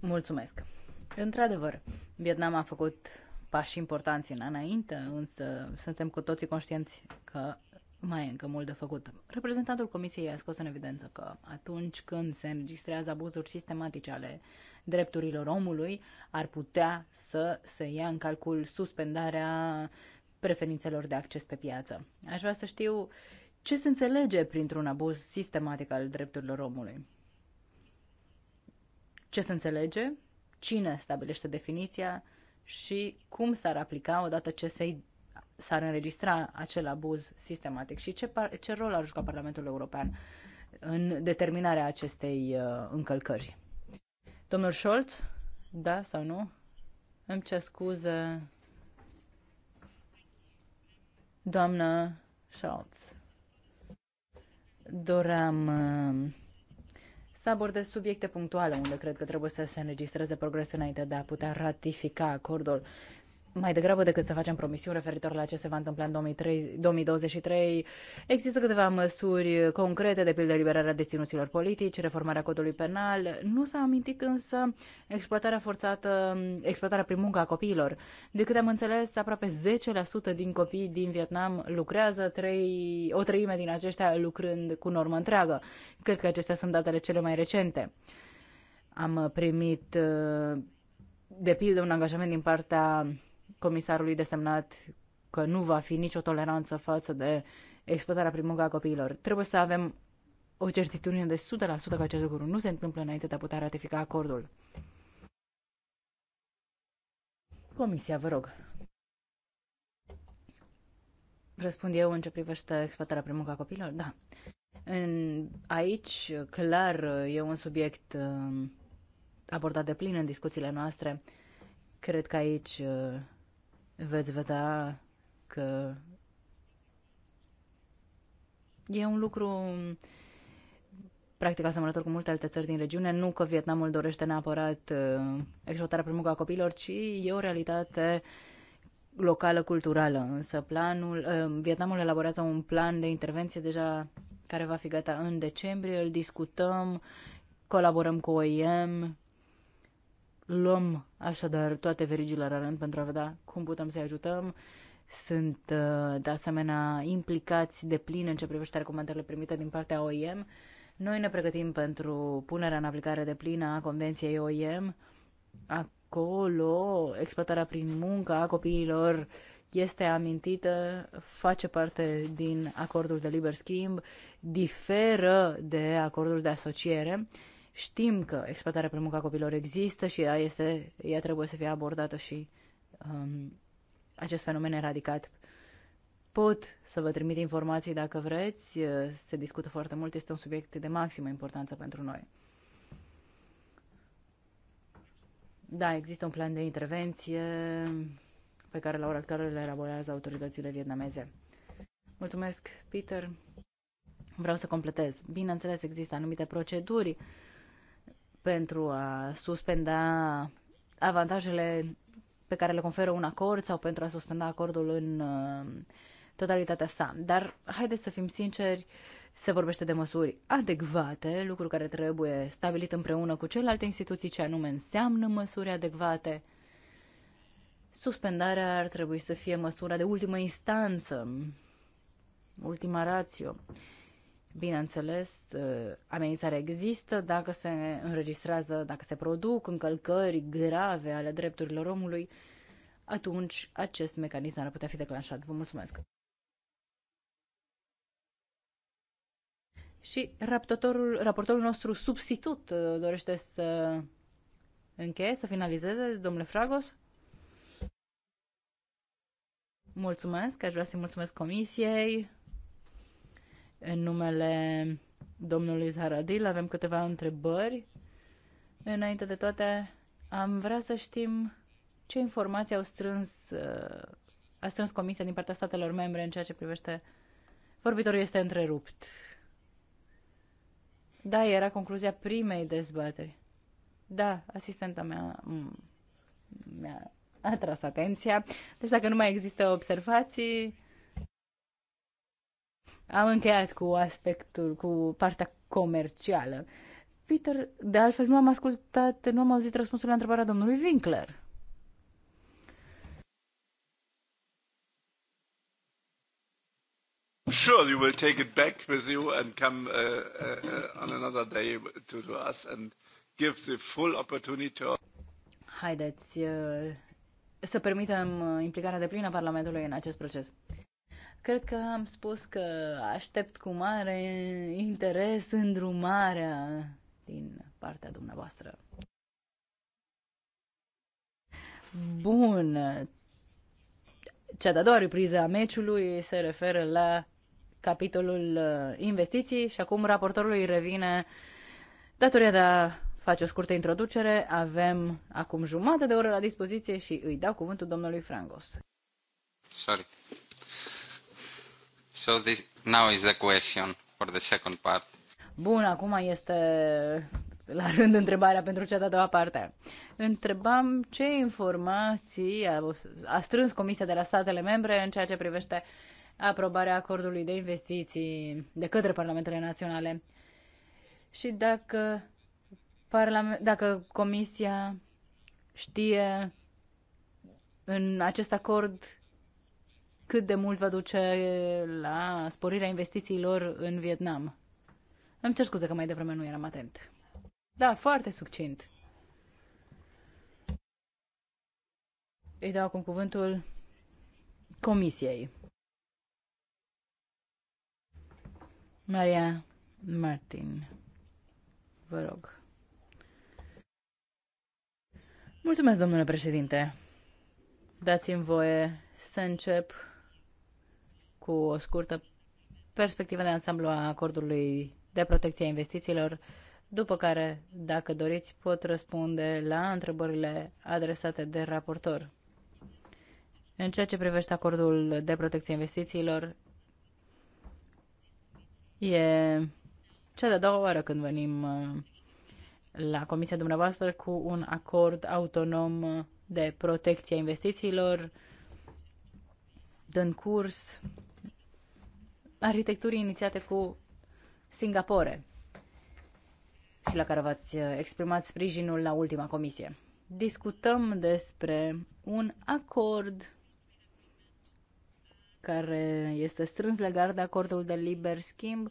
Mulțumesc. Într-adevăr, Vietnam a făcut pași importanți în înainte, însă suntem cu toții conștienți că mai e încă mult de făcut. Reprezentantul Comisiei a scos în evidență că atunci când se înregistrează abuzuri sistematice ale drepturilor omului, ar putea să se ia în calcul suspendarea preferințelor de acces pe piață. Aș vrea să știu ce se înțelege printr-un abuz sistematic al drepturilor omului. Ce se înțelege? Cine stabilește definiția? Și cum s-ar aplica odată ce se s-ar înregistra acel abuz sistematic și ce, ce rol ar juca Parlamentul European în determinarea acestei uh, încălcări. Domnul Scholz, da sau nu? Îmi cer scuze Doamna Schultz, doream uh, să abordez subiecte punctuale unde cred că trebuie să se înregistreze progres înainte de a putea ratifica acordul mai degrabă decât să facem promisiuni referitor la ce se va întâmpla în 2003, 2023, există câteva măsuri concrete, de pildă liberarea deținuților politici, reformarea codului penal. Nu s-a amintit însă exploatarea forțată, exploatarea prin muncă a copiilor. De câte am înțeles, aproape 10% din copii din Vietnam lucrează, trei, o treime din aceștia lucrând cu normă întreagă. Cred că acestea sunt datele cele mai recente. Am primit de pildă un angajament din partea comisarului desemnat că nu va fi nicio toleranță față de exploatarea prin a copiilor. Trebuie să avem o certitudine de 100% că acest lucru nu se întâmplă înainte de a putea ratifica acordul. Comisia, vă rog. Răspund eu în ce privește exploatarea prin a copiilor? Da. În, aici, clar, e un subiect um, abordat de plin în discuțiile noastre. Cred că aici uh, veți vedea că e un lucru practic asemănător cu multe alte țări din regiune. Nu că Vietnamul dorește neapărat uh, exploatarea primului a copilor, ci e o realitate locală, culturală. Însă planul, uh, Vietnamul elaborează un plan de intervenție deja care va fi gata în decembrie, îl discutăm, colaborăm cu OIM, Luăm așadar toate verigile la rând pentru a vedea cum putem să-i ajutăm. Sunt uh, de asemenea implicați de plin în ce privește recomandările primite din partea OIM. Noi ne pregătim pentru punerea în aplicare de plină a Convenției OIM. Acolo, exploatarea prin muncă a copiilor este amintită, face parte din acordul de liber schimb, diferă de acordul de asociere Știm că exploatarea pe munca copilor există și ea, este, ea trebuie să fie abordată și um, acest fenomen eradicat. Pot să vă trimit informații dacă vreți, uh, se discută foarte mult, este un subiect de maximă importanță pentru noi. Da, există un plan de intervenție pe care la ora actuală le elaborează autoritățile vietnameze. Mulțumesc, Peter. Vreau să completez. Bineînțeles, există anumite proceduri pentru a suspenda avantajele pe care le conferă un acord sau pentru a suspenda acordul în uh, totalitatea sa. Dar haideți să fim sinceri, se vorbește de măsuri adecvate, lucru care trebuie stabilit împreună cu celelalte instituții, ce anume înseamnă măsuri adecvate. Suspendarea ar trebui să fie măsura de ultimă instanță, ultima rațiune Bineînțeles, ă, amenințarea există dacă se înregistrează, dacă se produc încălcări grave ale drepturilor omului, atunci acest mecanism ar putea fi declanșat. Vă mulțumesc! Și raportorul, raportorul nostru substitut ă, dorește să încheie, să finalizeze, domnule Fragos? Mulțumesc, aș vrea să-i mulțumesc comisiei, în numele domnului Zaradil. Avem câteva întrebări. Înainte de toate, am vrea să știm ce informații au strâns, uh, a strâns Comisia din partea statelor membre în ceea ce privește... Vorbitorul este întrerupt. Da, era concluzia primei dezbateri. Da, asistenta mea mm, mi-a atras atenția. Deci dacă nu mai există observații, am încheiat cu aspectul, cu partea comercială. Peter, de altfel nu am ascultat, nu am auzit răspunsul la întrebarea domnului Winkler. sure you will take it back with you and come uh, uh, on another day to, to us and give the full opportunity to Haideți uh, să permitem uh, implicarea de plină a Parlamentului în acest proces. Cred că am spus că aștept cu mare interes îndrumarea din partea dumneavoastră. Bun. Cea de-a doua repriză a meciului se referă la capitolul uh, investiții și acum raportorului revine datoria de a face o scurtă introducere. Avem acum jumătate de oră la dispoziție și îi dau cuvântul domnului Frangos. Sorry. So this, now is the question for the second part. Bun, acum este la rând întrebarea pentru cea de-a doua parte. Întrebam ce informații a, a strâns Comisia de la statele membre în ceea ce privește aprobarea acordului de investiții de către Parlamentele Naționale și dacă, parlament, dacă Comisia știe în acest acord cât de mult va duce la sporirea investițiilor în Vietnam. Îmi cer scuze că mai devreme nu eram atent. Da, foarte succint. Îi dau acum cuvântul comisiei. Maria Martin, vă rog. Mulțumesc, domnule președinte. Dați-mi voie să încep cu o scurtă perspectivă de ansamblu a acordului de protecție a investițiilor, după care, dacă doriți, pot răspunde la întrebările adresate de raportor. În ceea ce privește acordul de protecție investițiilor, e cea de-a doua oară când venim uh, la comisia dumneavoastră cu un acord autonom de protecție a investițiilor, dând curs arhitecturii inițiate cu Singapore și la care v-ați uh, exprimat sprijinul la ultima comisie. Discutăm despre un acord care este strâns legat de acordul de liber schimb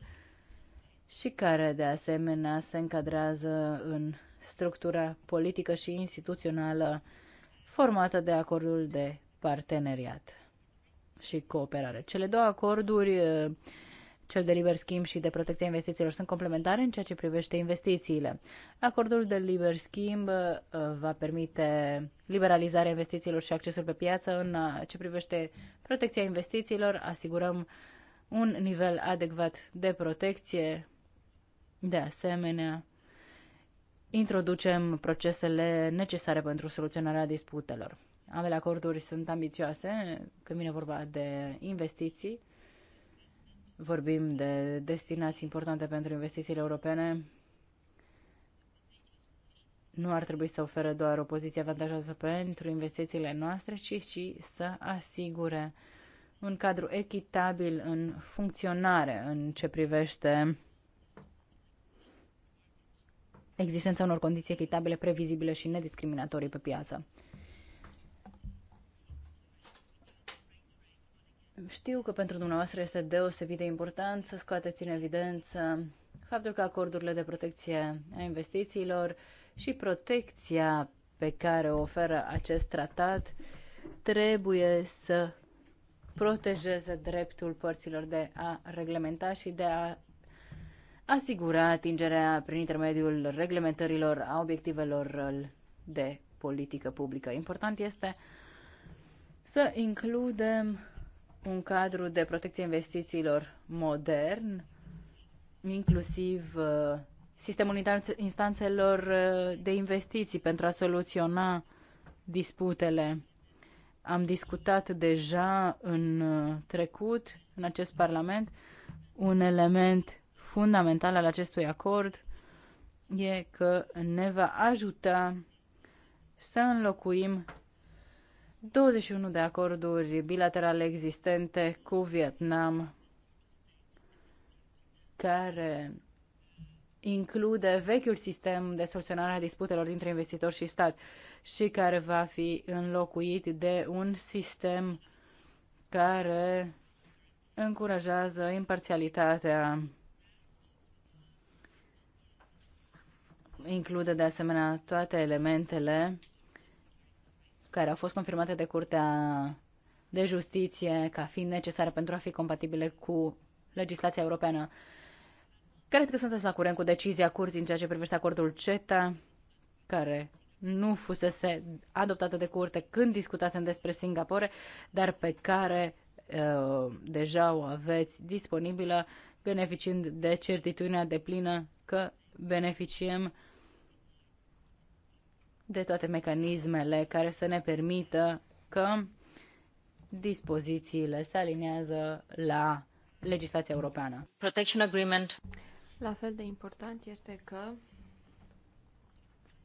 și care, de asemenea, se încadrează în structura politică și instituțională formată de acordul de parteneriat și cooperare. Cele două acorduri, cel de liber schimb și de protecția investițiilor, sunt complementare în ceea ce privește investițiile. Acordul de liber schimb va permite liberalizarea investițiilor și accesul pe piață. În ce privește protecția investițiilor, asigurăm un nivel adecvat de protecție. De asemenea, introducem procesele necesare pentru soluționarea disputelor. Ambele acorduri sunt ambițioase când vine vorba de investiții. Vorbim de destinații importante pentru investițiile europene. Nu ar trebui să ofere doar o poziție avantajoasă pentru investițiile noastre, ci și să asigure un cadru echitabil în funcționare în ce privește existența unor condiții echitabile, previzibile și nediscriminatorii pe piață. Știu că pentru dumneavoastră este deosebit de important să scoateți în evidență faptul că acordurile de protecție a investițiilor și protecția pe care o oferă acest tratat trebuie să protejeze dreptul părților de a reglementa și de a asigura atingerea prin intermediul reglementărilor a obiectivelor de politică publică. Important este să includem un cadru de protecție investițiilor modern, inclusiv uh, sistemul instanțelor uh, de investiții pentru a soluționa disputele. Am discutat deja în uh, trecut, în acest Parlament, un element fundamental al acestui acord e că ne va ajuta să înlocuim 21 de acorduri bilaterale existente cu Vietnam care include vechiul sistem de soluționare a disputelor dintre investitor și stat și care va fi înlocuit de un sistem care încurajează imparțialitatea. Include de asemenea toate elementele care au fost confirmate de Curtea de Justiție ca fiind necesare pentru a fi compatibile cu legislația europeană. Cred că sunteți la curent cu decizia curții în ceea ce privește acordul CETA, care nu fusese adoptată de curte când discutasem despre Singapore, dar pe care uh, deja o aveți disponibilă, beneficiind de certitudinea deplină că beneficiem de toate mecanismele care să ne permită că dispozițiile se alinează la legislația europeană. Protection Agreement. La fel de important este că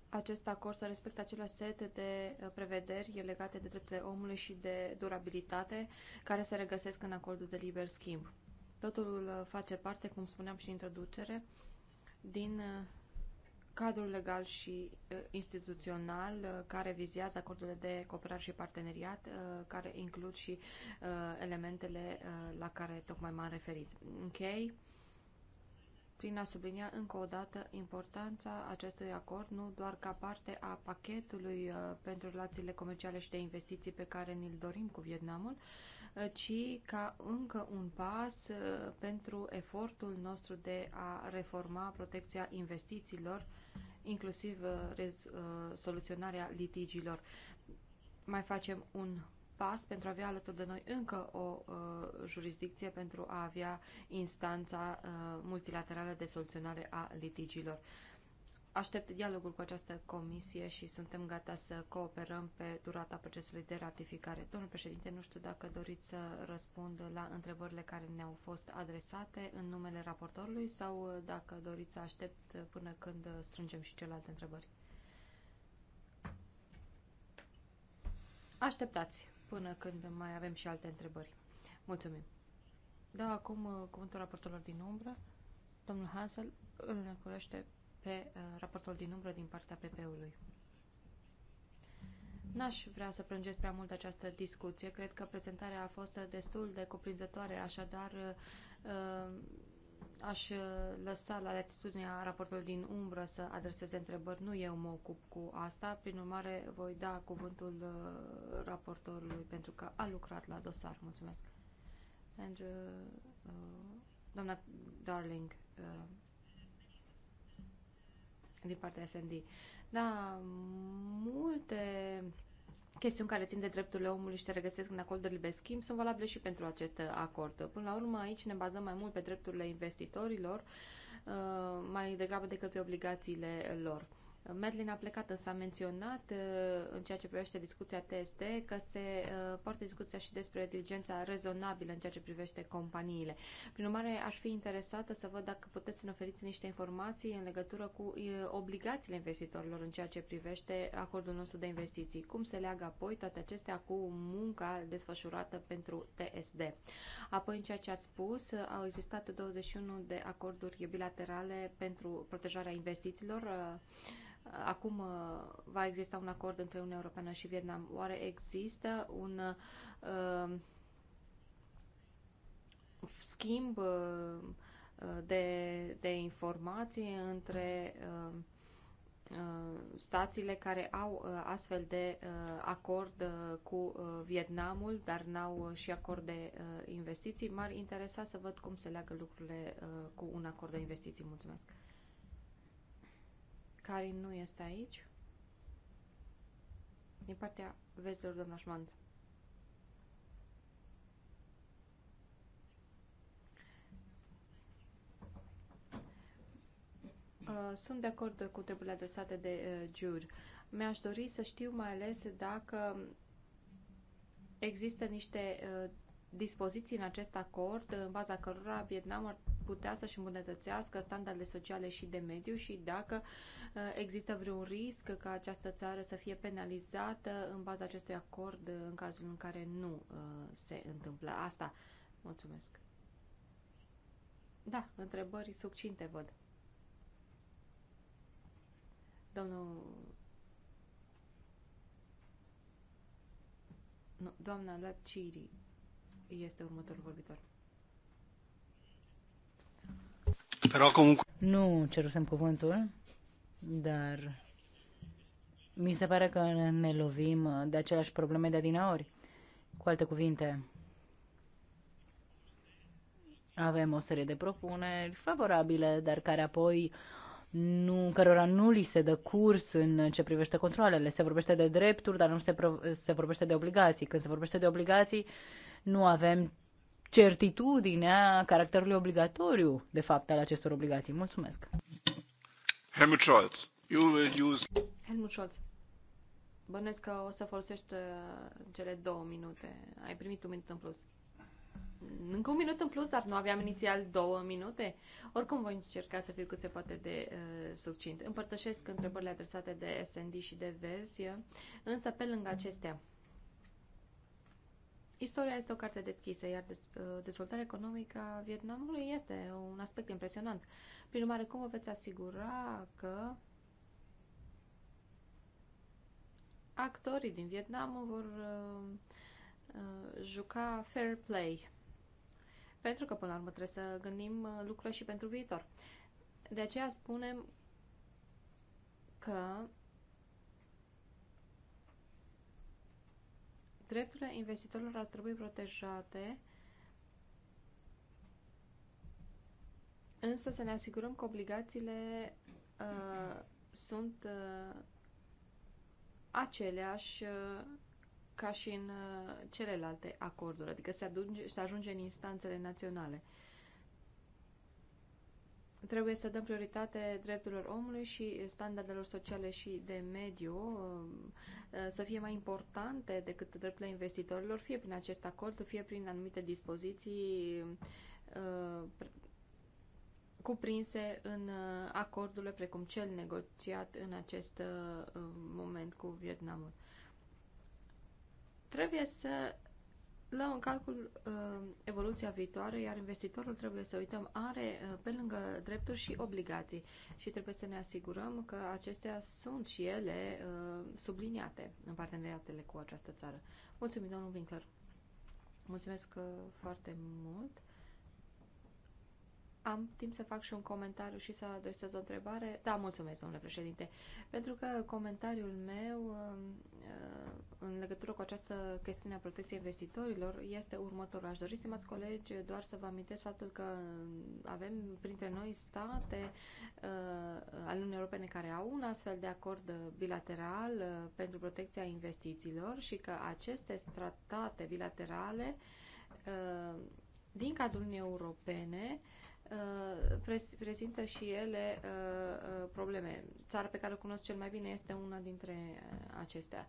acest acord să respecte acele set de uh, prevederi legate de drepturile omului și de durabilitate care se regăsesc în acordul de liber schimb. Totul uh, face parte, cum spuneam și în introducere, din uh, cadrul legal și uh, instituțional uh, care vizează acordurile de cooperare și parteneriat, uh, care includ și elementele la care tocmai m-am referit. Închei. Okay prin a sublinia încă o dată importanța acestui acord nu doar ca parte a pachetului pentru relațiile comerciale și de investiții pe care ni-l dorim cu Vietnamul, ci ca încă un pas pentru efortul nostru de a reforma protecția investițiilor inclusiv uh, uh, soluționarea litigiilor. Mai facem un pas pentru a avea alături de noi încă o uh, jurisdicție pentru a avea instanța uh, multilaterală de soluționare a litigiilor. Uh, aștept dialogul cu această comisie și suntem gata să cooperăm pe durata procesului de ratificare. Domnul președinte, nu știu dacă doriți să răspund la întrebările care ne-au fost adresate în numele raportorului sau dacă doriți să aștept până când strângem și celelalte întrebări. Așteptați până când mai avem și alte întrebări. Mulțumim. Da, acum cuvântul raportorilor din umbră. Domnul Hansel îl încurește pe uh, raportul din umbră din partea PP-ului. N-aș vrea să prângesc prea mult această discuție. Cred că prezentarea a fost destul de cuprinzătoare, așadar uh, aș uh, lăsa la latitudinea raportului din umbră să adreseze întrebări. Nu eu mă ocup cu asta, prin urmare voi da cuvântul raportorului pentru că a lucrat la dosar. Mulțumesc. And, uh, doamna Darling, uh, din partea SND. Da, multe chestiuni care țin de drepturile omului și se regăsesc în acordul de liber schimb sunt valabile și pentru acest acord. Până la urmă, aici ne bazăm mai mult pe drepturile investitorilor, uh, mai degrabă decât pe obligațiile lor. Madeline a plecat, însă a menționat uh, în ceea ce privește discuția TSD că se uh, poartă discuția și despre diligența rezonabilă în ceea ce privește companiile. Prin urmare, aș fi interesată să văd dacă puteți să ne oferiți niște informații în legătură cu uh, obligațiile investitorilor în ceea ce privește acordul nostru de investiții. Cum se leagă apoi toate acestea cu munca desfășurată pentru TSD. Apoi, în ceea ce ați spus, au existat 21 de acorduri bilaterale pentru protejarea investițiilor acum uh, va exista un acord între Uniunea Europeană și Vietnam. Oare există un uh, schimb uh, de, de informații între uh, uh stațiile care au uh, astfel de acord cu Vietnamul, dar n-au și acord de investiții. M-ar interesa să văd cum se leagă lucrurile cu un acord de investiții. Mulțumesc! care nu este aici. Din partea veților, doamna Șmanț. Uh, sunt de acord cu întrebările adresate de uh, Jur. Mi-aș dori să știu mai ales dacă există niște uh, dispoziții în acest acord în baza cărora Vietnam ar putea să-și îmbunătățească standardele sociale și de mediu și dacă uh, există vreun risc ca această țară să fie penalizată în baza acestui acord uh, în cazul în care nu uh, se întâmplă asta. Mulțumesc. Da, întrebări succinte văd. Domnul Nu, doamna Laciri este următorul vorbitor. Però comunque... Nu cerusem cuvântul, dar mi se pare că ne lovim de aceleași probleme de adinaori. Cu alte cuvinte, avem o serie de propuneri favorabile, dar care apoi nu, cărora nu li se dă curs în ce privește controlele. Se vorbește de drepturi, dar nu se, se vorbește de obligații. Când se vorbește de obligații, nu avem certitudinea caracterului obligatoriu, de fapt, al acestor obligații. Mulțumesc! Helmut Scholz, you will use... Helmut Scholz, bănuiesc că o să folosești uh, cele două minute. Ai primit un minut în plus. Încă un minut în plus, dar nu aveam inițial două minute. Oricum voi încerca să fiu cât se poate de uh, succint. Împărtășesc întrebările adresate de SND și de Verzi, însă pe lângă acestea Istoria este o carte deschisă, iar uh, dezvoltarea economică a Vietnamului este un aspect impresionant. Prin urmare, cum vă veți asigura că actorii din Vietnam vor uh, uh juca fair play? Pentru că, până la urmă, trebuie să gândim uh, lucrurile și pentru viitor. De aceea spunem că drepturile investitorilor ar trebui protejate, însă să ne asigurăm că obligațiile uh, sunt uh, aceleași uh, ca și în uh, celelalte acorduri, adică se, adunge, se ajunge în instanțele naționale. Uh, Trebuie să dăm prioritate drepturilor omului și standardelor sociale și de mediu uh, să fie mai importante decât drepturile investitorilor, fie prin acest acord, fie prin anumite dispoziții uh, cuprinse în uh, acordurile precum cel negociat în acest moment cu Vietnamul. Trebuie să luăm în calcul uh, evoluția viitoare, iar investitorul trebuie să uităm, are uh, pe lângă drepturi și obligații și trebuie să ne asigurăm că acestea sunt și ele uh, subliniate în parteneriatele cu această țară. Mulțumim, domnul Winkler! Mulțumesc uh, foarte mult! Am timp să fac și un comentariu și să adresez o întrebare. Da, mulțumesc, domnule președinte, pentru că comentariul meu um, uh, în legătură cu această chestiune a protecției investitorilor este următorul. Aș dori, stimați colegi, doar să vă amintesc faptul că um, avem printre noi state uh, ale Uniunii Europene care au un astfel de acord bilateral uh, pentru protecția investițiilor și că aceste tratate bilaterale din cadrul Uniunii Europene uh, Uh, prezintă și ele uh, uh, probleme. Țara pe care o cunosc cel mai bine este una dintre acestea.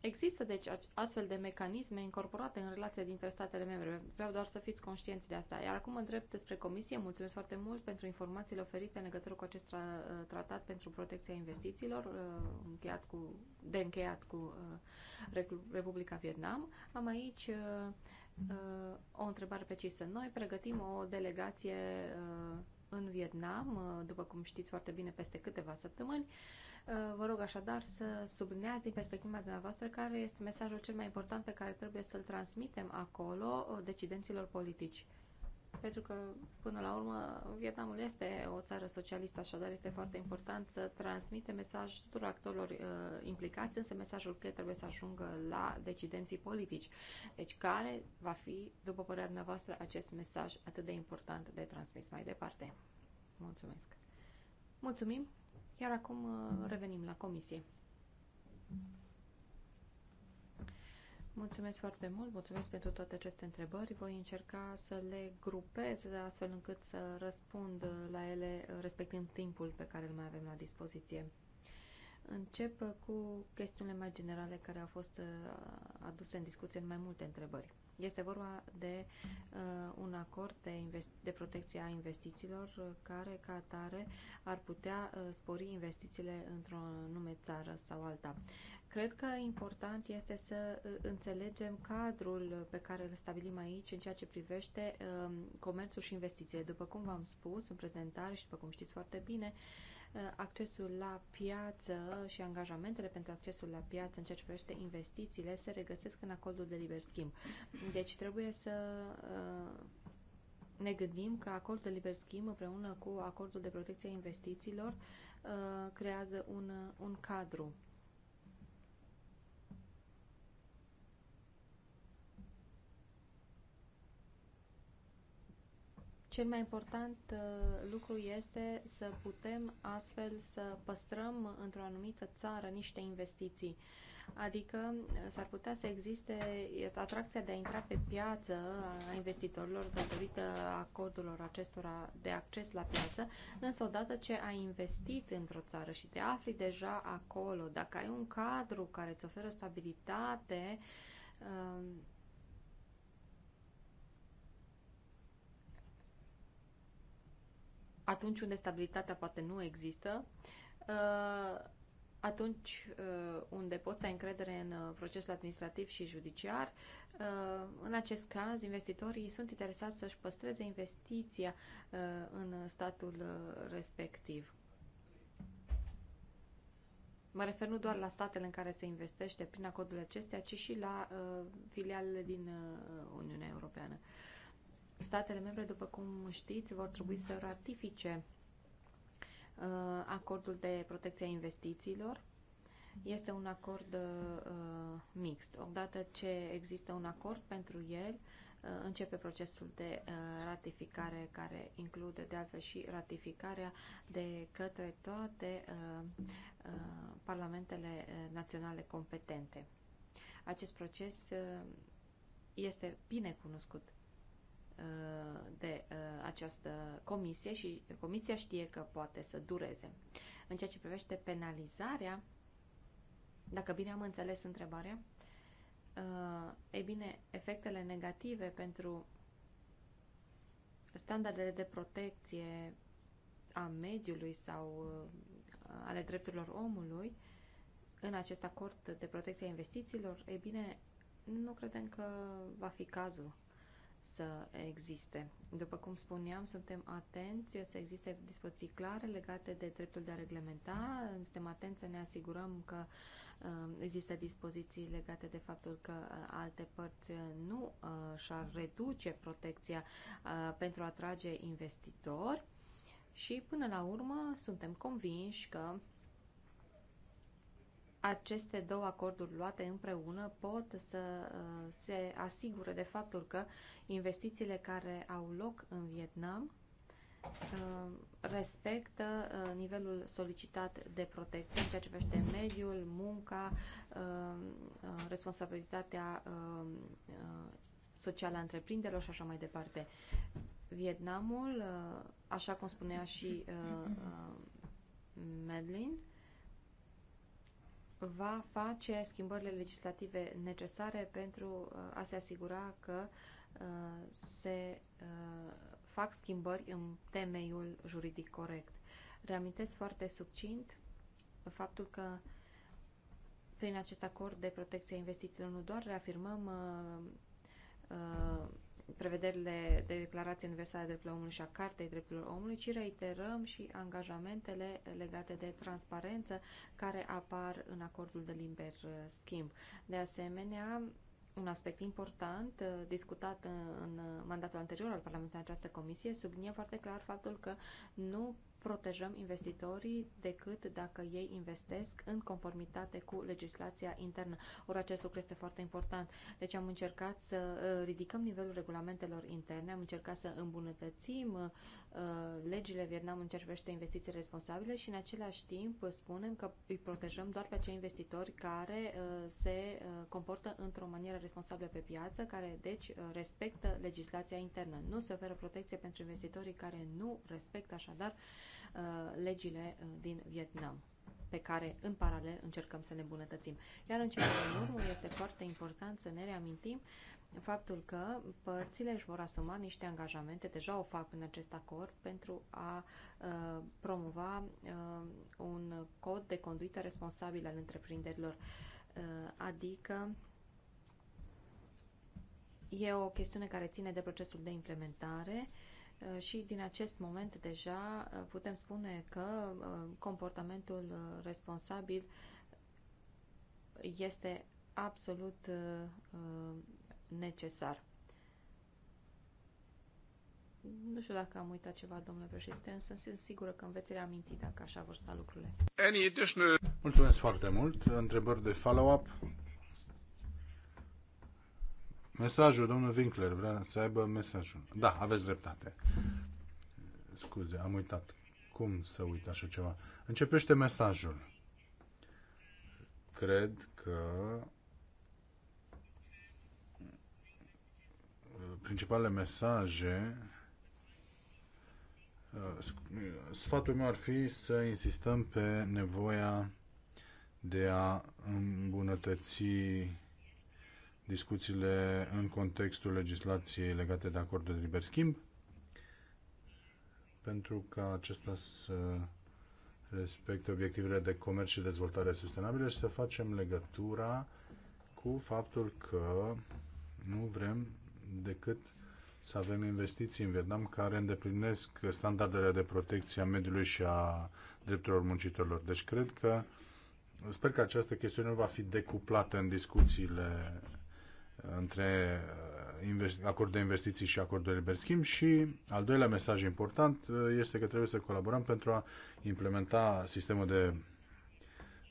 Există, deci, astfel de mecanisme incorporate în relația dintre statele membre. Vreau doar să fiți conștienți de asta. Iar acum mă întreb despre Comisie. Mulțumesc foarte mult pentru informațiile oferite în legătură cu acest tra- tratat pentru protecția investițiilor încheiat cu, de încheiat cu Republica Vietnam. Am aici Uh, o întrebare precisă. Noi pregătim o delegație uh, în Vietnam, uh, după cum știți foarte bine, peste câteva săptămâni. Vă rog așadar să sublineați din perspectiva dumneavoastră care este mesajul cel mai important pe care trebuie să-l transmitem acolo decidenților politici pentru că, până la urmă, Vietnamul este o țară socialistă, așadar este foarte important să transmite mesaj tuturor actorilor uh, implicați, însă mesajul că trebuie să ajungă la decidenții politici. Deci, care va fi, după părerea dumneavoastră, acest mesaj atât de important de transmis mai departe? Mulțumesc! Mulțumim! Iar acum uh, revenim la comisie. Mulțumesc foarte mult, mulțumesc pentru toate aceste întrebări. Voi încerca să le grupez astfel încât să răspund la ele respectând timpul pe care îl mai avem la dispoziție. Încep cu chestiunile mai generale care au fost uh, aduse în discuție în mai multe întrebări. Este vorba de uh, un acord de, de protecție a investițiilor uh, care, ca atare, ar putea uh, spori investițiile într-o nume țară sau alta. Uh, Cred că important este să uh, înțelegem cadrul pe care îl stabilim aici în ceea ce privește um, comerțul și investițiile. După cum v-am spus în prezentare și după cum știți foarte bine, uh, accesul la piață și angajamentele pentru accesul la piață în ceea ce privește investițiile se regăsesc în acordul de liber schimb. Deci trebuie să uh, ne gândim că acordul de liber schimb împreună cu acordul de protecție a investițiilor creează un, un cadru Cel mai important uh, lucru este să putem astfel să păstrăm într-o anumită țară niște investiții. Adică uh, s-ar putea să existe atracția de a intra pe piață a investitorilor datorită acordurilor acestora de acces la piață, însă odată ce ai investit într-o țară și te afli deja acolo, dacă ai un cadru care îți oferă stabilitate, uh, atunci unde stabilitatea poate nu există, uh, atunci uh, unde poți să ai încredere în uh, procesul administrativ și judiciar, în acest caz, investitorii sunt interesați să-și păstreze investiția în statul respectiv. Mă refer nu doar la statele în care se investește prin acordul acestea, ci și la filialele din Uniunea Europeană. Uh, statele membre, după cum știți, vor trebui să ratifice uh, acordul de protecție a investițiilor. Este un acord uh, uh, mixt. Odată ce există un acord pentru el, uh, începe procesul de uh, ratificare care include de altfel și ratificarea de către toate uh, uh, parlamentele uh, naționale competente. Acest proces uh, este bine cunoscut Uh, de uh, această comisie și comisia știe că poate să dureze. În ceea ce privește penalizarea, dacă bine am înțeles întrebarea, uh, ei bine, efectele negative pentru standardele de protecție a mediului sau ale drepturilor omului în acest acord de protecție a investițiilor, ei bine, nu credem că va fi cazul să existe. După cum spuneam, suntem atenți să existe dispoziții clare legate de dreptul de a reglementa, suntem atenți să ne asigurăm că um, există dispoziții legate de faptul că uh, alte părți uh, nu uh, și-ar reduce protecția pentru a atrage investitori și până la urmă suntem convinși că aceste două acorduri luate împreună pot să uh, se asigure de faptul că investițiile care au loc în Vietnam uh, respectă uh, nivelul solicitat de protecție în ceea ce privește mediul, munca, responsabilitatea socială a întreprinderilor și așa mai departe. Vietnamul, așa cum spunea și Madeline, va face schimbările legislative necesare pentru uh, a se asigura că uh, se uh, fac schimbări în temeiul juridic corect. Reamintesc foarte succint faptul că prin acest acord de protecție a investițiilor nu doar reafirmăm prevederile de declarație universală a drepturilor omului și a Cartei Drepturilor Omului, ci reiterăm și angajamentele legate de transparență care apar în acordul de liber uh, schimb. De asemenea, un aspect important uh, discutat uh, în mandatul anterior al Parlamentului în această comisie sublinie foarte clar faptul că nu protejăm investitorii decât dacă ei investesc în conformitate cu legislația internă. Ori acest lucru este foarte important. Deci am încercat să uh, ridicăm nivelul regulamentelor interne, am încercat să îmbunătățim uh, Uh, legile Vietnam în investiții responsabile și în același timp spunem că îi protejăm doar pe acei investitori care uh, se uh, comportă într-o manieră responsabilă pe piață, care deci respectă legislația internă. Nu se oferă protecție pentru investitorii care nu respectă așadar legile din Vietnam pe care, în paralel, încercăm să le îmbunătățim. Iar în cele din urmă, este foarte important să ne reamintim faptul că părțile își vor asuma niște angajamente, deja o fac în acest acord, pentru a uh, promova uh, un cod de conduită responsabil al întreprinderilor, uh, adică e o chestiune care ține de procesul de implementare și din acest moment deja putem spune că comportamentul responsabil este absolut necesar. Nu știu dacă am uitat ceva, domnule președinte, însă sunt sigură că îmi veți reaminti dacă așa vor sta lucrurile. Mulțumesc foarte mult. Întrebări de follow-up? Mesajul, domnul Winkler, vrea să aibă mesajul. Da, aveți dreptate. Scuze, am uitat. Cum să uit așa ceva? Începește mesajul. Cred că principalele mesaje uh, sfatul meu ar fi să insistăm pe nevoia de a îmbunătăți discuțiile în contextul legislației legate de acordul de liber schimb pentru ca acesta să respecte obiectivele de comerț și dezvoltare sustenabilă și să facem legătura cu faptul că nu vrem decât să avem investiții în Vietnam care îndeplinesc standardele de protecție a mediului și a drepturilor muncitorilor. Deci cred că sper că această chestiune nu va fi decuplată în discuțiile uh, între uh, acord de investiții și acord de liber schimb și al doilea mesaj important uh, este că trebuie să colaborăm pentru a implementa sistemul de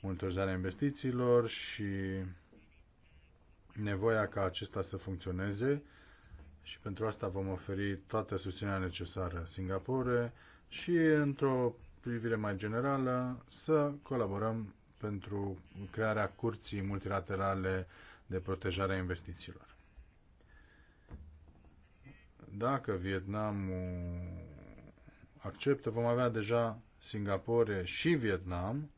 monitorizare a investițiilor și nevoia ca acesta să funcționeze și pentru asta vom oferi toată susținerea necesară Singapore și într-o privire mai generală să colaborăm pentru crearea curții multilaterale de protejare a investițiilor. Dacă Vietnamul acceptă, vom avea deja Singapore și Vietnam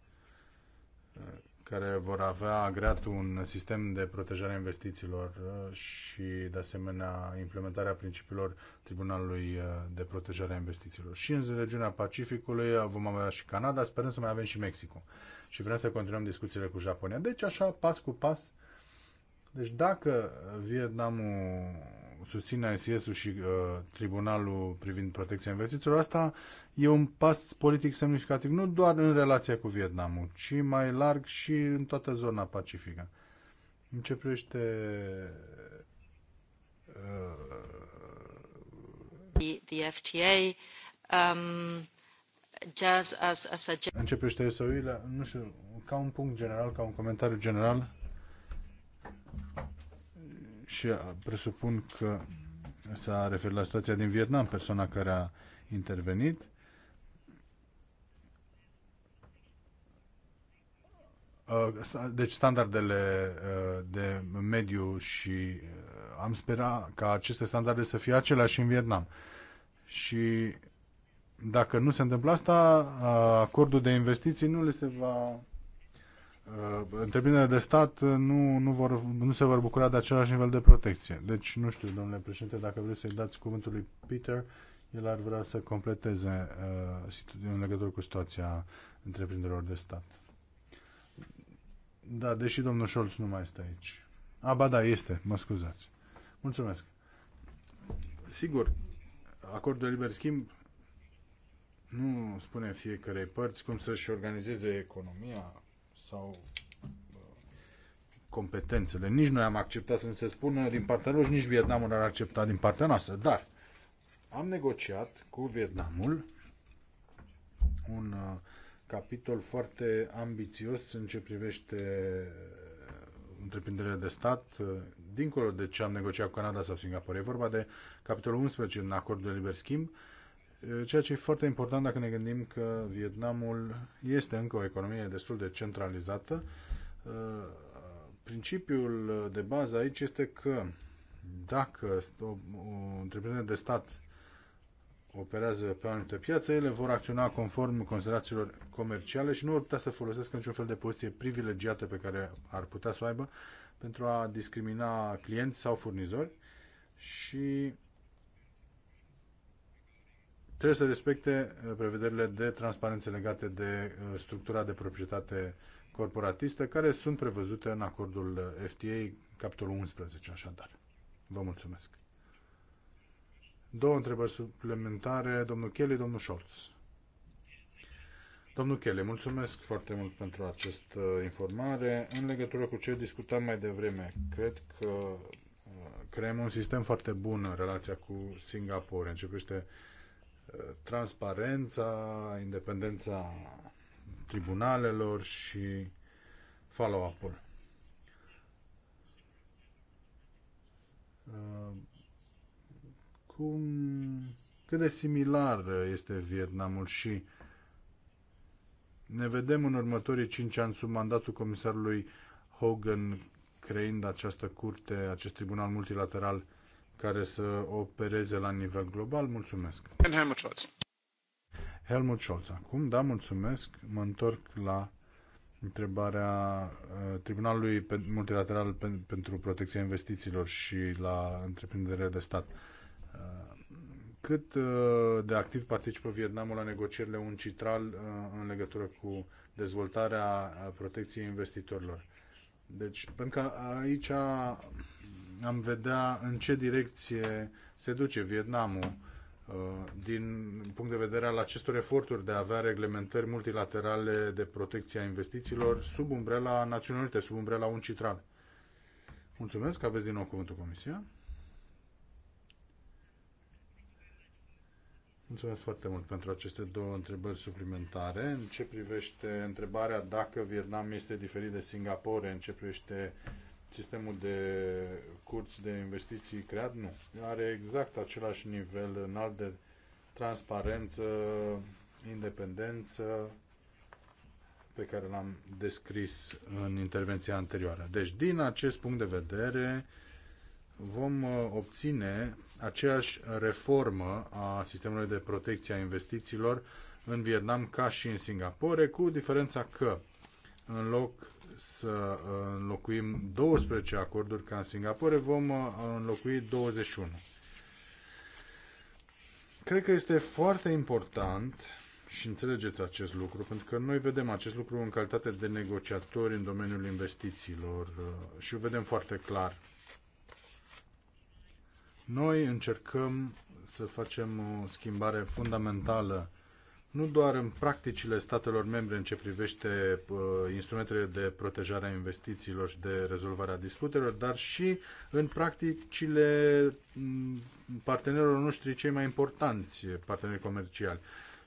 care vor avea creat un sistem de protejare a investițiilor uh, și, de asemenea, implementarea principiilor Tribunalului uh, de Protejare a Investițiilor. Și în regiunea Pacificului uh, vom avea și Canada, sperăm să mai avem și Mexicul. Și vrem să continuăm discuțiile cu Japonia. Deci, așa, pas cu pas. Deci, dacă Vietnamul susține ICS-ul și uh, Tribunalul privind protecția investițiilor, asta e un pas politic semnificativ, nu doar în relația cu Vietnamul, ci mai larg și în toată zona pacifică. În ce privește uh, the, the FTA, um, just as a suggestion. În ce privește SOI, nu știu, ca un punct general, ca un comentariu general, și uh, presupun că s-a referit la situația din Vietnam, persoana care a intervenit. Uh, deci standardele uh, de mediu și am sperat ca aceste standarde să fie aceleași în Vietnam. Și dacă nu se întâmplă asta, acordul de investiții nu le se va Uh, întreprinderile de stat uh, nu, nu, vor, nu se vor bucura de același nivel de protecție. Deci, nu știu, domnule președinte, dacă vreți să-i dați cuvântul lui Peter, el ar vrea să completeze uh, în legătură cu situația întreprinderilor de stat. Da, deși domnul Scholz nu mai este aici. A, ba da, este, mă scuzați. Mulțumesc. Sigur, acordul de liber schimb nu spune fiecare părți cum să-și organizeze economia, sau uh, competențele. Nici noi am acceptat să ne se spună din partea lor, nici Vietnamul ar accepta din partea noastră. Dar am negociat cu Vietnamul un uh, capitol foarte ambițios în ce privește uh, întreprinderile de stat, dincolo de ce am negociat cu Canada sau Singapore. E vorba de capitolul 11 în acordul de liber schimb, uh, ceea ce e foarte important dacă ne gândim că Vietnamul este încă o economie destul de centralizată. Principiul de bază aici este că dacă o, o întreprindere de stat operează pe o anumită piață, ele vor acționa conform considerațiilor comerciale și nu vor putea să folosească niciun fel de poziție privilegiată pe care ar putea să o aibă pentru a discrimina clienți sau furnizori și trebuie să respecte uh, prevederile de transparență legate de uh, structura de proprietate corporatistă care sunt prevăzute în acordul uh, FTA, capitolul 11, așadar. Vă mulțumesc. Două întrebări suplimentare, domnul Kelly, domnul Scholz. Domnul Kelly, mulțumesc foarte mult pentru această informare. În legătură cu ce discutam mai devreme, cred că creăm un sistem foarte bun în relația cu Singapore. Începește transparența, independența tribunalelor și follow-up-ul. Cum, cât de similar este Vietnamul și ne vedem în următorii cinci ani sub mandatul comisarului Hogan creind această curte, acest tribunal multilateral care să opereze la nivel global. Mulțumesc! Helmut Scholz. Helmut Scholz acum, da, mulțumesc. Mă întorc la întrebarea uh, Tribunalului Multilateral pentru Protecția Investițiilor și la întreprinderea de stat. Uh, cât uh, de activ participă Vietnamul la negocierile uncitral în legătură cu dezvoltarea protecției investitorilor? Deci, pentru că aici am vedea în ce direcție se duce Vietnamul uh, din punct de vedere al acestor eforturi de a avea reglementări multilaterale de protecție a investițiilor sub umbrela naționalității sub umbrela UNCITRAL. Mulțumesc, aveți din nou cuvântul Comisia. Mulțumesc foarte mult pentru aceste două întrebări suplimentare. În ce privește întrebarea dacă Vietnam este diferit de Singapore, în ce privește uh, sistemul de curți de investiții creat? Nu. Are exact același nivel înalt de transparență, independență pe care l-am descris în intervenția anterioară. Deci, din acest punct de vedere, vom uh, obține aceeași reformă a sistemului de protecție a investițiilor în Vietnam ca și în Singapore, cu diferența că în loc să uh, înlocuim 12 acorduri ca în Singapore, vom uh, înlocui 21. Cred că este foarte important și înțelegeți acest lucru, pentru că noi vedem acest lucru în calitate de negociatori în domeniul investițiilor uh, și o vedem foarte clar. Noi încercăm să facem o schimbare fundamentală nu doar în practicile statelor membre în ce privește uh, instrumentele de protejare a investițiilor și de rezolvare a disputelor, dar și în practicile mm, partenerilor noștri cei mai importanți, parteneri comerciali.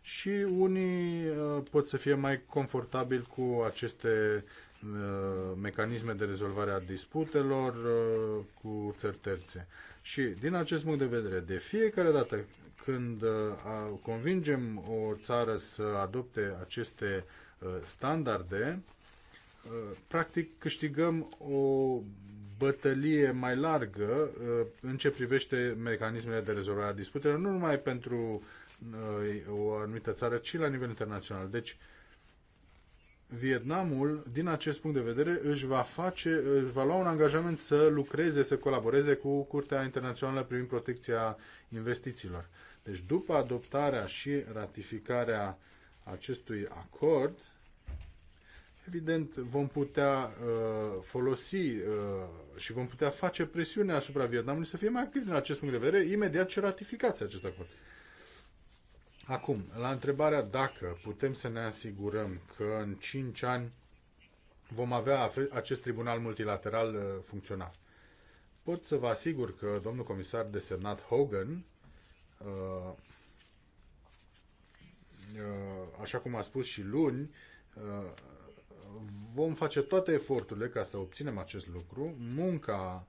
Și unii uh, pot să fie mai confortabili cu aceste uh, mecanisme de rezolvare a disputelor uh, cu țări terțe. Și din acest punct de vedere, de fiecare dată când uh, convingem o țară să adopte aceste uh, standarde, uh, practic câștigăm o bătălie mai largă în ce privește mecanismele de rezolvare a disputelor, nu numai pentru o anumită țară, ci la nivel internațional. Deci, Vietnamul, din acest punct de vedere, își va, face, își va lua un angajament să lucreze, să colaboreze cu Curtea Internațională privind protecția investițiilor. Deci după adoptarea și ratificarea acestui acord, evident vom putea uh, folosi uh, și vom putea face presiune asupra Vietnamului să fie mai activ din acest punct de vedere imediat ce ratificați acest acord. Acum, la întrebarea dacă putem să ne asigurăm că în 5 ani vom avea acest tribunal multilateral uh, funcțional. Pot să vă asigur că domnul comisar desemnat Hogan Uh, uh, așa cum a spus și luni, uh, vom face toate eforturile ca să obținem acest lucru. Munca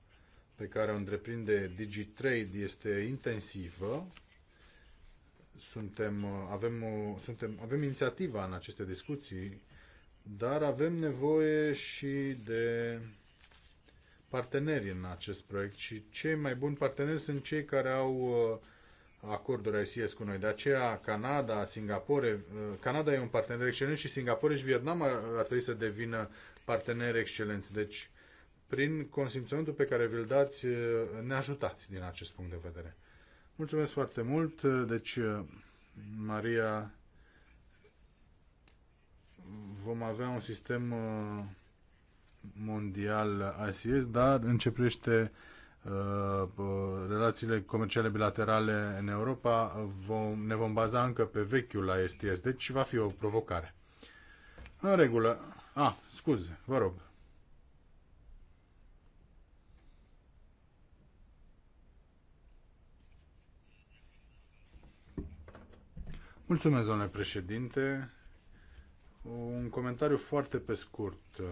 pe care o întreprinde DigiTrade este intensivă. Suntem, avem, o, suntem, avem inițiativa în aceste discuții, dar avem nevoie și de parteneri în acest proiect și cei mai buni parteneri sunt cei care au uh, acorduri ICS cu noi. De aceea Canada, Singapore, eh, Canada e un partener excelent și Singapore și Vietnam ar trebui să devină parteneri excelenți. Deci, prin consimțământul pe care vi-l dați, eh, ne ajutați din acest punct de vedere. Mulțumesc foarte mult. Deci, eh, Maria, vom avea un sistem mondial ICS, dar începește Uh, relațiile comerciale bilaterale în Europa, uh, vom, ne vom baza încă pe vechiul ASTS, deci va fi o provocare. În regulă. A, ah, scuze, vă rog. Mulțumesc, domnule președinte. Un comentariu foarte pe scurt. Uh,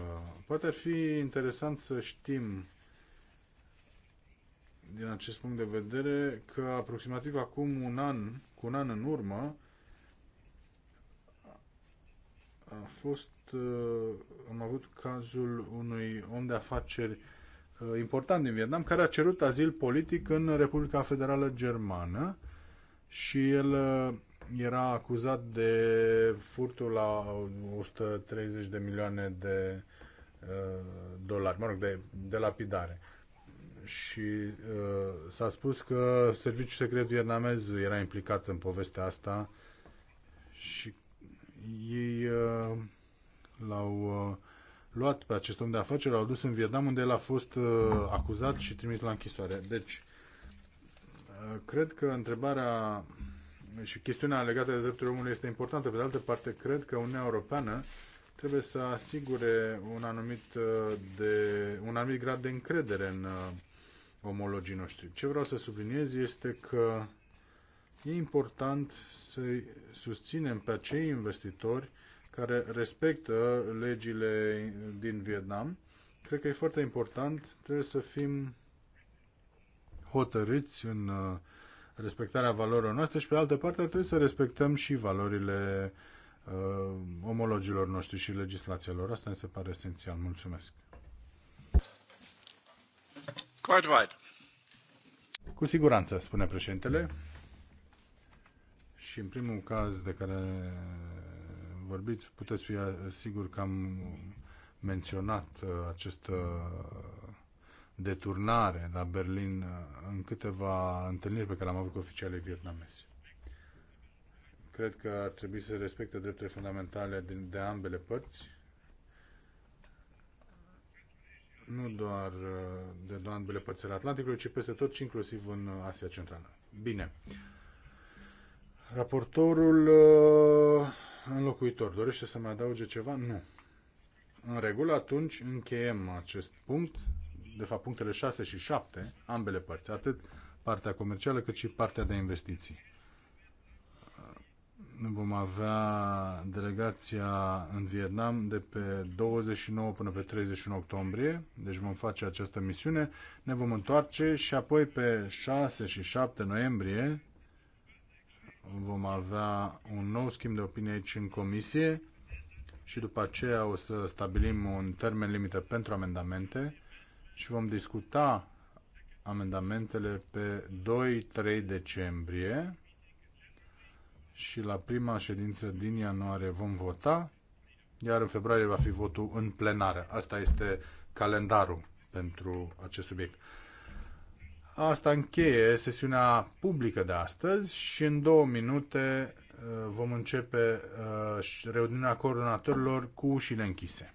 poate ar fi interesant să știm din acest punct de vedere că aproximativ acum un an, cu un an în urmă, a fost, uh, am avut cazul unui om de afaceri uh, important din Vietnam care a cerut azil politic în Republica Federală Germană și el uh, era acuzat de furtul la 130 de milioane de dolari, mă rog, de, de lapidare și uh, s-a spus că serviciul secret vietnamez era implicat în povestea asta și ei uh, l-au uh, luat pe acest om de afaceri, l-au dus în Vietnam unde el a fost uh, acuzat și trimis la închisoare. Deci, uh, cred că întrebarea și chestiunea legată de drepturile omului este importantă. Pe de altă parte, cred că Uniunea Europeană trebuie să asigure un anumit, uh, de, un anumit grad de încredere în uh, omologii noștri. Ce vreau să subliniez este că e important să susținem pe acei investitori care respectă legile din Vietnam. Cred că e foarte important, trebuie să fim hotărâți în uh, respectarea valorilor noastre și pe altă parte trebuie să respectăm și valorile uh, omologilor noștri și legislațiilor. Asta mi se pare esențial. Mulțumesc! Quite right. Cu siguranță, spune președintele. Și în primul caz de care vorbiți, puteți fi uh, sigur că am menționat uh, această deturnare la Berlin uh, în câteva întâlniri pe care am avut cu oficialii vietnamezi. Cred că ar trebui să respecte drepturile fundamentale de ambele părți nu doar uh, de la ambele părți ale Atlanticului, ci peste tot, și inclusiv în uh, Asia Centrală. Bine. Raportorul uh, înlocuitor dorește să mai adauge ceva? Nu. În regulă, atunci încheiem acest punct, de fapt punctele 6 și 7, ambele părți, atât partea comercială cât și partea de investiții vom avea delegația în Vietnam de pe 29 până pe 31 octombrie, deci vom face această misiune, ne vom întoarce și apoi pe 6 și 7 noiembrie vom avea un nou schimb de opinie aici în comisie și după aceea o să stabilim un termen limită pentru amendamente și vom discuta amendamentele pe 2-3 decembrie și la prima ședință din ianuarie vom vota, iar în februarie va fi votul în plenară. Asta este calendarul pentru acest subiect. Asta încheie sesiunea publică de astăzi și în două minute uh, vom începe uh, reuniunea coordonatorilor cu ușile închise.